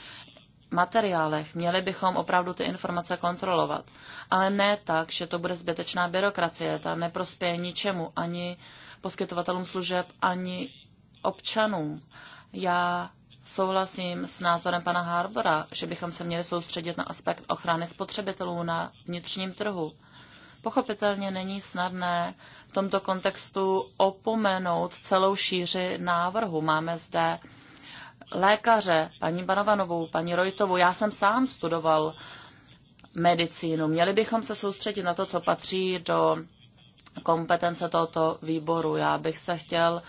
materiálech. Měli bychom opravdu ty informace kontrolovat. Ale ne tak, že to bude zbytečná byrokracie. Ta neprospěje ničemu, ani poskytovatelům služeb, ani občanům. Já souhlasím s názorem pana Harbora, že bychom se měli soustředit na aspekt ochrany spotřebitelů na vnitřním trhu. Pochopitelně není snadné v tomto kontextu opomenout celou šíři návrhu. Máme zde lékaře, paní Banovanovou, paní Rojtovou. Já jsem sám studoval medicínu. Měli bychom se soustředit na to, co patří do kompetence tohoto výboru. Já bych se chtěl uh,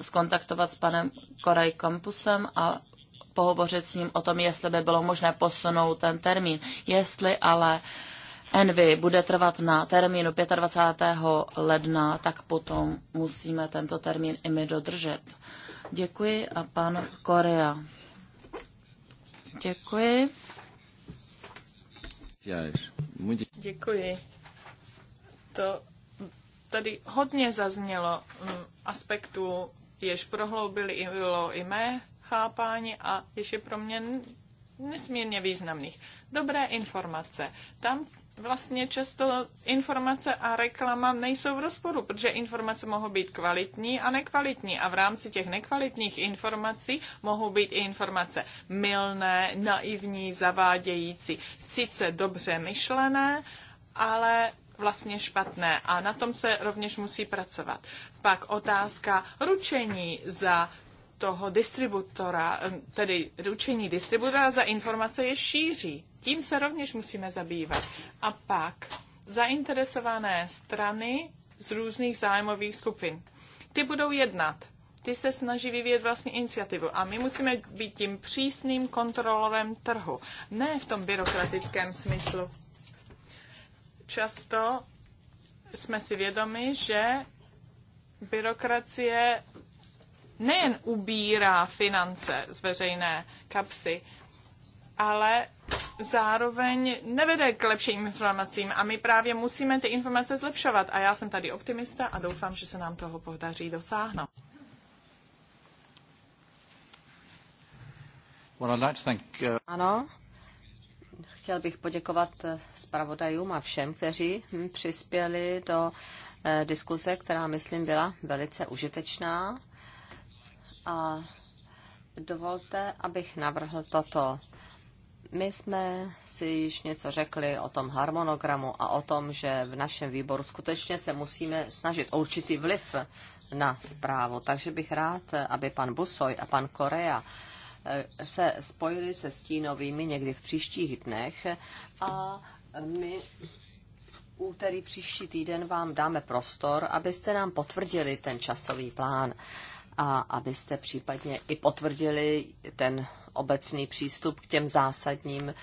skontaktovat s panem Koraj Kampusem a pohovořit s ním o tom, jestli by bylo možné posunout ten termín. Jestli ale Envy bude trvat na termínu 25. ledna, tak potom musíme tento termín i my dodržet. Děkuji a pan Korea. Děkuji. Děkuji. To tady hodně zaznělo mm, aspektu jež prohloubili i, i mé chápání a jež je pro mě nesmírně významných. Dobré informace. Tam vlastně často informace a reklama nejsou v rozporu, protože informace mohou být kvalitní a nekvalitní a v rámci těch nekvalitních informací mohou být i informace milné, naivní, zavádějící, sice dobře myšlené, ale vlastně špatné a na tom se rovněž musí pracovat. Pak otázka ručení za toho distributora, tedy ručení distributora za informace je šíří. Tím se rovněž musíme zabývat. A pak zainteresované strany z různých zájmových skupin. Ty budou jednat. Ty se snaží vyvíjet vlastní iniciativu a my musíme být tím přísným kontrolorem trhu. Ne v tom byrokratickém smyslu. Často jsme si vědomi, že byrokracie nejen ubírá finance z veřejné kapsy, ale zároveň nevede k lepším informacím a my právě musíme ty informace zlepšovat. A já jsem tady optimista a doufám, že se nám toho podaří dosáhnout. Uh, ano, chtěl bych poděkovat eh, zpravodajům a všem, kteří hm, přispěli do Eh, diskuze, která, myslím, byla velice užitečná. A dovolte, abych navrhl toto. My jsme si již něco řekli o tom harmonogramu a o tom, že v našem výboru skutečně se musíme snažit o určitý vliv na zprávu. Takže bych rád, aby pan Busoj a pan Korea eh, se spojili se stínovými někdy v příštích dnech a my úterý příští týden vám dáme prostor, abyste nám potvrdili ten časový plán a abyste případně i potvrdili ten obecný přístup k těm zásadním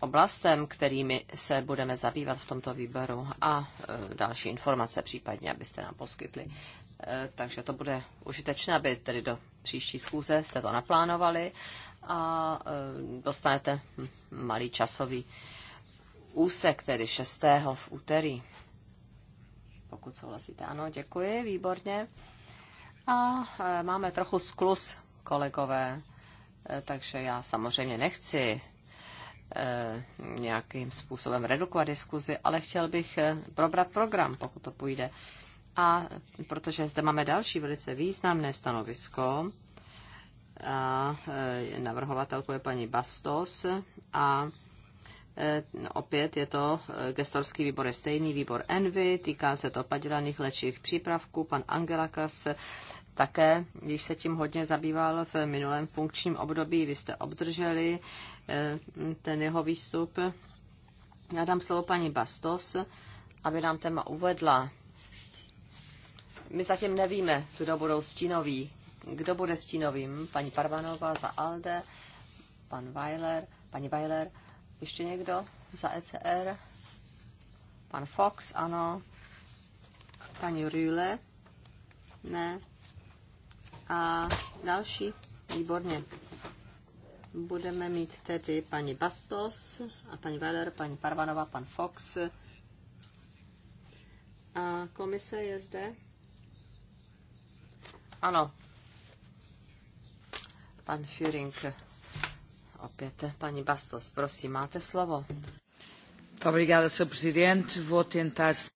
oblastem, kterými se budeme zabývat v tomto výboru a e, další informace případně, abyste nám poskytli. E, takže to bude užitečné, aby tedy do příští schůze jste to naplánovali a e, dostanete malý časový úsek, tedy 6. v úterý. Pokud souhlasíte, ano, děkuji, výborně. A e, máme trochu sklus, kolegové, e, takže já samozřejmě nechci e, nějakým způsobem redukovat diskuzi, ale chtěl bych probrat program, pokud to půjde. A protože zde máme další velice významné stanovisko, a navrhovatelku je paní Bastos a Eh, opět je to eh, gestorský výbor, je stejný výbor Envy, týká se to padělaných léčivých přípravků. Pan Angelakas také, když se tím hodně zabýval v minulém funkčním období, vy jste obdrželi eh, ten jeho výstup. Já dám slovo paní Bastos, aby nám téma uvedla. My zatím nevíme, kdo budou stínoví. Kdo bude stínovým? Paní Parvanová za ALDE, pan Weiler, paní Weiler ještě někdo za ECR? Pan Fox, ano. Paní Rühle? Ne. A další? Výborně. Budeme mít tedy paní Bastos a paní Veller, paní Parvanova, pan Fox. A komise je zde? Ano. Pan Führing opět paní Bastos. Prosím, máte slovo.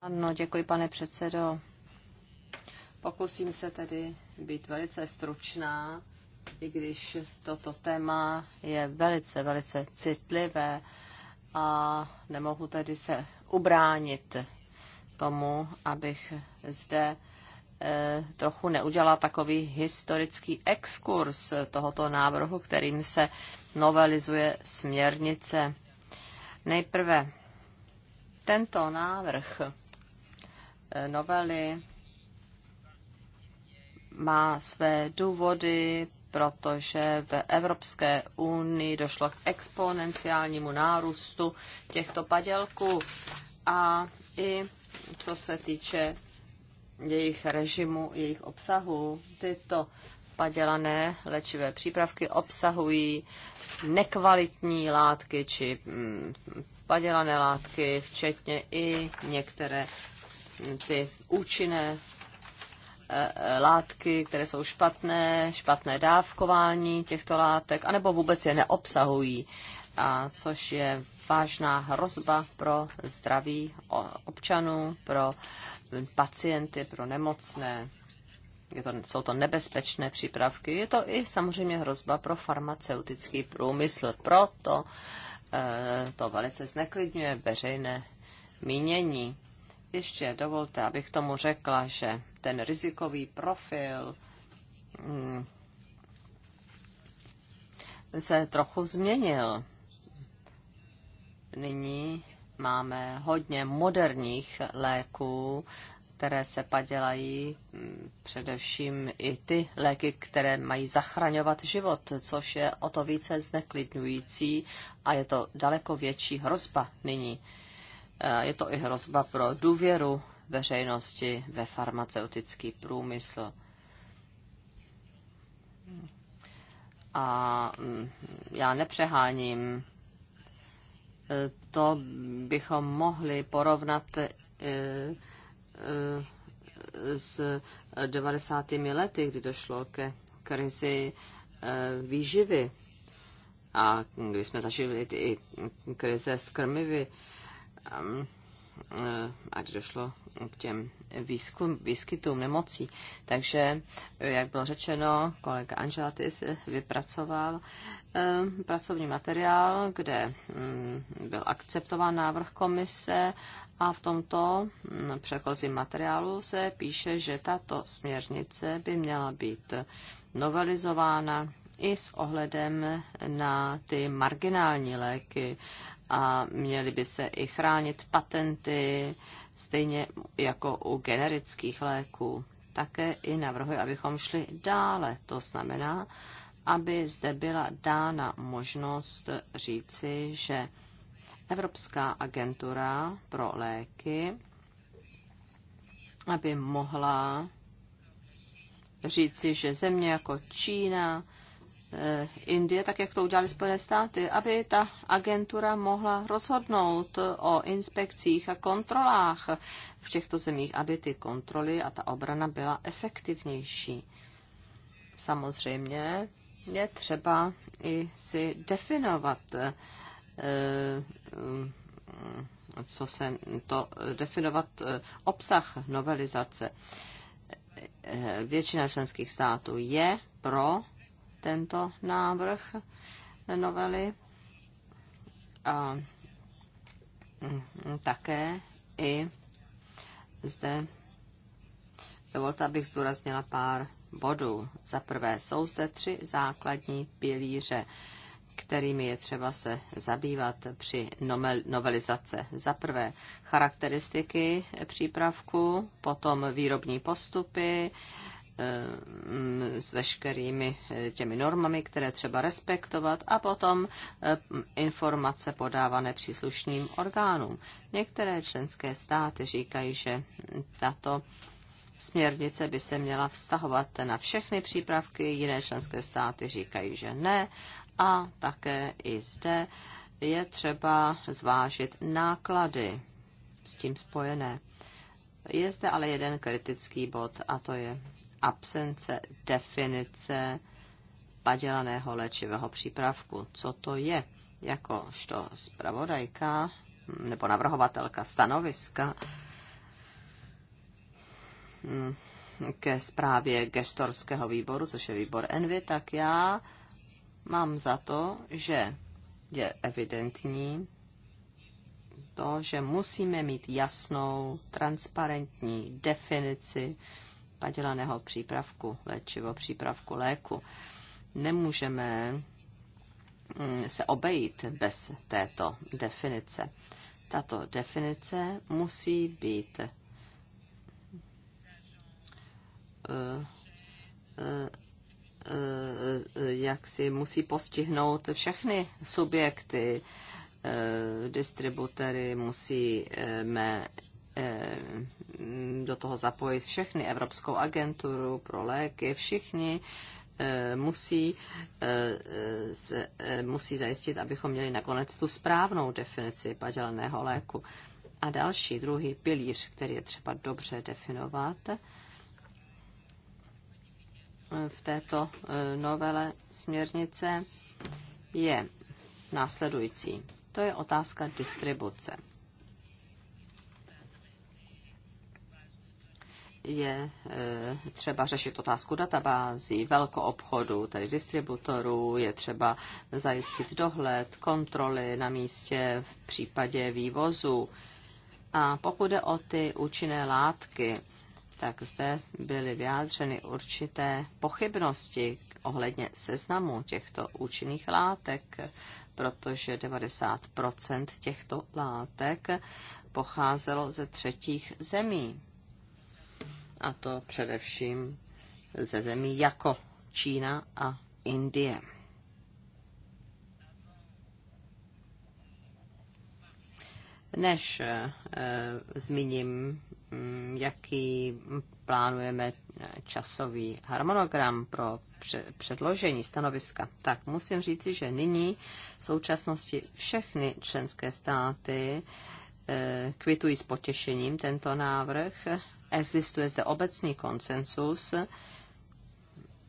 Ano, děkuji, pane předsedo. Pokusím se tedy být velice stručná, i když toto téma je velice, velice citlivé a nemohu tedy se ubránit tomu, abych zde eh, trochu neudělala takový historický exkurs tohoto návrhu, kterým se novelizuje směrnice. Nejprve tento návrh eh, novely má své důvody, protože v Evropské unii došlo k exponenciálnímu nárůstu těchto padělků a i co se týče jejich režimu, jejich obsahu, tyto padělané léčivé přípravky obsahují nekvalitní látky či mm, padělané látky, včetně i některé mm, ty účinné e, e, látky, které jsou špatné, špatné dávkování těchto látek, anebo vůbec je neobsahují, a což je vážná hrozba pro zdraví občanů, pro pacienty, pro nemocné je to, jsou to nebezpečné přípravky. Je to i samozřejmě hrozba pro farmaceutický průmysl. Proto e, to velice zneklidňuje veřejné mínění. Ještě dovolte, abych tomu řekla, že ten rizikový profil mm, se trochu změnil. Nyní máme hodně moderních léků, které se padělají, mm, především i ty léky, které mají zachraňovat život, což je o to více zneklidňující a je to daleko větší hrozba nyní. E, je to i hrozba pro důvěru veřejnosti ve farmaceutický průmysl. A mm, já nepřeháním, e, to bychom mohli porovnat e, Eh, s 90. lety, kdy došlo ke krizi eh, výživy a kdy jsme zažili i krize s krmivy ehm, eh, a kdy došlo k těm výzkum, výskytům nemocí. Takže, jak bylo řečeno, kolega Angelatis vypracoval ehm, pracovní materiál, kde mm, byl akceptován návrh komise a v tomto hm, předchozím materiálu se píše, že tato směrnice by měla být novelizována i s ohledem na ty marginální léky a měly by se i chránit patenty, stejně jako u generických léků. Také i navrhuji, abychom šli dále. To znamená, aby zde byla dána možnost říci, že Evropská agentura pro léky, aby mohla říci, že země jako Čína, eh, Indie, tak jak to udělali Spojené státy, aby ta agentura mohla rozhodnout o inspekcích a kontrolách v těchto zemích, aby ty kontroly a ta obrana byla efektivnější. Samozřejmě je třeba i si definovat eh, Eh, co se to eh, definovat eh, obsah novelizace. Většina členských států je pro tento návrh novely a mm, také i zde dovolte, abych zdůraznila pár bodů. Za prvé jsou zde tři základní pilíře kterými je třeba se zabývat při novelizace. Za prvé charakteristiky přípravku, potom výrobní postupy eh, s veškerými eh, těmi normami, které třeba respektovat a potom eh, informace podávané příslušným orgánům. Některé členské státy říkají, že tato Směrnice by se měla vztahovat na všechny přípravky, jiné členské státy říkají, že ne a také i zde je třeba zvážit náklady s tím spojené. Je zde ale jeden kritický bod a to je absence definice padělaného léčivého přípravku. Co to je? Jakožto zpravodajka nebo navrhovatelka stanoviska hm, ke zprávě gestorského výboru, což je výbor Envy, tak já Mám za to, že je evidentní to, že musíme mít jasnou, transparentní definici padělaného přípravku, léčivo přípravku léku. Nemůžeme mm, se obejít bez této definice. Tato definice musí být eh, eh, Eh, eh, jak si musí postihnout všechny subjekty, eh, distributory, musíme do toho zapojit všechny, Evropskou agenturu pro léky, všichni musí, musí zajistit, abychom měli nakonec tu správnou definici padělaného léku. A další, druhý pilíř, který je třeba dobře definovat, v této e, novele směrnice je následující. To je otázka distribuce. je e, třeba řešit otázku databází, velkoobchodu, tedy distributorů, je třeba zajistit dohled, kontroly na místě v případě vývozu. A pokud jde o ty účinné látky, tak zde byly vyjádřeny určité pochybnosti ohledně seznamu těchto účinných látek, protože 90 těchto látek pocházelo ze třetích zemí. A to především ze zemí jako Čína a Indie. Než e, zmíním Mm, jaký plánujeme časový harmonogram pro předložení stanoviska, tak musím říci, že nyní v současnosti všechny členské státy eh, kvitují s potěšením tento návrh. Existuje zde obecný konsensus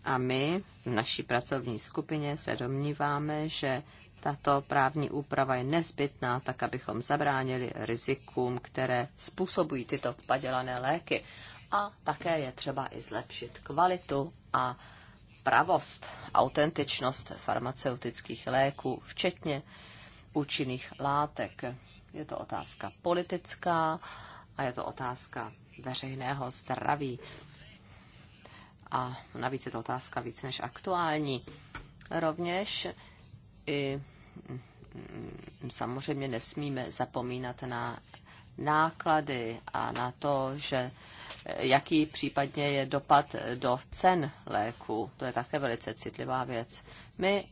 a my v naší pracovní skupině se domníváme, že tato právní úprava je nezbytná, tak abychom zabránili rizikům, které způsobují tyto padělané léky. A také je třeba i zlepšit kvalitu a pravost, autentičnost farmaceutických léků, včetně účinných látek. Je to otázka politická a je to otázka veřejného zdraví. A navíc je to otázka víc než aktuální. Rovněž i samozřejmě nesmíme zapomínat na náklady a na to, že jaký případně je dopad do cen léku. To je také velice citlivá věc. My,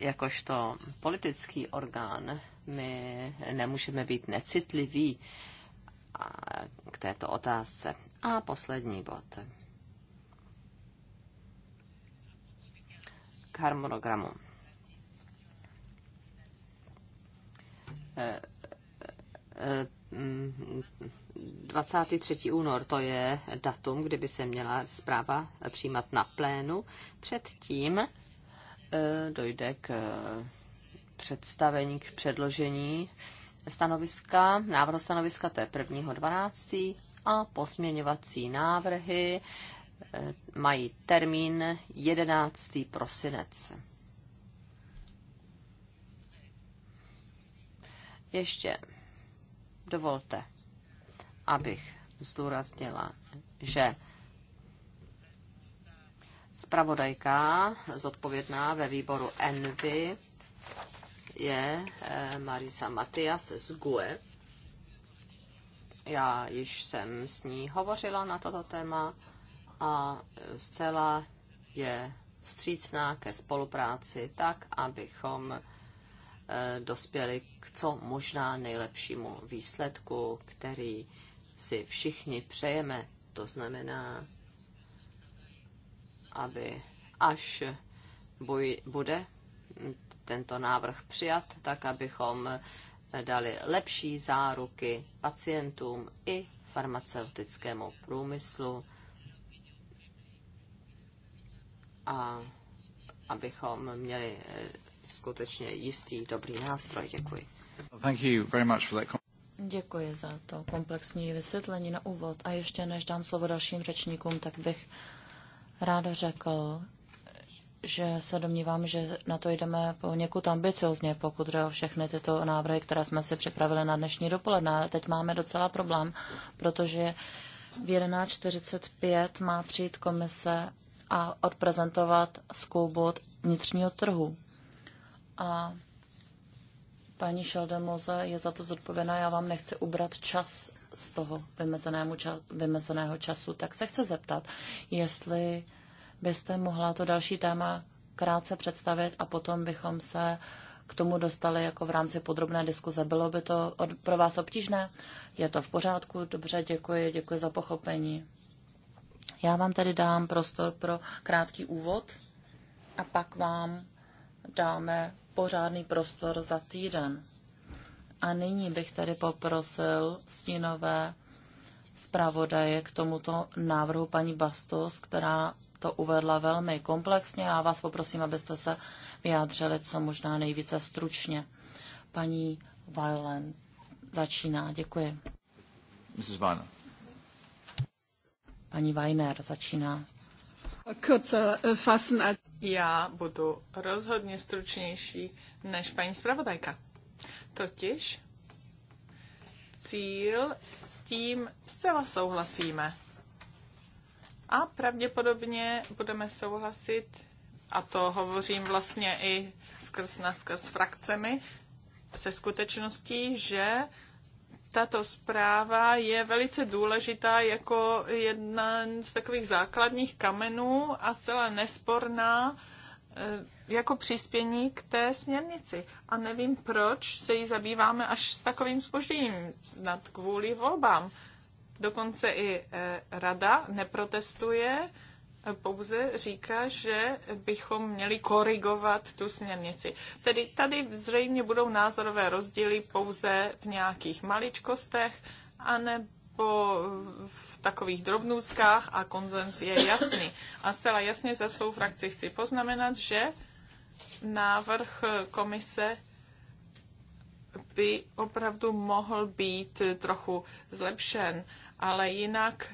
jakožto politický orgán, my nemůžeme být necitliví k této otázce. A poslední bod. K harmonogramu. 23. únor, to je datum, kdyby se měla zpráva přijímat na plénu. Předtím eh, dojde k eh, představení, k předložení stanoviska, návrhu stanoviska, to je 1.12. a posměňovací návrhy eh, mají termín 11. prosinec. Ještě dovolte, abych zdůraznila, že Spravodajka zodpovědná ve výboru Envy je eh, Marisa Matias z GUE. Já již jsem s ní hovořila na toto téma a zcela je vstřícná ke spolupráci tak, abychom Eh, dospěli k co možná nejlepšímu výsledku, který si všichni přejeme. To znamená, aby až boj, bude tento návrh přijat, tak abychom dali lepší záruky pacientům i farmaceutickému průmyslu a abychom měli skutečně jistý, dobrý nástroj. Děkuji. Thank you very much for that. Děkuji za to komplexní vysvětlení na úvod. A ještě než dám slovo dalším řečníkům, tak bych ráda řekl, že se domnívám, že na to jdeme poněkud ambiciozně, pokud jde o všechny tyto návrhy, které jsme si připravili na dnešní dopoledne. Ale teď máme docela problém, protože v 11.45 má přijít komise a odprezentovat skoubot vnitřního trhu a paní Šeldemoze je za to zodpovědná. Já vám nechci ubrat čas z toho vymezenému ča- vymezeného času, tak se chci zeptat, jestli byste mohla to další téma krátce představit a potom bychom se k tomu dostali jako v rámci podrobné diskuze. Bylo by to od, pro vás obtížné? Je to v pořádku? Dobře, děkuji, děkuji za pochopení. Já vám tady dám prostor pro krátký úvod a pak vám dáme pořádný prostor za týden. A nyní bych tady poprosil stínové zpravodaje k tomuto návrhu paní Bastos, která to uvedla velmi komplexně a vás poprosím, abyste se vyjádřili co možná nejvíce stručně. Paní Violen začíná. Děkuji. Mrs. Weiner. Paní Weiner začíná. fassen als já budu rozhodně stručnější než paní zpravodajka. Totiž cíl s tím zcela souhlasíme. A pravděpodobně budeme souhlasit, a to hovořím vlastně i skrz naskrz frakcemi, se skutečností, že tato zpráva je velice důležitá jako jedna z takových základních kamenů a zcela nesporná eh, jako přispění k té směrnici. A nevím, proč se jí zabýváme až s takovým spožděním, nad kvůli volbám. Dokonce i eh, rada neprotestuje, pouze říká, že bychom měli korigovat tu směrnici. Tedy tady zřejmě budou názorové rozdíly pouze v nějakých maličkostech, anebo v takových drobnůstkách a konzens je jasný. A zcela jasně za svou frakci chci poznamenat, že návrh komise by opravdu mohl být trochu zlepšen, ale jinak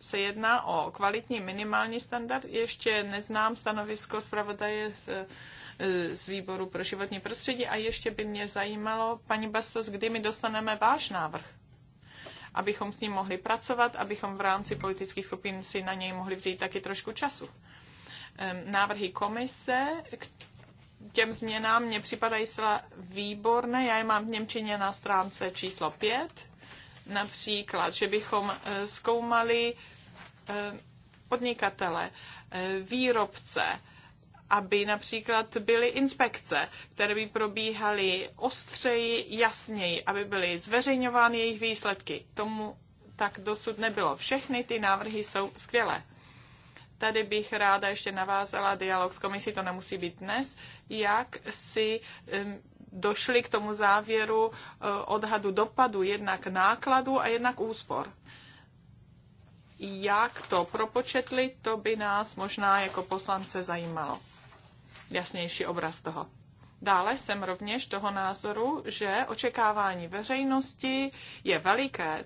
se jedná o kvalitní minimální standard. Ještě neznám stanovisko zpravodaje eh, eh, z výboru pro životní prostředí a ještě by mě zajímalo, paní Bastos, kdy my dostaneme váš návrh, abychom s ním mohli pracovat, abychom v rámci politických skupin si na něj mohli vzít taky trošku času. Ehm, návrhy komise k těm změnám mě připadají zcela výborné. Já je mám v Němčině na stránce číslo 5 Například, že bychom eh, zkoumali eh, podnikatele, eh, výrobce, aby například byly inspekce, které by probíhaly ostřeji, jasněji, aby byly zveřejňovány jejich výsledky. Tomu tak dosud nebylo. Všechny ty návrhy jsou skvělé. Tady bych ráda ještě navázala dialog s komisí, to nemusí být dnes, jak si došli k tomu závěru eh, odhadu dopadu jednak nákladu a jednak úspor. Jak to propočetli, to by nás možná jako poslance zajímalo. Jasnější obraz toho. Dále jsem rovněž toho názoru, že očekávání veřejnosti je veliké,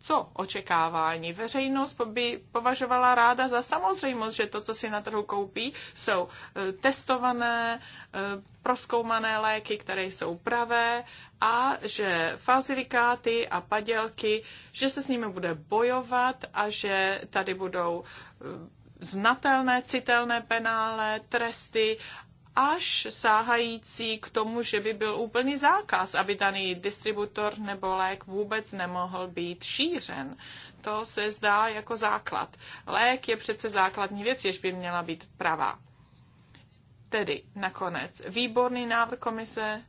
co očekávání. Veřejnost by považovala ráda za samozřejmost, že to, co si na trhu koupí, jsou eh, testované, eh, proskoumané léky, které jsou pravé a že falzifikáty a padělky, že se s nimi bude bojovat a že tady budou eh, znatelné, citelné penále, tresty až sáhající k tomu, že by byl úplný zákaz, aby daný distributor nebo lék vůbec nemohl být šířen. To se zdá jako základ. Lék je přece základní věc, jež by měla být pravá. Tedy nakonec výborný návrh komise,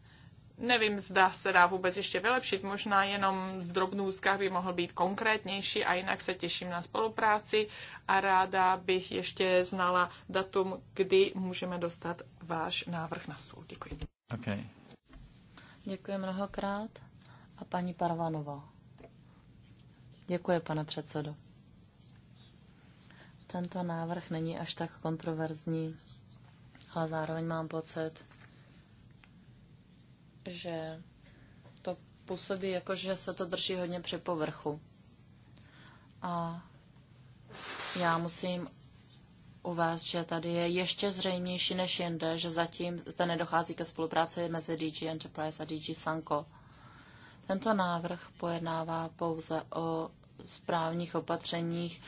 Nevím, zda se dá vůbec ještě vylepšit, možná jenom v drobnůzkách by mohl být konkrétnější a jinak se těším na spolupráci a ráda bych ještě znala datum, kdy můžeme dostat váš návrh na stůl. Děkuji. Okay. Děkuji mnohokrát. A paní Parvanová. Děkuji, pane předsedo. Tento návrh není až tak kontroverzní, ale zároveň mám pocit, že to působí jako, že se to drží hodně při povrchu. A já musím uvést, že tady je ještě zřejmější než jinde, že zatím zde nedochází ke spolupráci mezi DG Enterprise a DG Sanko. Tento návrh pojednává pouze o správních opatřeních,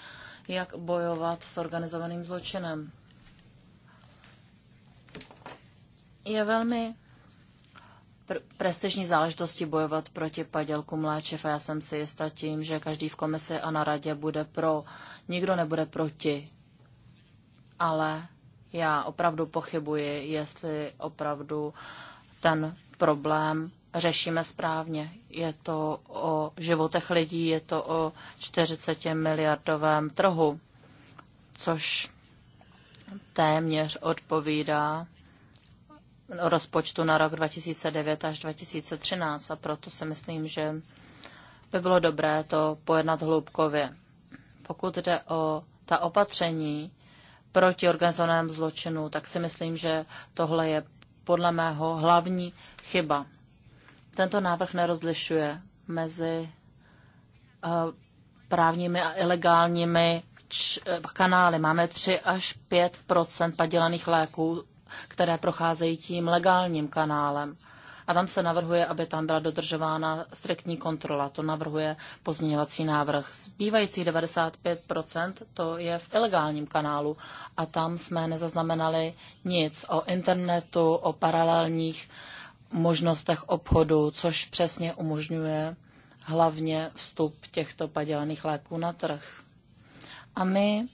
jak bojovat s organizovaným zločinem. Je velmi pr- prestižní záležitosti bojovat proti padělku mléčiv a já jsem si jistá tím, že každý v komisi a na radě bude pro, nikdo nebude proti. Ale já opravdu pochybuji, jestli opravdu ten problém řešíme správně. Je to o životech lidí, je to o 40 miliardovém trhu, což téměř odpovídá rozpočtu na rok 2009 až 2013 a proto si myslím, že by bylo dobré to pojednat hloubkově. Pokud jde o ta opatření proti organizovanému zločinu, tak si myslím, že tohle je podle mého hlavní chyba. Tento návrh nerozlišuje mezi eh, právními a ilegálními eh, kanály. Máme 3 až 5 padělaných léků které procházejí tím legálním kanálem. A tam se navrhuje, aby tam byla dodržována striktní kontrola. To navrhuje pozměňovací návrh. Zbývající 95% to je v ilegálním kanálu a tam jsme nezaznamenali nic o internetu, o paralelních možnostech obchodu, což přesně umožňuje hlavně vstup těchto padělaných léků na trh. A my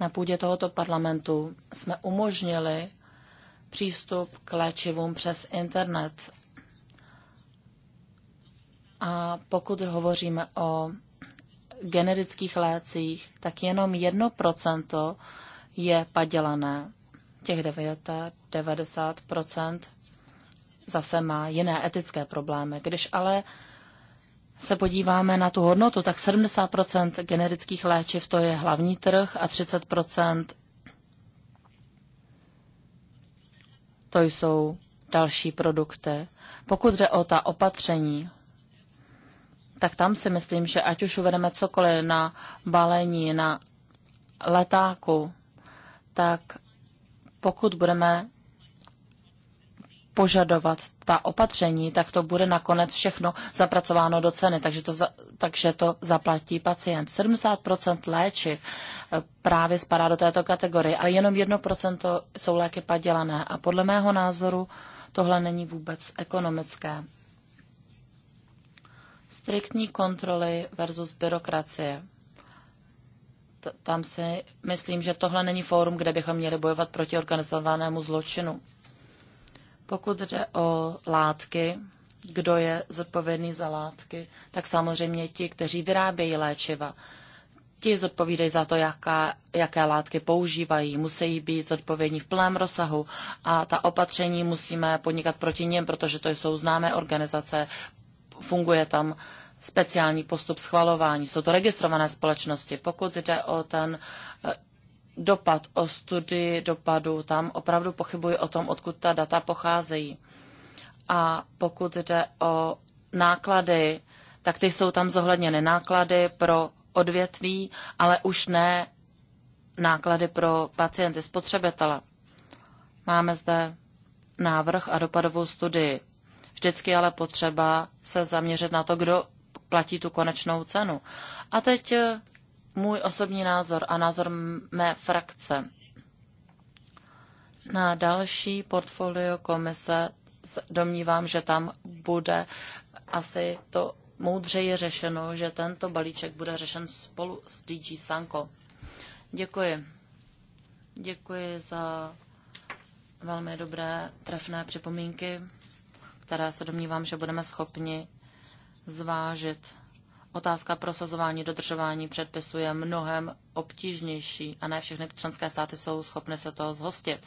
na půdě tohoto parlamentu jsme umožnili přístup k léčivům přes internet. A pokud hovoříme o generických lécích, tak jenom 1% je padělané. Těch 90% zase má jiné etické problémy. Když ale se podíváme na tu hodnotu, tak 70% generických léčiv to je hlavní trh a 30% to jsou další produkty. Pokud jde o ta opatření, tak tam si myslím, že ať už uvedeme cokoliv na balení, na letáku, tak pokud budeme požadovat ta opatření, tak to bude nakonec všechno zapracováno do ceny, takže to, za, takže to zaplatí pacient. 70% léčiv eh, právě spadá do této kategorie, ale jenom 1% jsou léky padělané a podle mého názoru tohle není vůbec ekonomické. Striktní kontroly versus byrokracie tam si myslím, že tohle není fórum, kde bychom měli bojovat proti organizovanému zločinu. Pokud jde o látky, kdo je zodpovědný za látky, tak samozřejmě ti, kteří vyrábějí léčiva. Ti zodpovídají za to, jaká, jaké látky používají, musí být zodpovědní v plném rozsahu a ta opatření musíme podnikat proti něm, protože to jsou známé organizace, funguje tam speciální postup schvalování. Jsou to registrované společnosti. Pokud jde o ten dopad, o studii dopadu. Tam opravdu pochybuji o tom, odkud ta data pocházejí. A pokud jde o náklady, tak ty jsou tam zohledněny náklady pro odvětví, ale už ne náklady pro pacienty, spotřebitele. Máme zde návrh a dopadovou studii. Vždycky ale potřeba se zaměřit na to, kdo platí tu konečnou cenu. A teď můj osobní názor a názor mé frakce na další portfolio komise domnívám, že tam bude asi to moudřeji řešeno, že tento balíček bude řešen spolu s DG Sanko. Děkuji. Děkuji za velmi dobré trefné připomínky, které se domnívám, že budeme schopni zvážit Otázka prosazování dodržování předpisů je mnohem obtížnější a ne všechny členské státy jsou schopny se toho zhostit.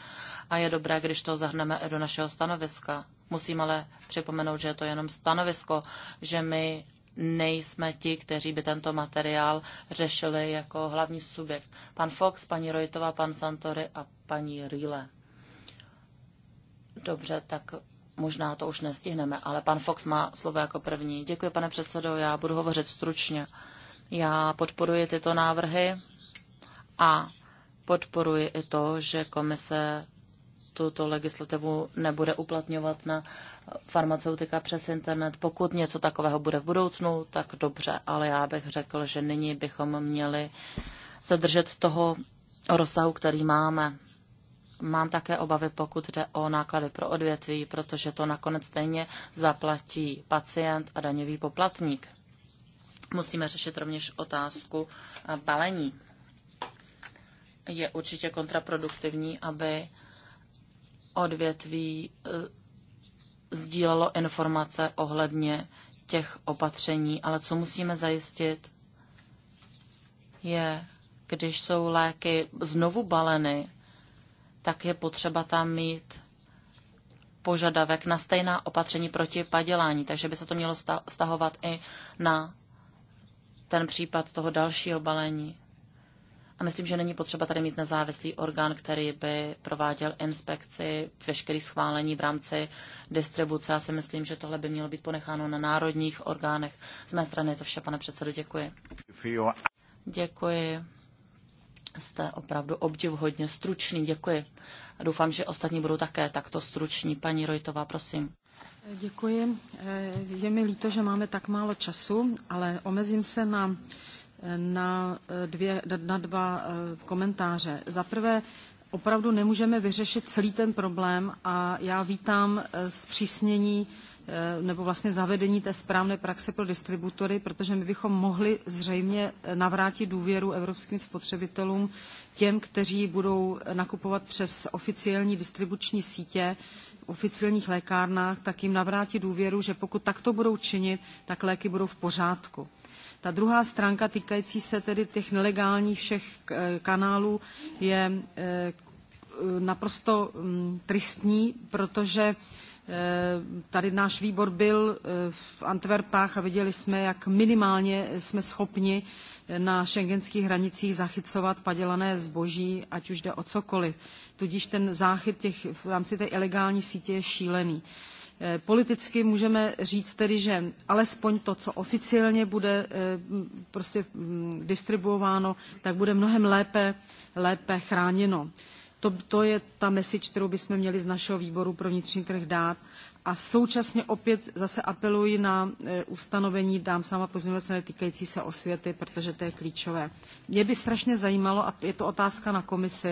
A je dobré, když to zahrneme do našeho stanoviska. Musím ale připomenout, že je to jenom stanovisko, že my nejsme ti, kteří by tento materiál řešili jako hlavní subjekt. Pan Fox, paní Rojtová, pan Santory a paní Rýle. Dobře, tak možná to už nestihneme, ale pan Fox má slovo jako první. Děkuji, pane předsedo, já budu hovořit stručně. Já podporuji tyto návrhy a podporuji i to, že komise tuto legislativu nebude uplatňovat na farmaceutika přes internet. Pokud něco takového bude v budoucnu, tak dobře, ale já bych řekl, že nyní bychom měli se držet toho rozsahu, který máme. Mám také obavy, pokud jde o náklady pro odvětví, protože to nakonec stejně zaplatí pacient a daňový poplatník. Musíme řešit rovněž otázku eh, balení. Je určitě kontraproduktivní, aby odvětví eh, sdílelo informace ohledně těch opatření, ale co musíme zajistit, je, když jsou léky znovu baleny, tak je potřeba tam mít požadavek na stejná opatření proti padělání, takže by se to mělo stahovat i na ten případ toho dalšího balení. A myslím, že není potřeba tady mít nezávislý orgán, který by prováděl inspekci veškerý schválení v rámci distribuce. Já si myslím, že tohle by mělo být ponecháno na národních orgánech. Z mé strany je to vše, pane předsedo, děkuji. Děkuji Jste opravdu obdivhodně stručný, děkuji. Doufám, že ostatní budou také takto struční. Paní Rojtová, prosím. Děkuji. Eh, je mi líto, že máme tak málo času, ale omezím se na, na, eh, dvě, na dva eh, komentáře. Za prvé, opravdu nemůžeme vyřešit celý ten problém a já vítám zpřísnění Eh, nebo vlastně zavedení té správné praxe pro distributory, protože my bychom mohli zřejmě eh, navrátit důvěru evropským spotřebitelům těm, kteří budou eh, nakupovat přes oficiální distribuční sítě, v oficiálních lékárnách, tak jim navrátit důvěru, že pokud takto budou činit, tak léky budou v pořádku. Ta druhá stránka týkající se tedy těch nelegálních všech kanálů je naprosto mm, tristní, protože Eh, tady náš výbor byl eh, v Antwerpách a viděli jsme, jak minimálně jsme schopni eh, na šengenských hranicích zachycovat padělané zboží, ať už jde o cokoliv. Tudíž ten záchyt těch, v rámci té ilegální sítě je šílený. Politicky můžeme říct tedy, že alespoň to, co oficiálně bude prostě mm, distribuováno, tak bude mnohem lépe, lépe chráněno. To, to je ta message, kterou bychom měli z našeho výboru pro vnitřní trh dát. A současně opět zase apeluji na e, ustanovení, dám sama pozměňovací týkající se osvěty, protože to je klíčové. Mě by strašně zajímalo, a je to otázka na komisi,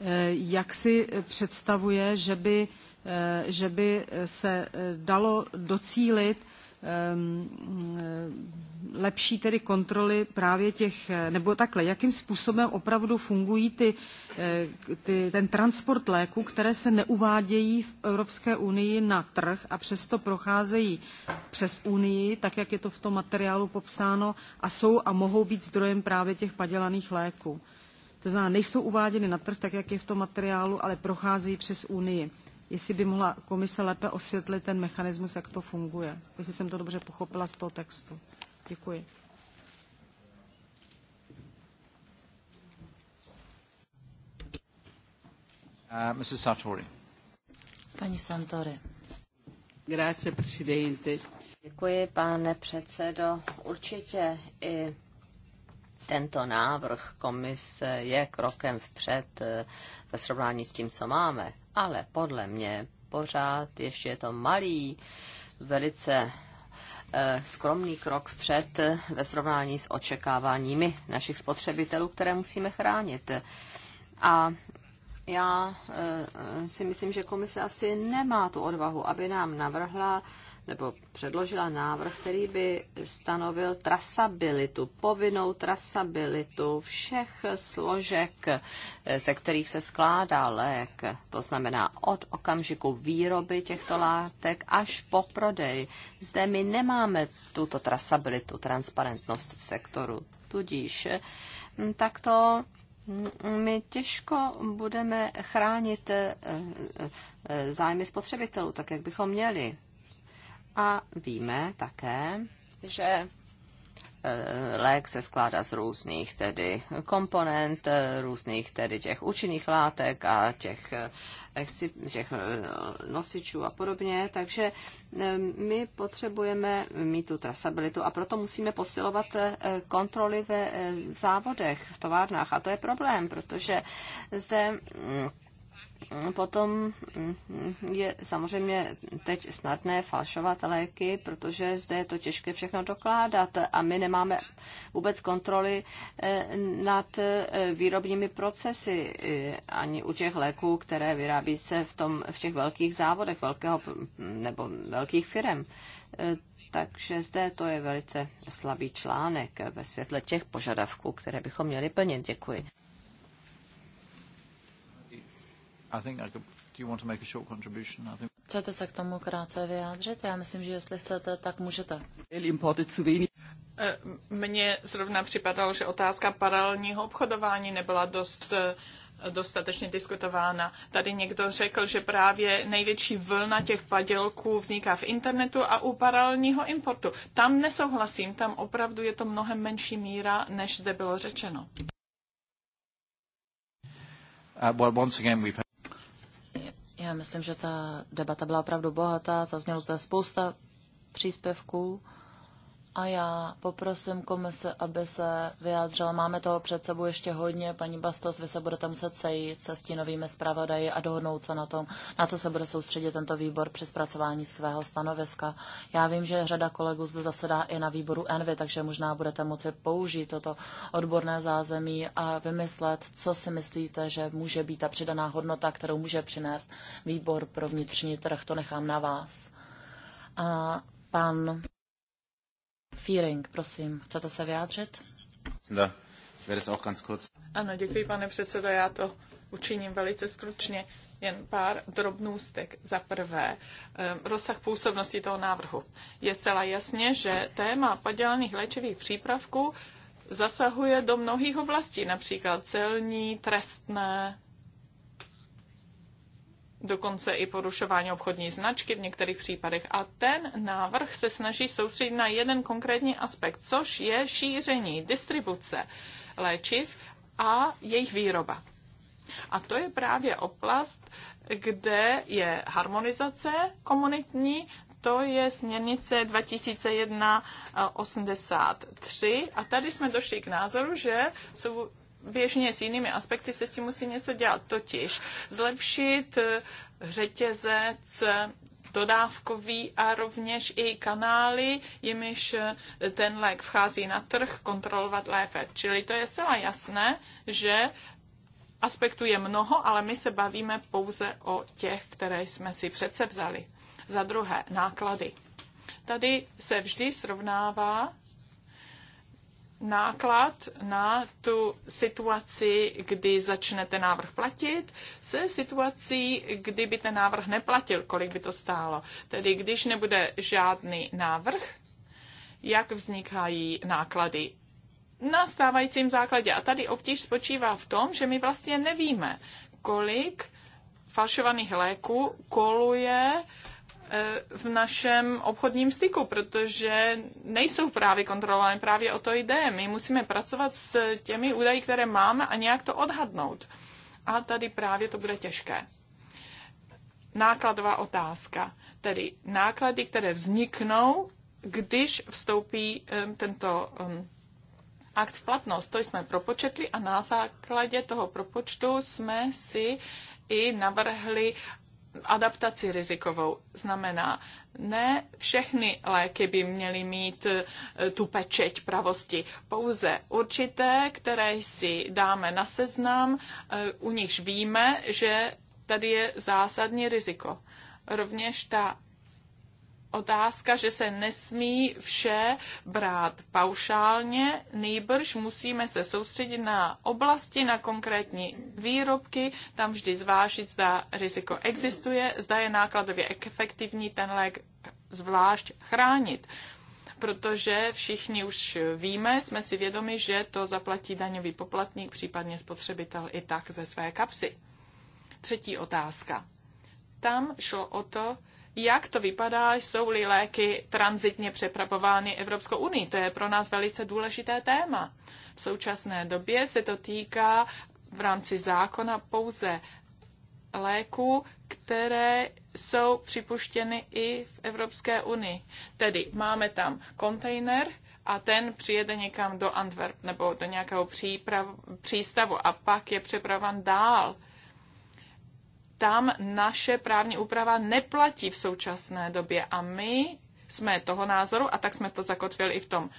e, jak si představuje, že by, e, že by se e, dalo docílit Ehm, eh, lepší tedy kontroly právě těch, eh, nebo takhle, jakým způsobem opravdu fungují ty, eh, ty, ten transport léků, které se neuvádějí v Evropské unii na trh a přesto procházejí přes unii, tak jak je to v tom materiálu popsáno, a jsou a mohou být zdrojem právě těch padělaných léků. To znamená, nejsou uváděny na trh, tak jak je v tom materiálu, ale procházejí přes unii jestli by mohla komise lépe osvětlit ten mechanismus, jak to funguje. Jestli jsem to dobře pochopila z toho textu. Děkuji. Uh, Mrs. Sartori. Paní Santori. Grazie, Presidente. Děkuji, pane předsedo. Určitě i tento návrh komise je krokem vpřed eh, ve srovnání s tím, co máme, ale podle mě pořád ještě je to malý, velice eh, skromný krok vpřed eh, ve srovnání s očekáváními našich spotřebitelů, které musíme chránit. A já si myslím, že komise asi nemá tu odvahu, aby nám navrhla nebo předložila návrh, který by stanovil trasabilitu, povinnou trasabilitu všech složek, ze kterých se skládá lék. To znamená od okamžiku výroby těchto látek až po prodej. Zde my nemáme tuto trasabilitu, transparentnost v sektoru. Tudíž hm, takto hm, my těžko budeme chránit eh, eh, eh, zájmy spotřebitelů, tak jak bychom měli. A víme také, že e, lék se skládá z různých tedy komponent, e, různých tedy těch účinných látek a těch, e, těch nosičů a podobně. Takže my potřebujeme mít tu trasabilitu a proto musíme posilovat kontroly ve, v závodech, v továrnách. A to je problém, protože zde mm, Potom mm, je samozřejmě teď snadné falšovat léky, protože zde je to těžké všechno dokládat a my nemáme vůbec kontroly eh, nad eh, výrobními procesy eh, ani u těch léků, které vyrábí se v, tom, v těch velkých závodech velkého, mm, nebo velkých firm. Takže zde to je velice slabý článek ve světle těch požadavků, které bychom měli plnit. Děkuji. Chcete se k tomu krátce vyjádřit? Já myslím, že jestli chcete, tak můžete. Eh, mně zrovna připadalo, že otázka paralelního obchodování nebyla dost eh, dostatečně diskutována. Tady někdo řekl, že právě největší vlna těch padělků vzniká v internetu a u paralelního importu. Tam nesouhlasím, tam opravdu je to mnohem menší míra, než zde bylo řečeno. Uh, well, once again we've... Já myslím, že ta debata byla opravdu bohatá, zaznělo zde spousta příspěvků. A já poprosím komise, aby se vyjádřila. Máme toho před sebou ještě hodně. Paní Bastos, vy se budete muset sejít se stínovými zpravodaji a dohodnout se na tom, na co se bude soustředit tento výbor při zpracování svého stanoviska. Já vím, že řada kolegů zde zasedá i na výboru Envy, takže možná budete moci použít toto odborné zázemí a vymyslet, co si myslíte, že může být ta přidaná hodnota, kterou může přinést výbor pro vnitřní trh. To nechám na vás. A pan Fearing, prosím, chcete se vyjádřit? Da. Ano, děkuji, pane předsedo, já to učiním velice skručně. Jen pár drobnůstek. Za prvé, ehm, rozsah působnosti toho návrhu. Je celá jasně, že téma padělaných léčivých přípravků zasahuje do mnohých oblastí, například celní, trestné, dokonce i porušování obchodní značky v některých případech. A ten návrh se snaží soustředit na jeden konkrétní aspekt, což je šíření, distribuce léčiv a jejich výroba. A to je právě oblast, kde je harmonizace komunitní, to je směrnice 2001-83 a tady jsme došli k názoru, že jsou Běžně s jinými aspekty se s tím musí něco dělat, totiž zlepšit eh, řetězec eh, dodávkový a rovněž i kanály, jimiž eh, ten lék vchází na trh, kontrolovat lépe. Čili to je zcela jasné, že aspektů je mnoho, ale my se bavíme pouze o těch, které jsme si přece vzali. Za druhé, náklady. Tady se vždy srovnává náklad na tu situaci, kdy začnete návrh platit, se situací, kdyby ten návrh neplatil, kolik by to stálo. Tedy když nebude žádný návrh, jak vznikají náklady na stávajícím základě. A tady obtíž spočívá v tom, že my vlastně nevíme, kolik falšovaných léků koluje E, v našem obchodním styku, protože nejsou právě kontrolované, právě o to jde. My musíme pracovat s těmi údaji, které máme a nějak to odhadnout. A tady právě to bude těžké. Nákladová otázka, tedy náklady, které vzniknou, když vstoupí e, tento e, akt v platnost. To jsme propočetli a na základě toho propočtu jsme si i navrhli adaptaci rizikovou. Znamená, ne všechny léky by měly mít e, tu pečeť pravosti, pouze určité, které si dáme na seznam, e, u nichž víme, že tady je zásadní riziko. Rovněž ta otázka, že se nesmí vše brát paušálně, nejbrž musíme se soustředit na oblasti, na konkrétní výrobky, tam vždy zvážit, zda riziko existuje, zda je nákladově efektivní ten lék zvlášť chránit. Protože všichni už víme, jsme si vědomi, že to zaplatí daňový poplatník, případně spotřebitel i tak ze své kapsy. Třetí otázka. Tam šlo o to, jak to vypadá, jsou-li léky transitně přepravovány Evropskou unii. To je pro nás velice důležité téma. V současné době se to týká v rámci zákona pouze léků, které jsou připuštěny i v Evropské unii. Tedy máme tam kontejner a ten přijede někam do Antwerp nebo do nějakého příprav, přístavu a pak je přepravan dál tam naše právní úprava neplatí v současné době a my jsme toho názoru, a tak jsme to zakotvili i v tom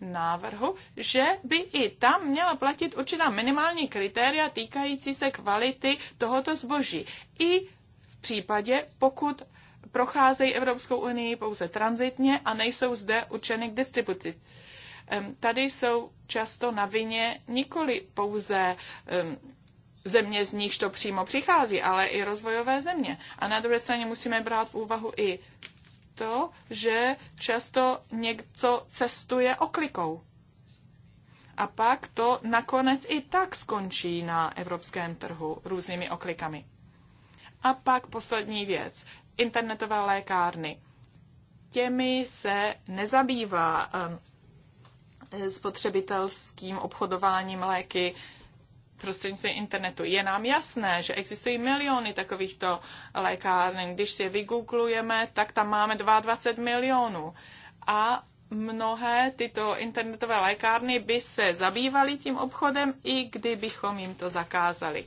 návrhu, že by i tam měla platit určitá minimální kritéria týkající se kvality tohoto zboží. I v případě, pokud procházejí Evropskou unii pouze transitně a nejsou zde učeny k distribuci. Tady jsou často na vině nikoli pouze země, z níž to přímo přichází, ale i rozvojové země. A na druhé straně musíme brát v úvahu i to, že často něco cestuje oklikou. A pak to nakonec i tak skončí na evropském trhu různými oklikami. A pak poslední věc. Internetové lékárny. Těmi se nezabývá um, spotřebitelským obchodováním léky prostřednictvím internetu. Je nám jasné, že existují miliony takovýchto lékáren. Když si je vygooglujeme, tak tam máme 22 milionů. A mnohé tyto internetové lékárny by se zabývaly tím obchodem, i kdybychom jim to zakázali.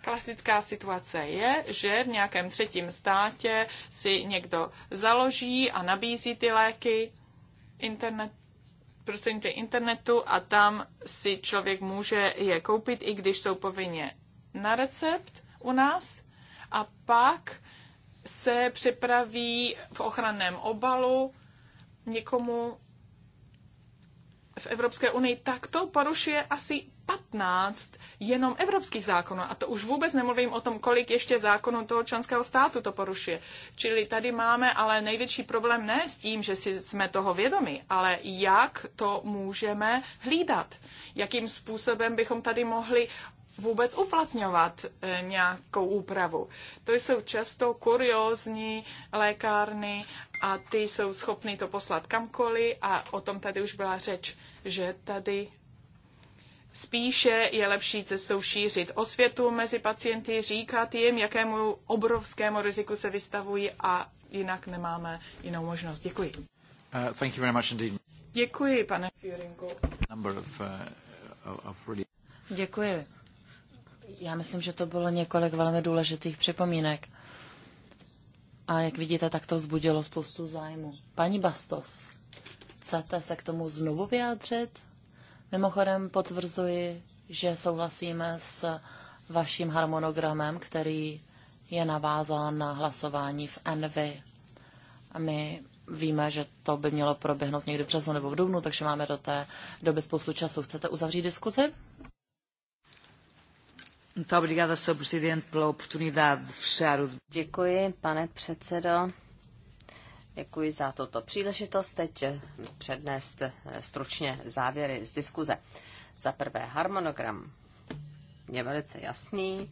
Klasická situace je, že v nějakém třetím státě si někdo založí a nabízí ty léky internet, prostřednictvím internetu a tam si člověk může je koupit, i když jsou povinně na recept u nás. A pak se připraví v ochranném obalu někomu v Evropské unii, tak to porušuje asi 15 jenom evropských zákonů. A to už vůbec nemluvím o tom, kolik ještě zákonů toho členského státu to porušuje. Čili tady máme ale největší problém ne s tím, že si jsme toho vědomi, ale jak to můžeme hlídat. Jakým způsobem bychom tady mohli vůbec uplatňovat eh, nějakou úpravu. To jsou často kuriózní lékárny a ty jsou schopny to poslat kamkoliv a o tom tady už byla řeč, že tady Spíše je lepší cestou šířit osvětu mezi pacienty, říkat jim, jakému obrovskému riziku se vystavují a jinak nemáme jinou možnost. Děkuji. Uh, thank you very much indeed. Děkuji, pane Fiorinko. Uh, of really... Děkuji. Já myslím, že to bylo několik velmi důležitých připomínek. A jak vidíte, tak to vzbudilo spoustu zájmu. Paní Bastos, chcete se k tomu znovu vyjádřit? Mimochodem potvrzuji, že souhlasíme s vaším harmonogramem, který je navázán na hlasování v Envy. A my víme, že to by mělo proběhnout někdy v březnu nebo v dubnu, takže máme do té doby spoustu času. Chcete uzavřít diskuzi? Děkuji, pane předsedo. Děkuji za toto příležitost teď eh, přednést eh, stručně závěry z diskuze. Za prvé, harmonogram je velice jasný,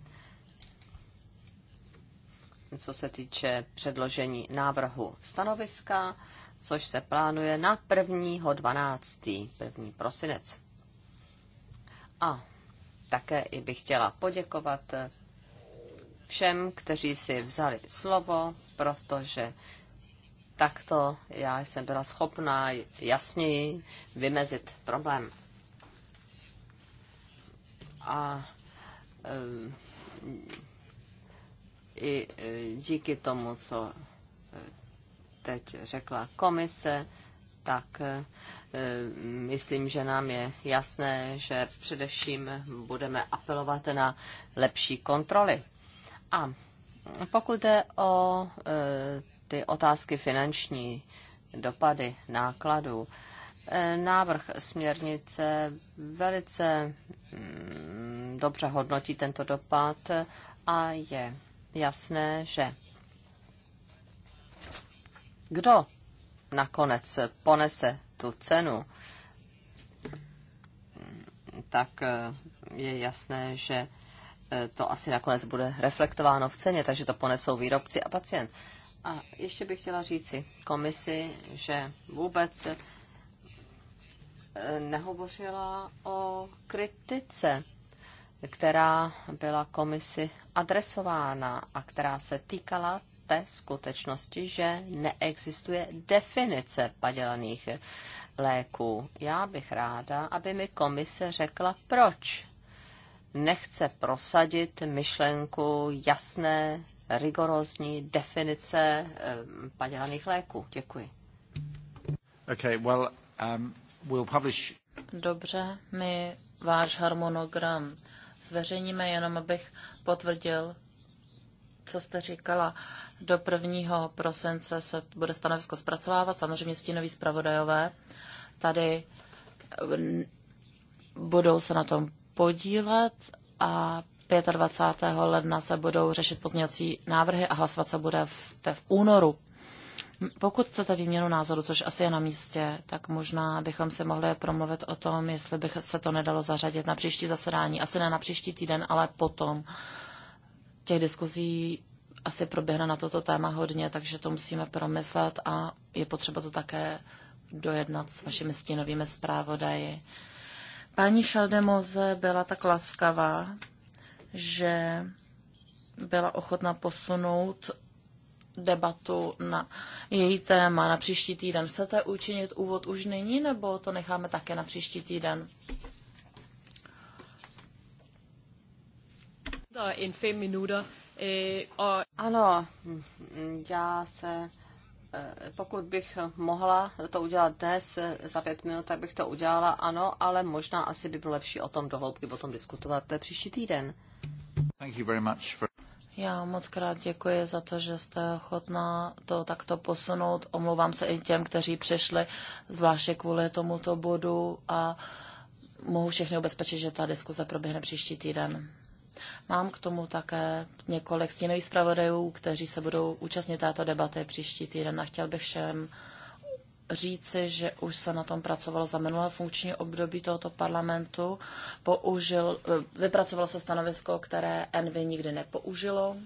co se týče předložení návrhu stanoviska, což se plánuje na 12. 1. prosinec. A také i bych chtěla poděkovat eh, všem, kteří si vzali slovo, protože takto já jsem byla schopná jasněji vymezit problém. A eh, i eh, díky tomu, co eh, teď řekla komise, tak myslím, že nám je jasné, že především budeme apelovat na lepší kontroly. A pokud jde o ty otázky finanční, dopady nákladů. Eh, návrh směrnice velice mm, dobře hodnotí tento dopad a je jasné, že kdo nakonec ponese tu cenu, mm, tak eh, je jasné, že eh, to asi nakonec bude reflektováno v ceně, takže to ponesou výrobci a pacient. A ještě bych chtěla říci komisi, že vůbec eh, nehovořila o kritice, která byla komisi adresována a která se týkala té skutečnosti, že neexistuje definice padělaných léků. Já bych ráda, aby mi komise řekla, proč nechce prosadit myšlenku jasné rigorózní definice eh, padělaných léků. Děkuji. Okay, well, um, we'll publish... Dobře, my váš harmonogram zveřejníme, jenom abych potvrdil, co jste říkala. Do 1. prosince se bude stanovisko zpracovávat, samozřejmě stínový zpravodajové. Tady eh, budou se na tom podílet a 25. ledna se budou řešit pozměňovací návrhy a hlasovat se bude v, v únoru. Pokud chcete výměnu názoru, což asi je na místě, tak možná bychom si mohli promluvit o tom, jestli bych se to nedalo zařadit na příští zasedání. Asi ne na příští týden, ale potom. Těch diskuzí asi proběhne na toto téma hodně, takže to musíme promyslet a je potřeba to také dojednat s vašimi stínovými zprávodaji. Paní Šaldemoze byla tak laskavá že byla ochotna posunout debatu na její téma na příští týden. Chcete učinit úvod už nyní, nebo to necháme také na příští týden? Er øh, ano, já se, eh, pokud bych mohla to udělat dnes eh, za pět minut, tak bych to udělala, ano, ale možná asi by bylo lepší o tom dohloubky potom diskutovat příští týden. Já moc krát děkuji za to, že jste ochotná to takto posunout. Omlouvám se i těm, kteří přišli, zvláště kvůli tomuto bodu a mohu všechny ubezpečit, že ta diskuze proběhne příští týden. Mám k tomu také několik stínových zpravodajů, kteří se budou účastnit této debaty příští týden a chtěl bych všem říci, že už se na tom pracovalo za minulé funkční období tohoto parlamentu. Použil, eh, vypracovalo se stanovisko, které Envy nikdy nepoužilo,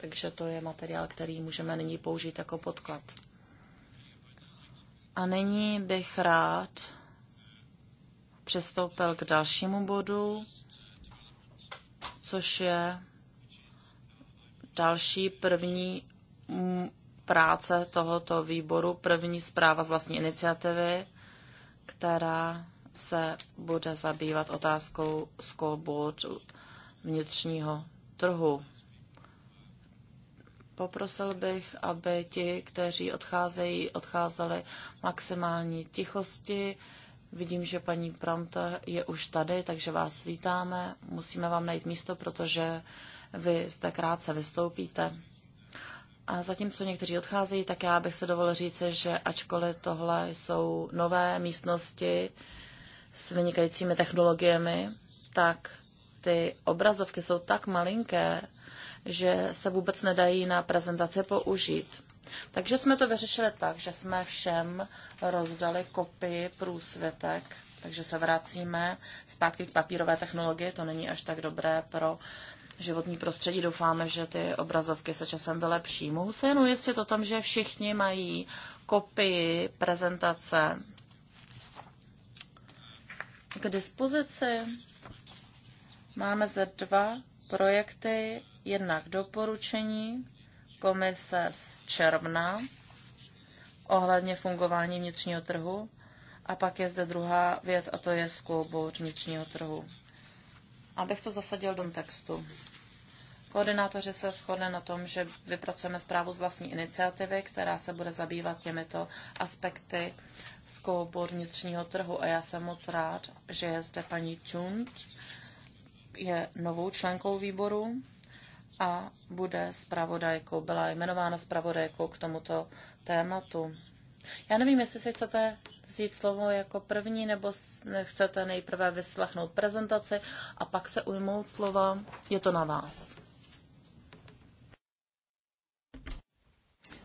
takže to je materiál, který můžeme nyní použít jako podklad. A nyní bych rád přistoupil k dalšímu bodu, což je další první práce tohoto výboru první zpráva z vlastní iniciativy, která se bude zabývat otázkou scoreboard vnitřního trhu. Poprosil bych, aby ti, kteří odcházejí, odcházeli maximální tichosti. Vidím, že paní Pramta je už tady, takže vás vítáme. Musíme vám najít místo, protože vy zde krátce vystoupíte. A zatímco někteří odcházejí, tak já bych se dovolil říct, že ačkoliv tohle jsou nové místnosti s vynikajícími technologiemi, tak ty obrazovky jsou tak malinké, že se vůbec nedají na prezentaci použít. Takže jsme to vyřešili tak, že jsme všem rozdali kopii průsvětek, takže se vracíme zpátky k papírové technologii, to není až tak dobré pro uh, životní prostředí. Doufáme, že ty obrazovky se časem vylepší. Mohu se jen ujistit o tom, že všichni mají kopii prezentace k dispozici. Máme zde dva projekty, jednak doporučení komise z června ohledně fungování vnitřního trhu a pak je zde druhá věc a to je skloubout vnitřního trhu. Abych to zasadil do textu. Koordinátoři se shodli na tom, že vypracujeme zprávu z vlastní iniciativy, která se bude zabývat těmito aspekty skoubu vnitřního trhu. A já jsem moc rád, že je zde paní Tund, je novou členkou výboru a bude zpravodajkou, byla jmenována zpravodajkou k tomuto tématu. Já nevím, jestli si chcete vzít slovo jako první, nebo chcete nejprve vyslechnout prezentaci a pak se ujmout slova. Je to na vás.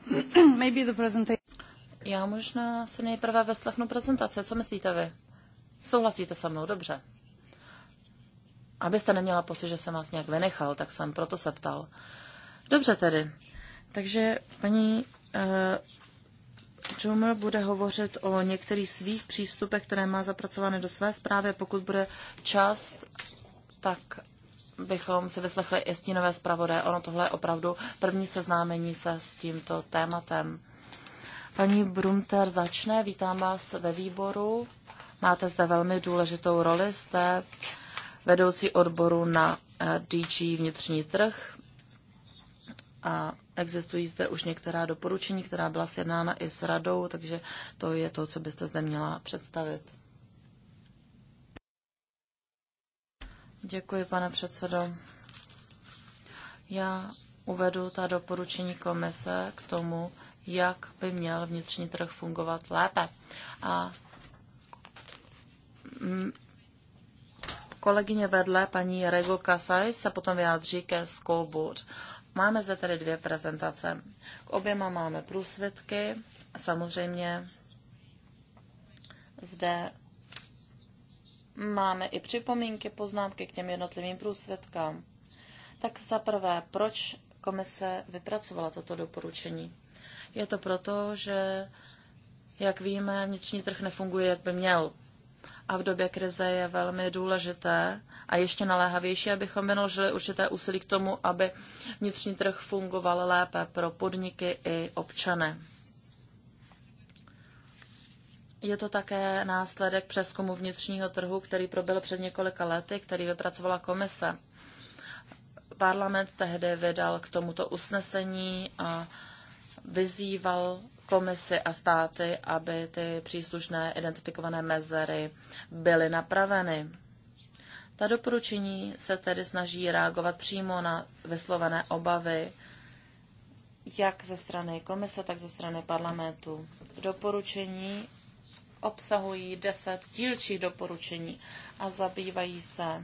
Já možná se nejprve veslechnu prezentace. Co myslíte vy? Souhlasíte se mnou? Dobře. Abyste neměla pocit, že jsem vás nějak vynechal, tak jsem proto se ptal. Dobře tedy. Takže paní Jumer eh, bude hovořit o některých svých přístupech, které má zapracované do své zprávy. Pokud bude čas, tak bychom si vyslechli i stínové zpravodaje. Ono tohle je opravdu první seznámení se s tímto tématem. Paní Brunter začne, vítám vás ve výboru. Máte zde velmi důležitou roli, jste vedoucí odboru na eh, DG vnitřní trh a existují zde už některá doporučení, která byla sjednána i s radou, takže to je to, co byste zde měla představit. Děkuji, pane předsedo. Já uvedu ta doporučení komise k tomu, jak by měl vnitřní trh fungovat lépe. A kolegyně vedle, paní Rego Kasaj, se potom vyjádří ke Scoreboard. Máme zde tedy dvě prezentace. K oběma máme průsvědky. Samozřejmě zde máme i připomínky, poznámky k těm jednotlivým průsvědkám. Tak za prvé, proč komise vypracovala toto doporučení? Je to proto, že, jak víme, vnitřní trh nefunguje, jak by měl. A v době krize je velmi důležité a ještě naléhavější, abychom vynaložili určité úsilí k tomu, aby vnitřní trh fungoval lépe pro podniky i občany. Je to také následek přeskumu vnitřního trhu, který probyl před několika lety, který vypracovala komise. Parlament tehdy vydal k tomuto usnesení a vyzýval komisi a státy, aby ty příslušné identifikované mezery byly napraveny. Ta doporučení se tedy snaží reagovat přímo na vyslovené obavy jak ze strany komise, tak ze strany parlamentu. Doporučení obsahují deset dílčích doporučení a zabývají se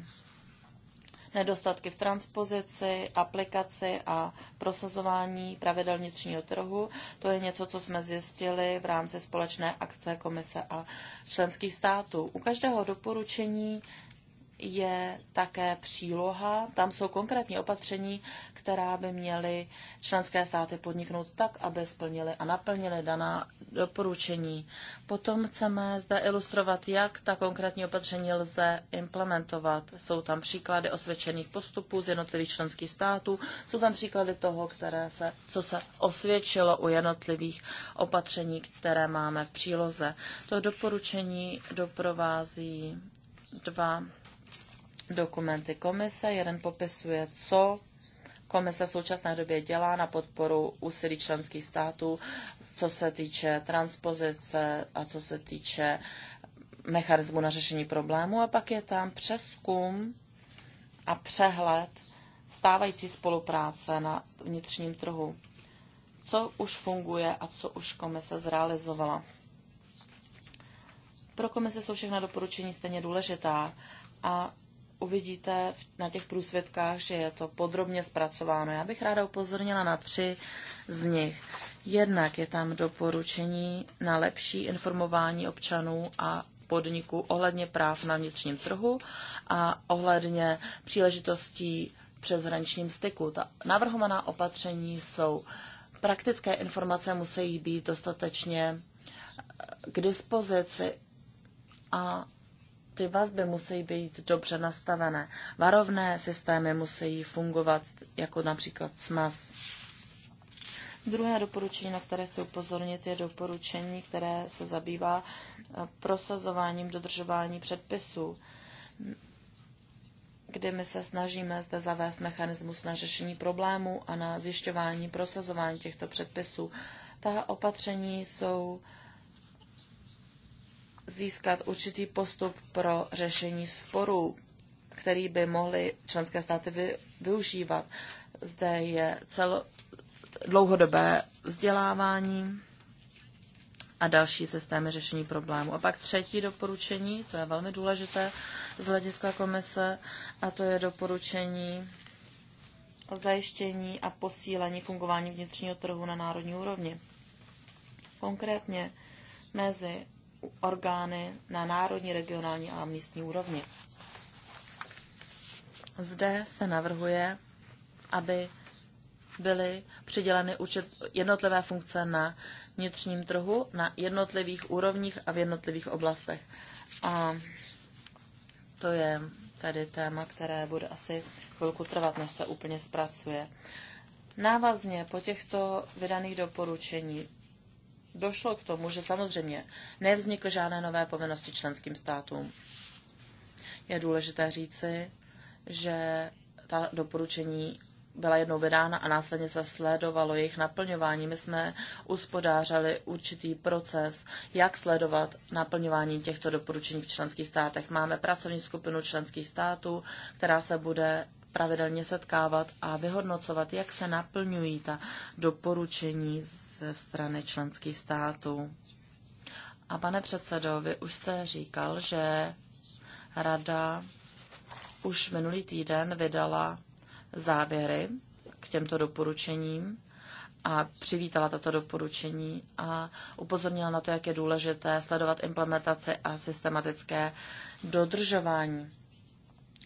nedostatky v transpozici, aplikaci a prosazování pravidel vnitřního trhu. To je něco, co jsme zjistili v rámci společné akce Komise a členských států. U každého doporučení je také příloha. Tam jsou konkrétní opatření, která by měly členské státy podniknout tak, aby splnili a naplnili daná doporučení. Potom chceme zde ilustrovat, jak ta konkrétní opatření lze implementovat. Jsou tam příklady osvědčených postupů z jednotlivých členských států, jsou tam příklady toho, které se, co se osvědčilo u jednotlivých opatření, které máme v příloze. To doporučení doprovází dva dokumenty komise. Jeden popisuje, co komise v současné době dělá na podporu úsilí členských států, co se týče transpozice a co se týče mechanismu na řešení problému. A pak je tam přeskum a přehled stávající spolupráce na vnitřním trhu. Co už funguje a co už komise zrealizovala. Pro komise jsou všechna doporučení stejně důležitá a uvidíte na těch průsvědkách, že je to podrobně zpracováno. Já bych ráda upozornila na tři z nich. Jednak je tam doporučení na lepší informování občanů a podniků ohledně práv na vnitřním trhu a ohledně příležitostí přeshraničním styku. Ta navrhovaná opatření jsou praktické informace musí být dostatečně k dispozici a ty vazby musí být dobře nastavené. Varovné systémy musí fungovat jako například smaz. Druhé doporučení, na které chci upozornit, je doporučení, které se zabývá eh, prosazováním dodržování předpisů, kdy my se snažíme zde zavést mechanismus na řešení problémů a na zjišťování prosazování těchto předpisů. Ta opatření jsou uh, získat určitý postup pro řešení sporů, který by mohly členské státy vy, využívat. Zde je celo, dlouhodobé vzdělávání a další systémy řešení problémů. A pak třetí doporučení, to je velmi důležité z hlediska komise, a to je doporučení o zajištění a posílení fungování vnitřního trhu na národní úrovni. Konkrétně mezi orgány na národní, regionální a místní úrovni. Zde se navrhuje, aby byly přiděleny určit, jednotlivé funkce na vnitřním trhu, na jednotlivých úrovních a v jednotlivých oblastech. A to je tedy téma, které bude asi chvilku trvat, než se úplně zpracuje. Návazně po těchto vydaných doporučení došlo k tomu, že samozřejmě nevznikly žádné nové povinnosti členským státům. Je důležité říci, že ta doporučení byla jednou vydána a následně se sledovalo jejich naplňování. My jsme uspodářali určitý proces, jak sledovat naplňování těchto doporučení v členských státech. Máme pracovní skupinu členských států, která se bude pravidelně setkávat a vyhodnocovat, jak se naplňují ta doporučení ze strany členských států. A pane předsedo, vy už jste říkal, že rada už minulý týden vydala závěry k těmto doporučením a přivítala tato doporučení a upozornila na to, jak je důležité sledovat implementaci a systematické dodržování.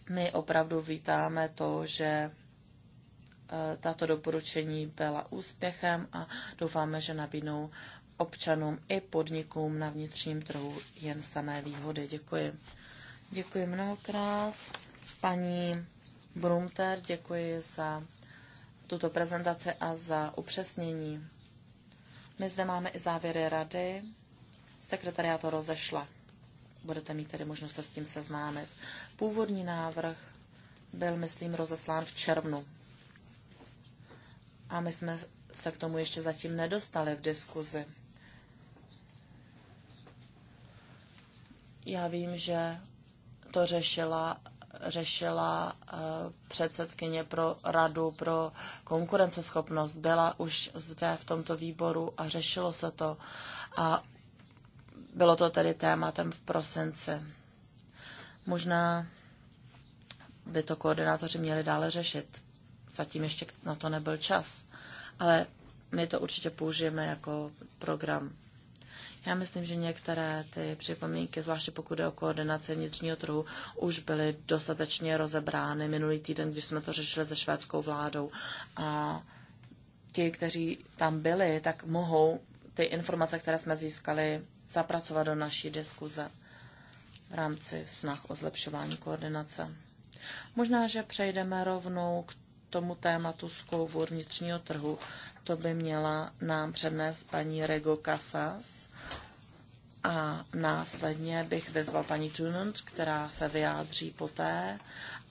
My opravdu vítáme to, že eh, tato doporučení byla úspěchem a doufáme, že nabídnou občanům i podnikům na vnitřním trhu jen samé výhody. Děkuji. Děkuji mnohokrát. Paní Brumter, děkuji za tuto prezentaci a za upřesnění. My zde máme i závěry rady. Sekretariát to rozešla. Budete mít tedy možnost se s tím seznámit. Původní návrh byl, myslím, rozeslán v červnu. A my jsme se k tomu ještě zatím nedostali v diskuzi. Já vím, že to řešila, řešila eh, předsedkyně pro radu pro konkurenceschopnost. Byla už zde v tomto výboru a řešilo se to. A bylo to tedy tématem v prosinci. Možná by to koordinátoři měli dále řešit. Zatím ještě na to nebyl čas, ale my to určitě použijeme jako program. Já myslím, že některé ty připomínky, zvláště pokud je o koordinaci vnitřního trhu, už byly dostatečně rozebrány minulý týden, když jsme to řešili se švédskou vládou. A ti, kteří tam byli, tak mohou ty informace, které jsme získali, zapracovat do naší diskuze v rámci snah o zlepšování koordinace. Možná, že přejdeme rovnou k tomu tématu zkouvu vnitřního trhu. To by měla nám přednést paní Rego Casas. A následně bych vyzval paní Tunant, která se vyjádří poté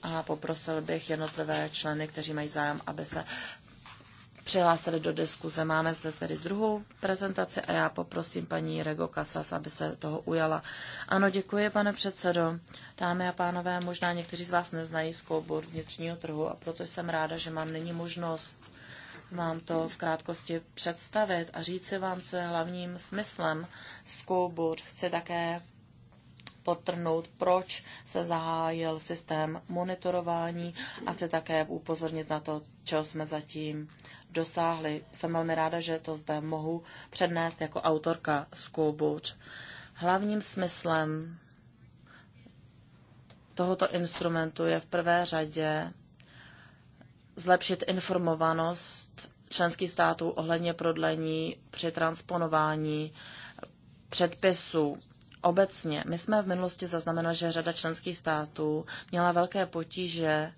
a poprosil bych jednotlivé členy, kteří mají zájem, aby se přihlásili do diskuze. Máme zde tedy druhou prezentaci a já poprosím paní Rego Kasas, aby se toho ujala. Ano, děkuji, pane předsedo. Dámy a pánové, možná někteří z vás neznají skoubor vnitřního trhu a proto jsem ráda, že mám nyní možnost vám to v krátkosti představit a říci vám, co je hlavním smyslem skoubor. Chci také podtrhnout, proč se zahájil systém monitorování a chci také upozornit na to, čeho jsme zatím dosáhli. Jsem velmi ráda, že to zde mohu přednést jako autorka Schoolboard. Hlavním smyslem tohoto instrumentu je v prvé řadě zlepšit informovanost členských států ohledně prodlení při transponování předpisů obecně. My jsme v minulosti zaznamenali, že řada členských států měla velké potíže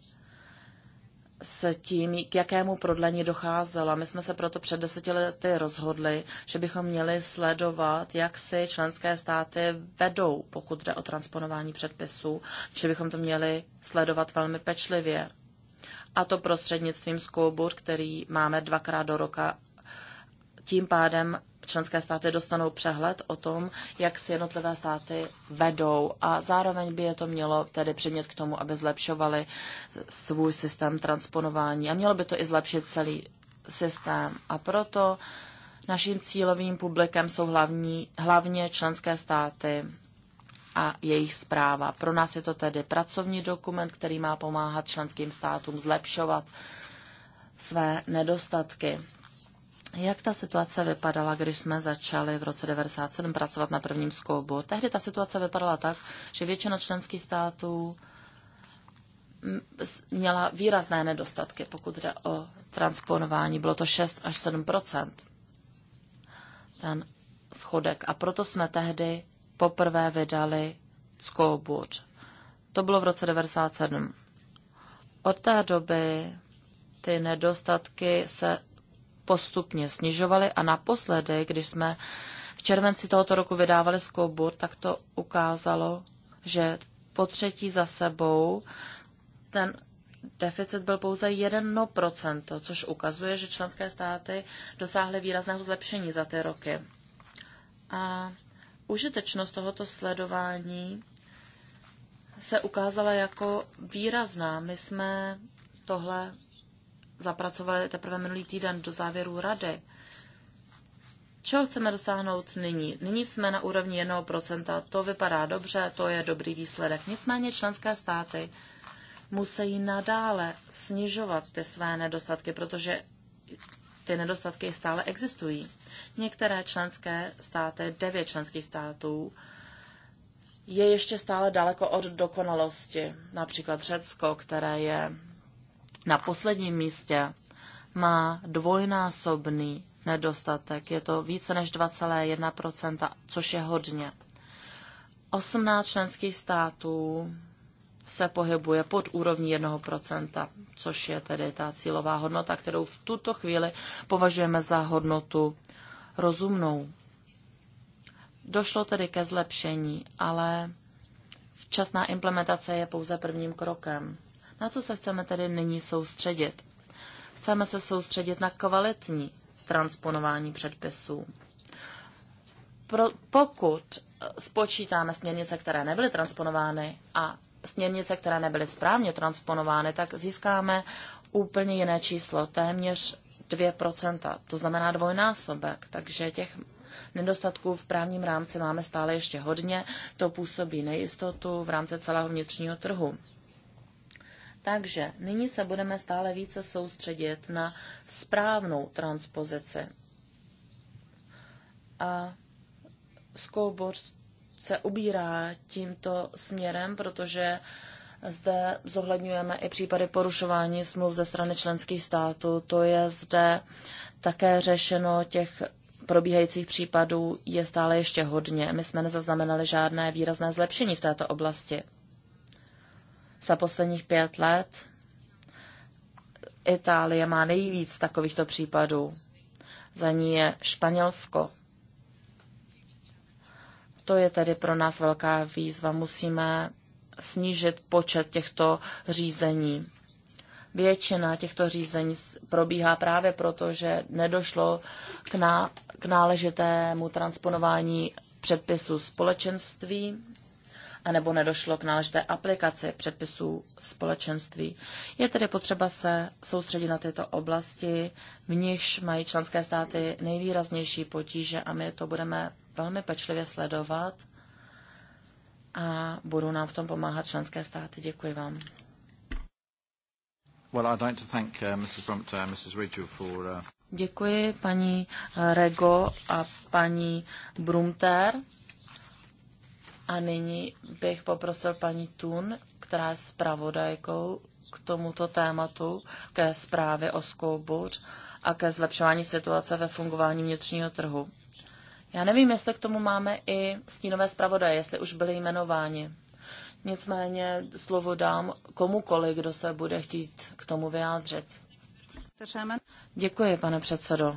s tím, k jakému prodlení docházelo. My jsme se proto před deseti lety rozhodli, že bychom měli sledovat, jak si členské státy vedou, pokud jde o transponování předpisů, že bychom to měli sledovat velmi pečlivě. A to prostřednictvím scoreboard, který máme dvakrát do roka tím pádem členské státy dostanou přehled o tom, jak si jednotlivé státy vedou a zároveň by je to mělo tedy předmět k tomu, aby zlepšovali svůj systém transponování a mělo by to i zlepšit celý systém. A proto naším cílovým publikem jsou hlavní, hlavně členské státy a jejich zpráva. Pro nás je to tedy pracovní dokument, který má pomáhat členským státům zlepšovat své nedostatky. Jak ta situace vypadala, když jsme začali v roce 1997 pracovat na prvním skoubu? Tehdy ta situace vypadala tak, že většina členských států mm, měla výrazné nedostatky, pokud jde o transponování. Bylo to 6 až 7 ten schodek. A proto jsme tehdy poprvé vydali scoreboard. To bylo v roce 1997. Od té doby ty nedostatky se postupně snižovaly a naposledy, když jsme v červenci tohoto roku vydávali skoubur, tak to ukázalo, že po třetí za sebou ten deficit byl pouze 1%, což ukazuje, že členské státy dosáhly výrazného zlepšení za ty roky. A užitečnost tohoto sledování se ukázala jako výrazná. My jsme tohle zapracovali teprve minulý týden do závěru. rady. Čeho chceme dosáhnout nyní? Nyní jsme na úrovni 1%. To vypadá dobře, to je dobrý výsledek. Nicméně členské státy musí nadále snižovat ty své nedostatky, protože ty nedostatky stále existují. Některé členské státy, devět členských států, je ještě stále daleko od dokonalosti. Například Řecko, které je na posledním místě má dvojnásobný nedostatek. Je to více než 2,1%, což je hodně. 18 členských států se pohybuje pod úrovní 1%, což je tedy ta cílová hodnota, kterou v tuto chvíli považujeme za hodnotu rozumnou. Došlo tedy ke zlepšení, ale včasná implementace je pouze prvním krokem. Na co se chceme tedy nyní soustředit? Chceme se soustředit na kvalitní transponování předpisů. Pro, pokud spočítáme směrnice, které nebyly transponovány a směrnice, které nebyly správně transponovány, tak získáme úplně jiné číslo, téměř 2%, to znamená dvojnásobek, takže těch nedostatků v právním rámci máme stále ještě hodně, to působí nejistotu v rámci celého vnitřního trhu. Takže nyní se budeme stále více soustředit na správnou transpozici. A skoubor se ubírá tímto směrem, protože zde zohledňujeme i případy porušování smluv ze strany členských států. To je zde také řešeno těch probíhajících případů je stále ještě hodně. My jsme nezaznamenali žádné výrazné zlepšení v této oblasti za posledních pět let Itálie má nejvíc takovýchto případů. Za ní je Španělsko. To je tedy pro nás velká výzva. Musíme snížit počet těchto řízení. Většina těchto řízení probíhá právě proto, že nedošlo k, ná, k náležitému transponování předpisu společenství anebo nedošlo k náležité aplikaci předpisů společenství. Je tedy potřeba se soustředit na tyto oblasti, v nichž mají členské státy nejvýraznější potíže a my to budeme velmi pečlivě sledovat a budou nám v tom pomáhat členské státy. Děkuji vám. Well, I'd like to thank uh, Mrs. Brumpton and Mrs. Ridgew for uh... Děkuji paní uh, Rego a paní Brumter a nyní bych poprosil paní Tun, která je zpravodajkou k tomuto tématu, ke zprávě o skoubuř a ke zlepšování situace ve fungování vnitřního trhu. Já nevím, jestli k tomu máme i stínové zpravodaje, jestli už byly jmenováni. Nicméně slovo dám komukoli, kdo se bude chtít k tomu vyjádřit. Děkuji, pane předsedo.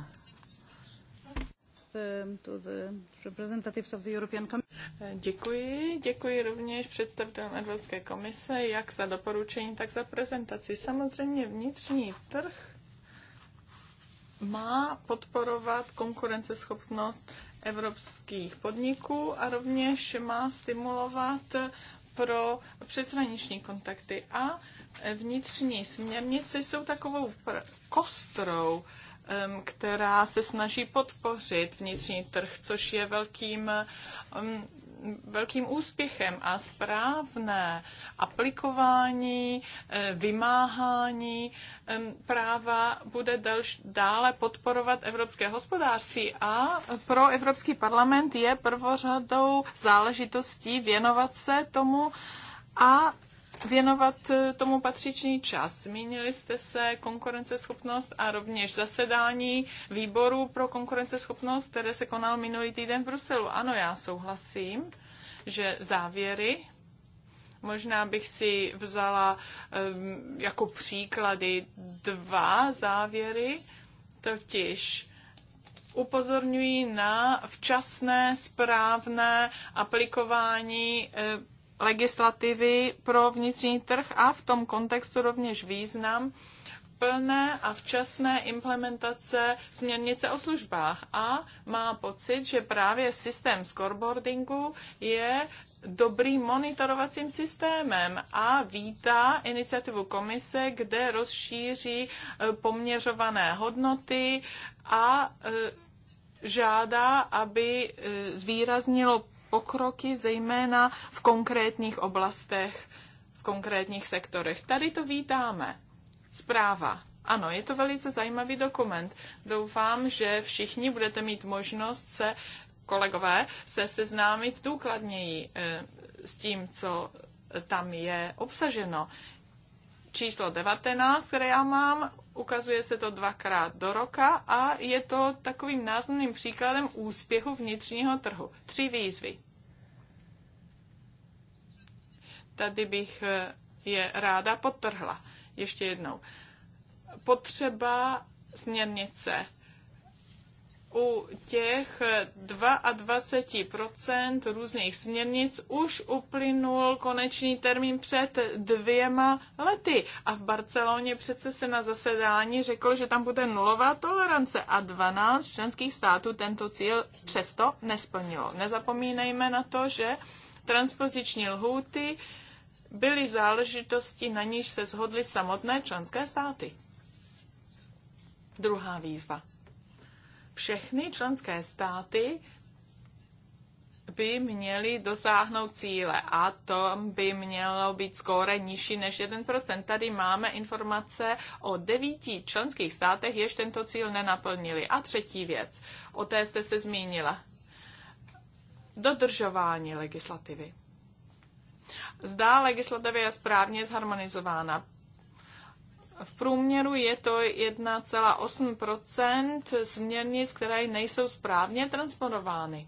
Eh, děkuji, děkuji rovněž představitelům Evropské komise, jak za doporučení, tak za prezentaci. Samozřejmě vnitřní trh má podporovat konkurenceschopnost evropských podniků a rovněž má stimulovat pro přeshraniční kontakty. A vnitřní směrnice jsou takovou kostrou Um, která se snaží podpořit vnitřní trh, což je velkým, um, velkým úspěchem a správné aplikování, eh, vymáhání um, práva bude dále podporovat evropské hospodářství a pro Evropský parlament je prvořadou záležitostí věnovat se tomu a věnovat eh, tomu patřičný čas. Zmínili jste se konkurenceschopnost a rovněž zasedání výboru pro konkurenceschopnost, které se konal minulý týden v Bruselu. Ano, já souhlasím, že závěry Možná bych si vzala ehm, jako příklady dva závěry, totiž upozorňují na včasné, správné aplikování eh, legislativy pro vnitřní trh a v tom kontextu rovněž význam plné a včasné implementace směrnice o službách a má pocit, že právě systém scoreboardingu je dobrým monitorovacím systémem a vítá iniciativu komise, kde rozšíří e, poměřované hodnoty a e, žádá, aby e, zvýraznilo pokroky, zejména v konkrétních oblastech, v konkrétních sektorech. Tady to vítáme. Zpráva. Ano, je to velice zajímavý dokument. Doufám, že všichni budete mít možnost se, kolegové, se seznámit důkladněji eh, s tím, co tam je obsaženo. Číslo 19, které já mám, ukazuje se to dvakrát do roka a je to takovým názorným příkladem úspěchu vnitřního trhu. Tři výzvy. Tady bych eh, je ráda podtrhla ještě jednou. Potřeba směrnice u těch 22% různých směrnic už uplynul konečný termín před dvěma lety. A v Barceloně přece se na zasedání řeklo, že tam bude nulová tolerance a 12 členských států tento cíl přesto nesplnilo. Nezapomínejme na to, že transpoziční lhůty byly záležitosti, na níž se shodly samotné členské státy. Druhá výzva všechny členské státy by měly dosáhnout cíle a to by mělo být skóre nižší než 1%. Tady máme informace o devíti členských státech, jež tento cíl nenaplnili. A třetí věc, o té jste se zmínila. Dodržování legislativy. Zdá legislativa je správně zharmonizována. V průměru je to 1,8 směrnic, které nejsou správně transponovány.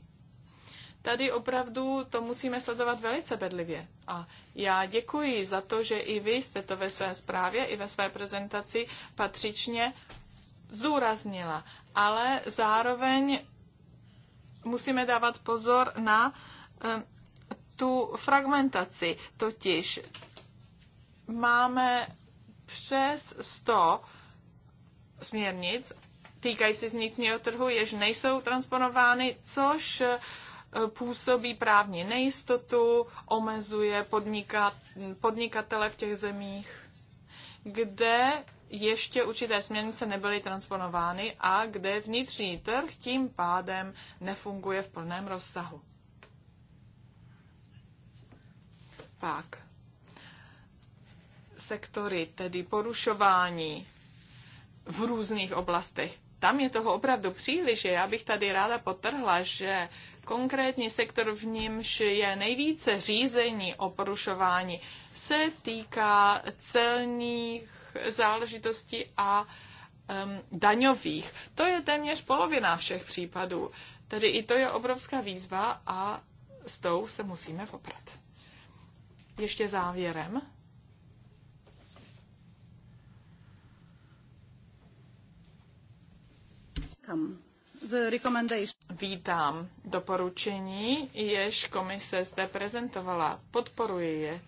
Tady opravdu to musíme sledovat velice bedlivě. A já děkuji za to, že i vy jste to ve své zprávě i ve své prezentaci patřičně zdůraznila. Ale zároveň musíme dávat pozor na eh, tu fragmentaci, totiž máme přes 100 směrnic týkající vnitřního trhu, jež nejsou transponovány, což eh, působí právní nejistotu, omezuje podnikat, podnikatele v těch zemích, kde ještě určité směrnice nebyly transponovány a kde vnitřní trh tím pádem nefunguje v plném rozsahu. Pak sektory, tedy porušování v různých oblastech. Tam je toho opravdu příliš. Já bych tady ráda potrhla, že konkrétní sektor, v němž je nejvíce řízení o porušování, se týká celních záležitostí a um, daňových. To je téměř polovina všech případů. Tedy i to je obrovská výzva a s tou se musíme poprat. Ještě závěrem Vítám doporučení, jež komise zde prezentovala. Podporuji je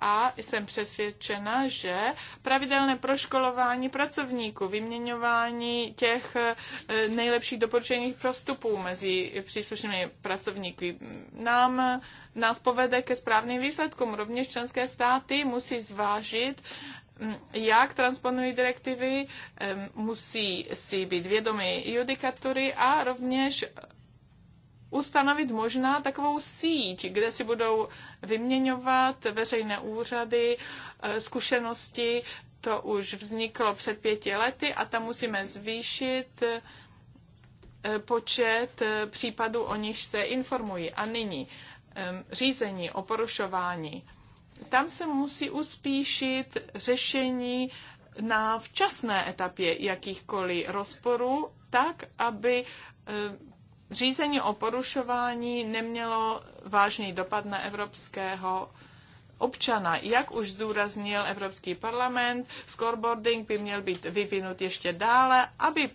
a jsem přesvědčena, že pravidelné proškolování pracovníků, vyměňování těch e, nejlepších doporučených prostupů mezi příslušnými pracovníky nám, nás povede ke správným výsledkům. Rovněž členské státy musí zvážit Mm, jak transponují direktivy, musí si být vědomi judikatury a rovněž ustanovit možná takovou síť, kde si budou vyměňovat veřejné úřady, e, zkušenosti. To už vzniklo před pěti lety a tam musíme zvýšit e, počet e, případů, o nich se informují. A nyní řízení o porušování tam se musí uspíšit řešení na včasné etapě jakýchkoliv rozporů, tak, aby e, řízení o porušování nemělo vážný dopad na evropského občana. Jak už zdůraznil Evropský parlament, scoreboarding by měl být vyvinut ještě dále, aby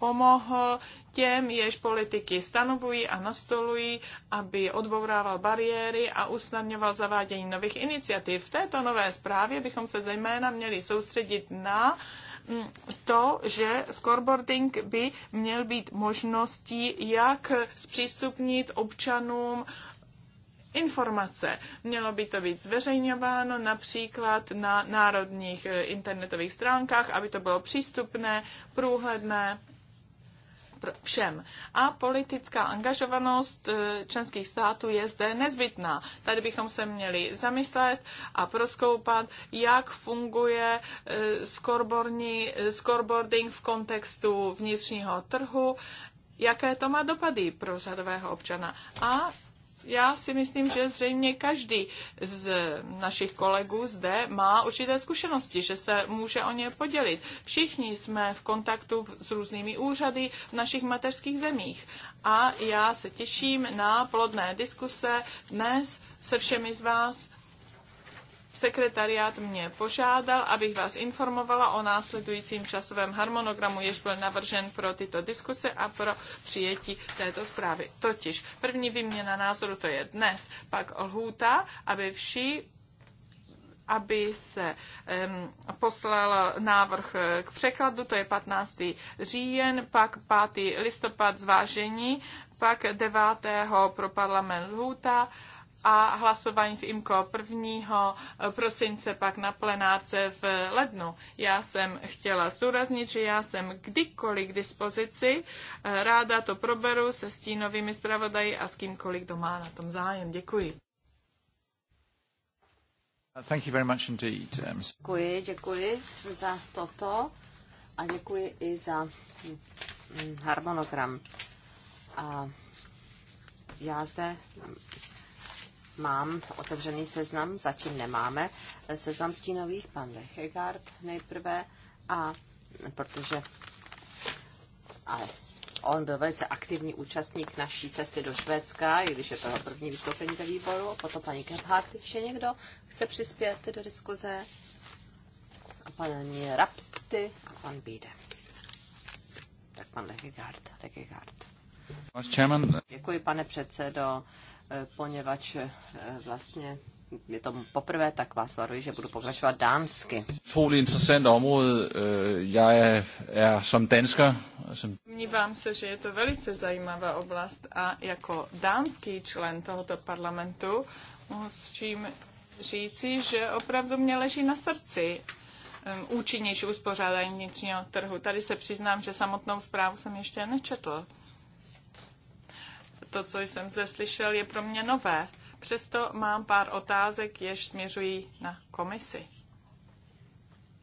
pomohl těm, jež politiky stanovují a nastolují, aby odbourával bariéry a usnadňoval zavádění nových iniciativ. V této nové zprávě bychom se zejména měli soustředit na mm, to, že scoreboarding by měl být možností, jak zpřístupnit občanům informace. Mělo by to být zveřejňováno například na národních eh, internetových stránkách, aby to bylo přístupné, průhledné všem. A politická angažovanost e, členských států je zde nezbytná. Tady bychom se měli zamyslet a proskoupat, jak funguje e, e, scoreboarding v kontextu vnitřního trhu, jaké to má dopady pro řadového občana. A já si myslím, že zřejmě každý z našich kolegů zde má určité zkušenosti, že se může o ně podělit. Všichni jsme v kontaktu s různými úřady v našich mateřských zemích a já se těším na plodné diskuse dnes se všemi z vás Sekretariát mě požádal, abych vás informovala o následujícím časovém harmonogramu, jež byl navržen pro tyto diskuse a pro přijetí této zprávy. Totiž první výměna názoru to je dnes, pak lhůta, aby vši aby se um, poslal návrh k překladu, to je 15. říjen, pak 5. listopad zvážení, pak 9. pro parlament lhůta, a hlasování v IMKO 1. Eh, prosince pak na plenárce v lednu. Já jsem chtěla zdůraznit, že já jsem kdykoliv k dispozici, eh, ráda to proberu se stínovými zpravodaji a s kýmkoliv, kdo má na tom zájem. Děkuji. Uh, thank you very much indeed. Uh, děkuji, děkuji za toto a děkuji i za mm, harmonogram. A já zde mám otevřený seznam, zatím nemáme seznam stínových, pan Lechegard nejprve, a protože ale on byl velice aktivní účastník naší cesty do Švédska, i když je to jeho první vystoupení ve výboru, potom paní Gebhardt, ještě někdo chce přispět do diskuze, a paní Rapty a pan Bíde. Tak pan Lechegard, Lechegard. Děkuji, pane předsedo. Eh, poněvadž eh, vlastně je to poprvé, tak vás varuji, že budu pokračovat dámsky. Utrolig interessant område. Já eh, je, er, er som dansker. Mnívám se, že je to velice zajímavá oblast a jako dánský člen tohoto parlamentu musím říci, že opravdu mě leží na srdci účinnější uspořádání vnitřního trhu. Tady se přiznám, že samotnou zprávu jsem ještě nečetl to, co jsem zde slyšel, je pro mě nové. Přesto mám pár otázek, jež směřují na komisi.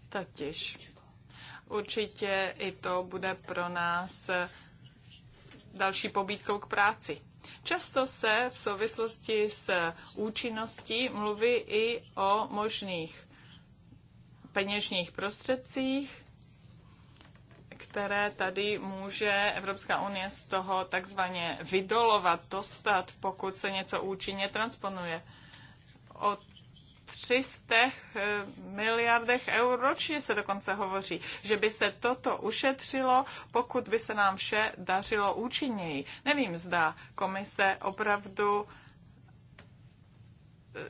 Totiž určitě i to bude pro nás další pobídkou k práci. Často se v souvislosti s účinností mluví i o možných peněžních prostředcích, které tady může Evropská unie z toho takzvaně vydolovat, dostat, pokud se něco účinně transponuje. O 300 eh, miliardech eur ročně se dokonce hovoří, že by se toto ušetřilo, pokud by se nám vše dařilo účinněji. Nevím, zda komise opravdu eh,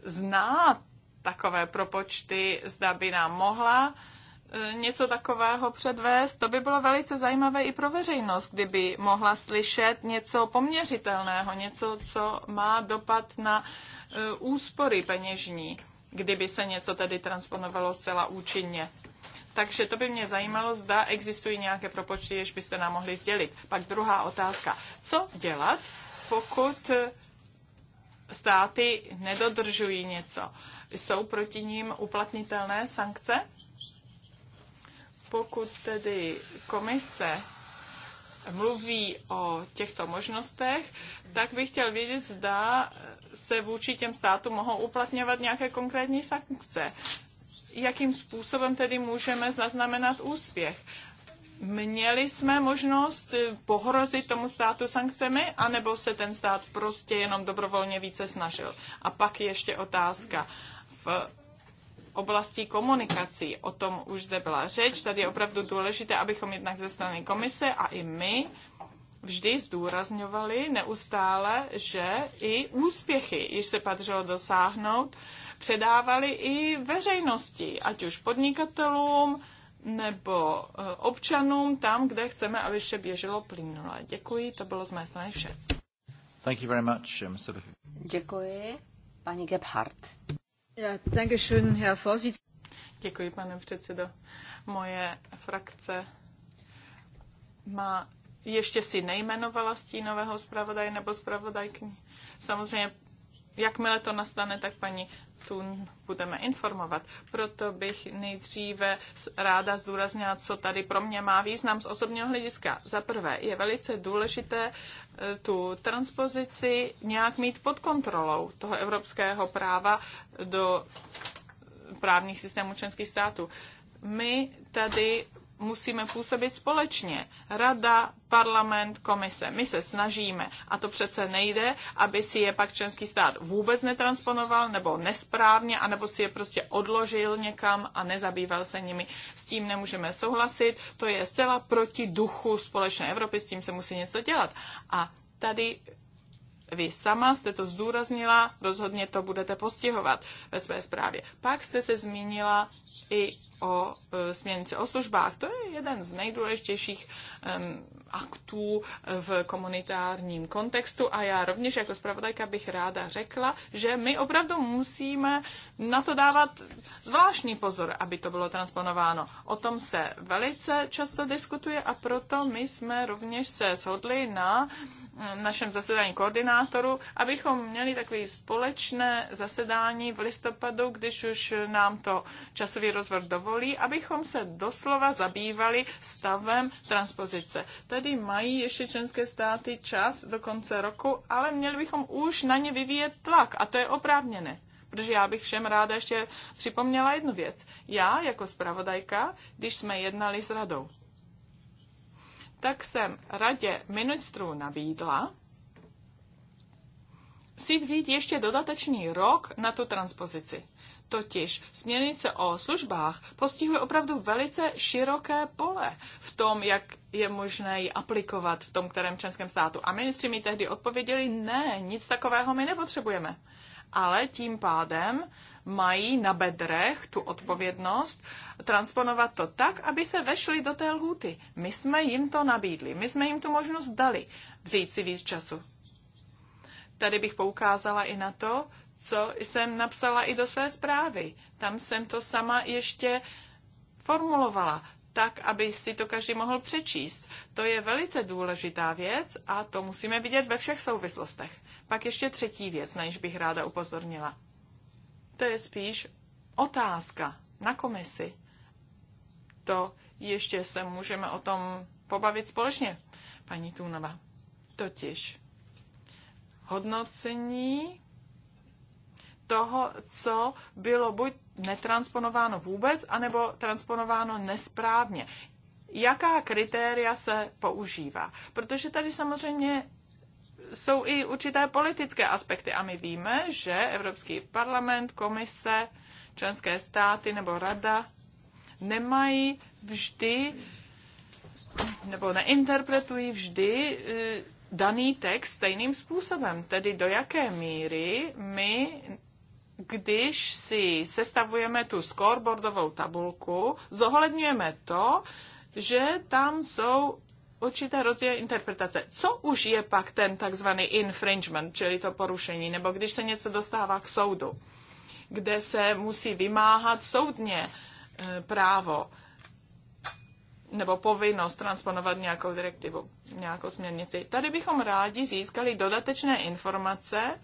zná takové propočty, zda by nám mohla E, něco takového předvést, to by bylo velice zajímavé i pro veřejnost, kdyby mohla slyšet něco poměřitelného, něco, co má dopad na e, úspory peněžní, kdyby se něco tedy transponovalo zcela účinně. Takže to by mě zajímalo, zda existují nějaké propočty, jež byste nám mohli sdělit. Pak druhá otázka. Co dělat, pokud e, státy nedodržují něco? Jsou proti ním uplatnitelné sankce? pokud tedy komise mluví o těchto možnostech, tak bych chtěl vědět, zda se vůči těm státům mohou uplatňovat nějaké konkrétní sankce. Jakým způsobem tedy můžeme zaznamenat úspěch? Měli jsme možnost pohrozit tomu státu sankcemi, anebo se ten stát prostě jenom dobrovolně více snažil? A pak ještě otázka. V oblastí komunikací. O tom už zde byla řeč. Tady je opravdu důležité, abychom jednak ze strany komise a i my vždy zdůrazňovali neustále, že i úspěchy, již se patřilo dosáhnout, předávali i veřejnosti, ať už podnikatelům nebo eh, občanům tam, kde chceme, aby vše běželo plynule. Děkuji, to bylo z mé strany vše. Thank you very much, eh, Děkuji, paní Gebhardt. Děkuji, pane předsedo. Moje frakce má, ještě si nejmenovala stínového zpravodaje nebo zpravodajky. Samozřejmě, jakmile to nastane, tak paní tu budeme informovat. Proto bych nejdříve ráda zdůraznila, co tady pro mě má význam z osobního hlediska. Za prvé, je velice důležité e, tu transpozici nějak mít pod kontrolou toho evropského práva do právních systémů členských států. My tady musíme působit společně. Rada, parlament, komise. My se snažíme a to přece nejde, aby si je pak členský stát vůbec netransponoval nebo nesprávně, anebo si je prostě odložil někam a nezabýval se nimi. S tím nemůžeme souhlasit, to je zcela proti duchu společné Evropy, s tím se musí něco dělat. A tady vy sama jste to zdůraznila, rozhodně to budete postihovat ve své zprávě. Pak jste se zmínila i o e, směrnici o službách. To je jeden z nejdůležitějších aktů v komunitárním kontextu a já rovněž jako zpravodajka bych ráda řekla, že my opravdu musíme na to dávat zvláštní pozor, aby to bylo transponováno. O tom se velice často diskutuje a proto my jsme rovněž se shodli na našem zasedání koordinátoru, abychom měli takové společné zasedání v listopadu, když už nám to časový rozvrh dovolí, abychom se doslova zabývali stavem transpozice. To tedy mají ještě členské státy čas do konce roku, ale měli bychom už na ně vyvíjet tlak a to je oprávněné. Protože já bych všem ráda ještě připomněla jednu věc. Já jako zpravodajka, když jsme jednali s radou, tak jsem radě ministrů nabídla si vzít ještě dodatečný rok na tu transpozici. Totiž směrnice o službách postihuje opravdu velice široké pole v tom, jak je možné ji aplikovat v tom kterém členském státu. A ministři mi tehdy odpověděli, ne, nic takového my nepotřebujeme. Ale tím pádem mají na bedrech tu odpovědnost transponovat to tak, aby se vešli do té lhůty. My jsme jim to nabídli, my jsme jim tu možnost dali vzít si víc času. Tady bych poukázala i na to, co jsem napsala i do své zprávy. Tam jsem to sama ještě formulovala, tak, aby si to každý mohl přečíst. To je velice důležitá věc a to musíme vidět ve všech souvislostech. Pak ještě třetí věc, na bych ráda upozornila. To je spíš otázka na komisi. To ještě se můžeme o tom pobavit společně, paní Tůnova. Totiž hodnocení toho, co bylo buď netransponováno vůbec, anebo transponováno nesprávně. Jaká kritéria se používá? Protože tady samozřejmě jsou i určité politické aspekty a my víme, že Evropský parlament, komise, členské státy nebo rada nemají vždy nebo neinterpretují vždy eh, daný text stejným způsobem. Tedy do jaké míry my když si sestavujeme tu scoreboardovou tabulku, zohledňujeme to, že tam jsou určité rozdíly interpretace. Co už je pak ten takzvaný infringement, čili to porušení, nebo když se něco dostává k soudu, kde se musí vymáhat soudně e, právo nebo povinnost transponovat nějakou direktivu, nějakou směrnici. Tady bychom rádi získali dodatečné informace,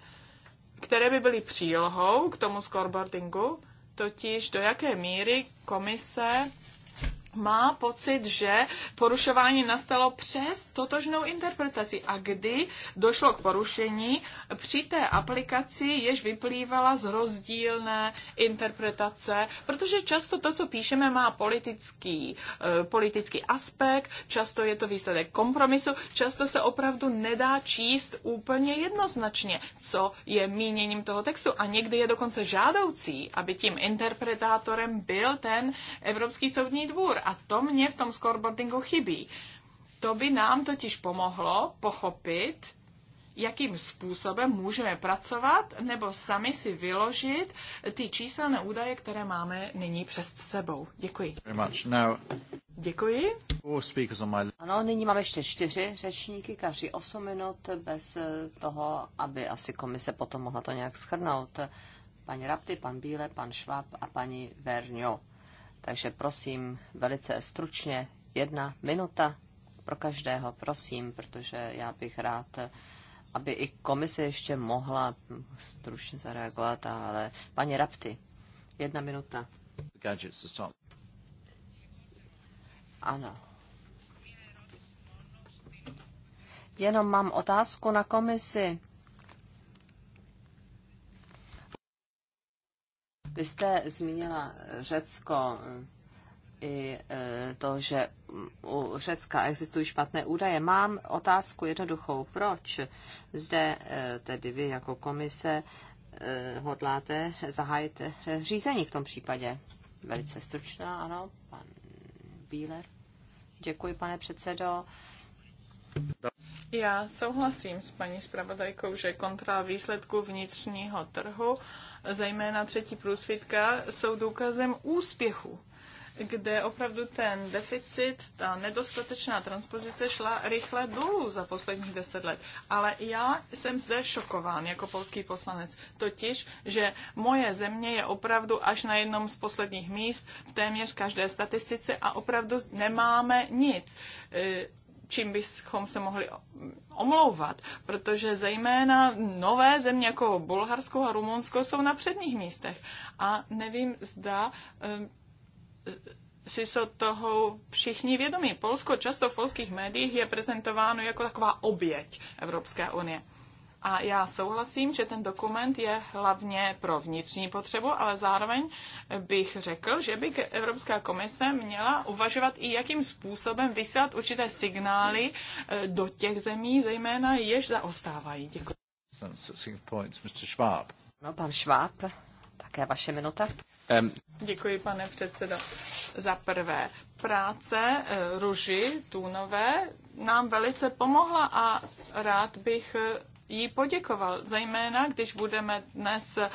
které by byly přílohou k tomu scoreboardingu, totiž do jaké míry komise má pocit, že porušování nastalo přes totožnou interpretaci a kdy došlo k porušení při té aplikaci, jež vyplývala z rozdílné interpretace, protože často to, co píšeme, má politický, eh, politický aspekt, často je to výsledek kompromisu, často se opravdu nedá číst úplně jednoznačně, co je míněním toho textu a někdy je dokonce žádoucí, aby tím interpretátorem byl ten Evropský soudní dvůr a to mě v tom scoreboardingu chybí. To by nám totiž pomohlo pochopit, jakým způsobem můžeme pracovat nebo sami si vyložit ty číselné údaje, které máme nyní přes sebou. Děkuji. Děkuji. Ano, nyní máme ještě čtyři řečníky, každý 8 minut, bez eh, toho, aby asi komise potom mohla to nějak schrnout. Paní Rapty, pan Bíle, pan Schwab a paní Verňo. Takže prosím, velice stručně, jedna minuta pro každého, prosím, protože já bych rád, aby i komise ještě mohla stručně zareagovat, ale paní Rapty, jedna minuta. Ano. Jenom mám otázku na komisi. Vy jste zmínila Řecko, eh, i eh, to, že u Řecka existují špatné údaje. Mám otázku jednoduchou. Proč zde eh, tedy vy jako komise hodláte zahájit řízení v tom případě? Velice stručná, ano, pan Bíler. Děkuji, pane předsedo. Já souhlasím s paní zpravodajkou, že kontrola výsledku vnitřního trhu zejména třetí průsvitka, jsou důkazem úspěchu kde opravdu ten deficit, ta nedostatečná transpozice šla rychle dolů za posledních deset let. Ale já jsem zde šokován jako polský poslanec. Totiž, že moje země je opravdu až na jednom z posledních míst v téměř každé statistice a opravdu nemáme nic čím bychom se mohli omlouvat, protože zejména nové země jako Bulharsko a Rumunsko jsou na předních místech. A nevím, zda eh, si se toho všichni vědomí. Polsko často v polských médiích je prezentováno jako taková oběť Evropské unie. A já souhlasím, že ten dokument je hlavně pro vnitřní potřebu, ale zároveň bych řekl, že by Evropská komise měla uvažovat i jakým způsobem vysílat určité signály eh, do těch zemí, zejména jež zaostávají. Děkuji. No, pan Schwab, také vaše minuta. Um. Děkuji, pane předsedo. Za prvé, práce eh, Ruži Tůnové nám velice pomohla a rád bych eh, jí poděkoval, zejména když budeme dnes eh,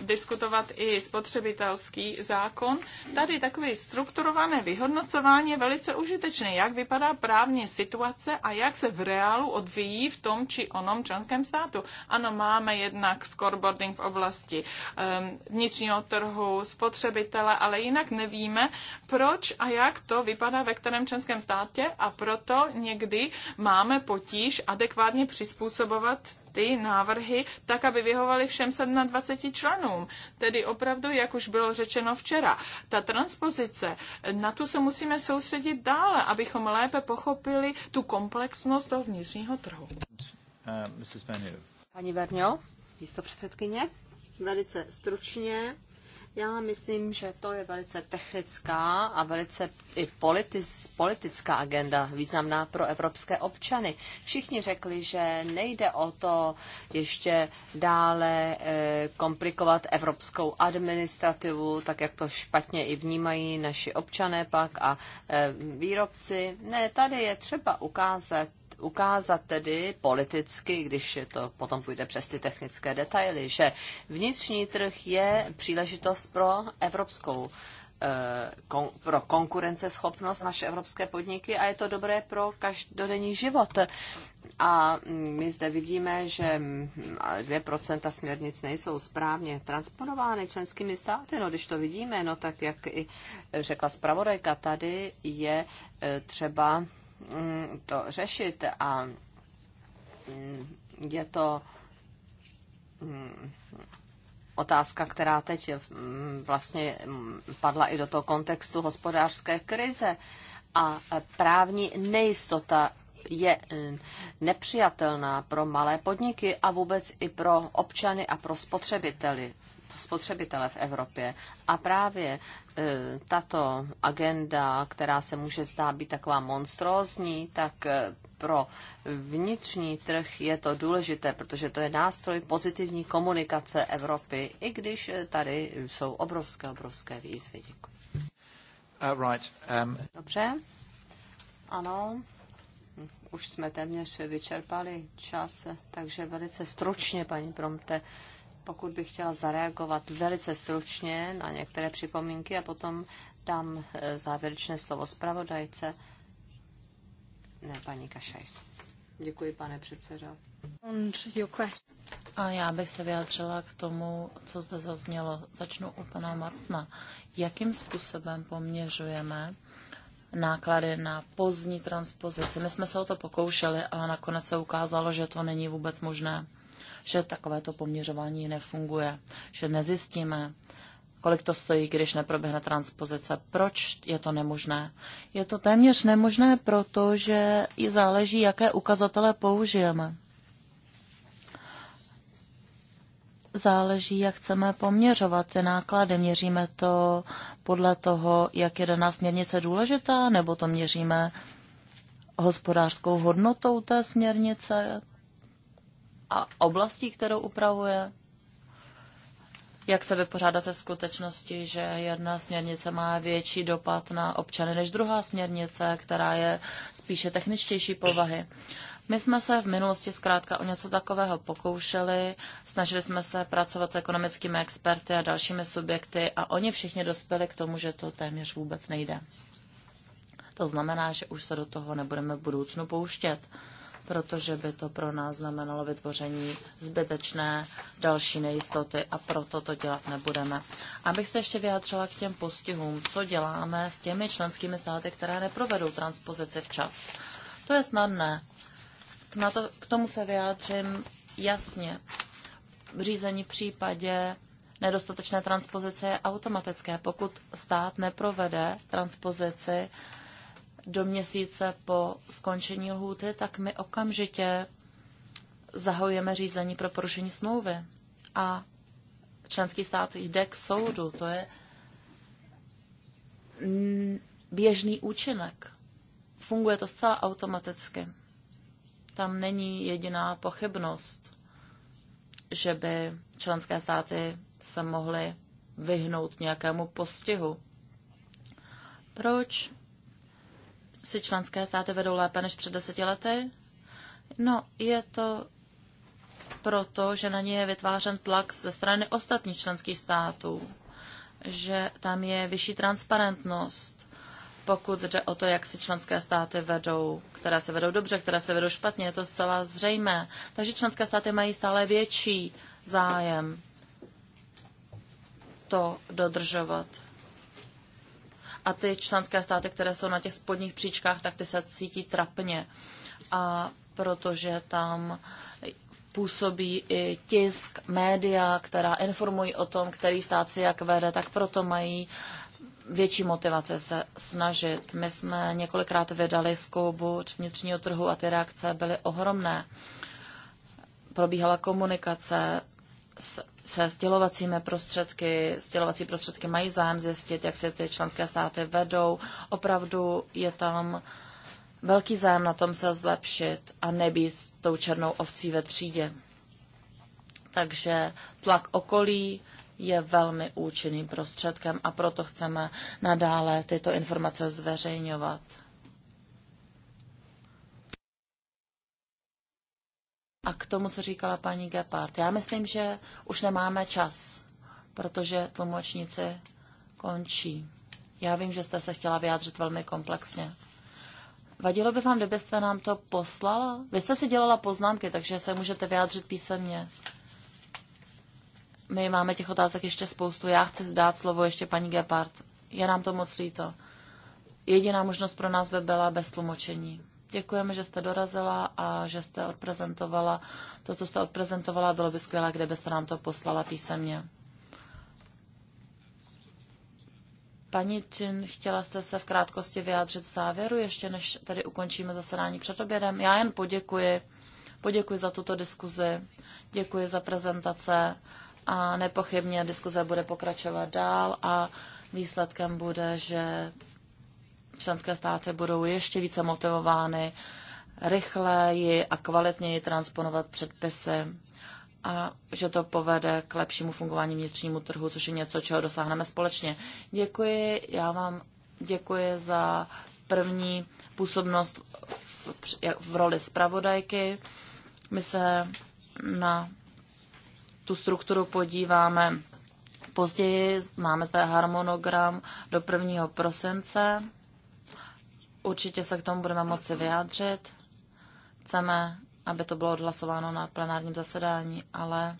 diskutovat i spotřebitelský zákon. Tady takové strukturované vyhodnocování je velice užitečné, jak vypadá právní situace a jak se v reálu odvíjí v tom či onom členském státu. Ano, máme jednak scoreboarding v oblasti ehm, vnitřního trhu, spotřebitele, ale jinak nevíme, proč a jak to vypadá ve kterém členském státě a proto někdy máme potíž adekvátně přizpůsobovat formulovat ty návrhy tak, aby vyhovaly všem 27 členům. Tedy opravdu, jak už bylo řečeno včera, ta transpozice, na tu se musíme soustředit dále, abychom lépe pochopili tu komplexnost toho vnitřního trhu. Uh, Pani Verňo, místo předsedkyně, velice stručně já myslím, že to je velice technická a velice i politis, politická agenda, významná pro evropské občany. Všichni řekli, že nejde o to ještě dále eh, komplikovat evropskou administrativu, tak jak to špatně i vnímají naši občané pak a eh, výrobci. Ne, tady je třeba ukázat ukázat tedy politicky, když to potom půjde přes ty technické detaily, že vnitřní trh je příležitost pro evropskou eh, pro konkurenceschopnost naše evropské podniky a je to dobré pro každodenní život. A my zde vidíme, že 2% mm, směrnic nejsou správně transponovány členskými státy. No, když to vidíme, no tak jak i řekla zpravodajka, tady je eh, třeba Mm, to řešit a mm, je to mm, otázka, která teď vlastně padla i do toho kontextu hospodářské krize a právní nejistota je nepřijatelná pro malé podniky a vůbec i pro občany a pro spotřebiteli spotřebitele v Evropě. A právě e, tato agenda, která se může zdá být taková monstrózní, tak e, pro vnitřní trh je to důležité, protože to je nástroj pozitivní komunikace Evropy, i když e, tady jsou obrovské, obrovské výzvy. Děkuji. Uh, right, um... Dobře. Ano, už jsme téměř vyčerpali čas, takže velice stručně, paní Promte, pokud bych chtěla zareagovat velice stručně na některé připomínky a potom dám eh, závěrečné slovo zpravodajce. Ne, paní Kašajs. Děkuji, pane předsedo. A já bych se vyjádřila k tomu, co zde zaznělo. Začnu u pana Martna. Jakým způsobem poměřujeme náklady na pozdní transpozici? My jsme se o to pokoušeli, ale nakonec se ukázalo, že to není vůbec možné že takovéto poměřování nefunguje, že nezjistíme, kolik to stojí, když neproběhne transpozice. Proč je to nemožné? Je to téměř nemožné, protože i záleží, jaké ukazatele použijeme. záleží, jak chceme poměřovat ty náklady. Měříme to podle toho, jak je daná směrnice důležitá, nebo to měříme hospodářskou hodnotou té směrnice, a oblastí, kterou upravuje? Jak se vypořádat se skutečností, že jedna směrnice má větší dopad na občany než druhá směrnice, která je spíše techničtější povahy? My jsme se v minulosti zkrátka o něco takového pokoušeli, snažili jsme se pracovat s ekonomickými experty a dalšími subjekty a oni všichni dospěli k tomu, že to téměř vůbec nejde. To znamená, že už se do toho nebudeme v budoucnu pouštět protože by to pro nás znamenalo vytvoření zbytečné další nejistoty a proto to dělat nebudeme. Abych se ještě vyjádřila k těm postihům, co děláme s těmi členskými státy, které neprovedou transpozici včas. To je snadné. Na to, k tomu se vyjádřím jasně. V řízení v případě nedostatečné transpozice je automatické. Pokud stát neprovede transpozici, do měsíce po skončení lhůty, tak my okamžitě zahajujeme řízení pro porušení smlouvy. A členský stát jde k soudu. To je běžný účinek. Funguje to zcela automaticky. Tam není jediná pochybnost, že by členské státy se mohly vyhnout nějakému postihu. Proč si členské státy vedou lépe než před deseti lety? No, je to proto, že na ně je vytvářen tlak ze strany ostatních členských států, že tam je vyšší transparentnost, pokud jde o to, jak si členské státy vedou, které se vedou dobře, které se vedou špatně, je to zcela zřejmé. Takže členské státy mají stále větší zájem to dodržovat a ty členské státy, které jsou na těch spodních příčkách, tak ty se cítí trapně. A protože tam působí i tisk, média, která informují o tom, který stát si jak vede, tak proto mají větší motivace se snažit. My jsme několikrát vydali zkoubu vnitřního trhu a ty reakce byly ohromné. Probíhala komunikace s se sdělovacími prostředky. Sdělovací prostředky mají zájem zjistit, jak se ty členské státy vedou. Opravdu je tam velký zájem na tom se zlepšit a nebýt tou černou ovcí ve třídě. Takže tlak okolí je velmi účinným prostředkem a proto chceme nadále tyto informace zveřejňovat. A k tomu, co říkala paní Gepard. Já myslím, že už nemáme čas, protože tlumočníci končí. Já vím, že jste se chtěla vyjádřit velmi komplexně. Vadilo by vám, kdybyste nám to poslala? Vy jste si dělala poznámky, takže se můžete vyjádřit písemně. My máme těch otázek ještě spoustu. Já chci dát slovo ještě paní Gepard. Je nám to moc líto. Jediná možnost pro nás by byla bez tlumočení. Děkujeme, že jste dorazila a že jste odprezentovala to, co jste odprezentovala. Bylo by skvělé, kdybyste nám to poslala písemně. Paní čin, chtěla jste se v krátkosti vyjádřit v závěru, ještě než tady ukončíme zasedání před obědem. Já jen poděkuji. Poděkuji za tuto diskuzi, děkuji za prezentace a nepochybně diskuze bude pokračovat dál a výsledkem bude, že členské státy budou ještě více motivovány rychleji a kvalitněji transponovat předpisy a že to povede k lepšímu fungování vnitřnímu trhu, což je něco, čeho dosáhneme společně. Děkuji, já vám děkuji za první působnost v, v roli zpravodajky. My se na tu strukturu podíváme později. Máme zde harmonogram do 1. prosince Určitě se k tomu budeme moci vyjádřit. Chceme, aby to bylo odhlasováno na plenárním zasedání, ale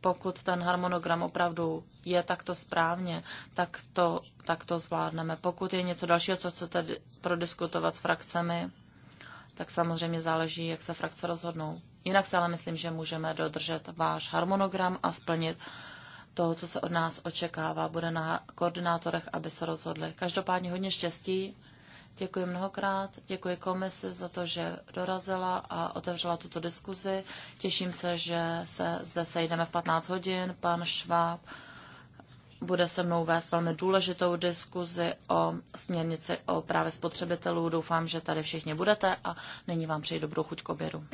pokud ten harmonogram opravdu je takto správně, tak to, tak to zvládneme. Pokud je něco dalšího, co chcete prodiskutovat s frakcemi, tak samozřejmě záleží, jak se frakce rozhodnou. Jinak se ale myslím, že můžeme dodržet váš harmonogram a splnit toho, co se od nás očekává. Bude na koordinátorech, aby se rozhodli. Každopádně hodně štěstí. Děkuji mnohokrát, děkuji komisi za to, že dorazila a otevřela tuto diskuzi. Těším se, že se zde sejdeme v 15 hodin. Pan Šváb bude se mnou vést velmi důležitou diskuzi o směrnici o právě spotřebitelů. Doufám, že tady všichni budete a nyní vám přeji dobrou chuť k obědu.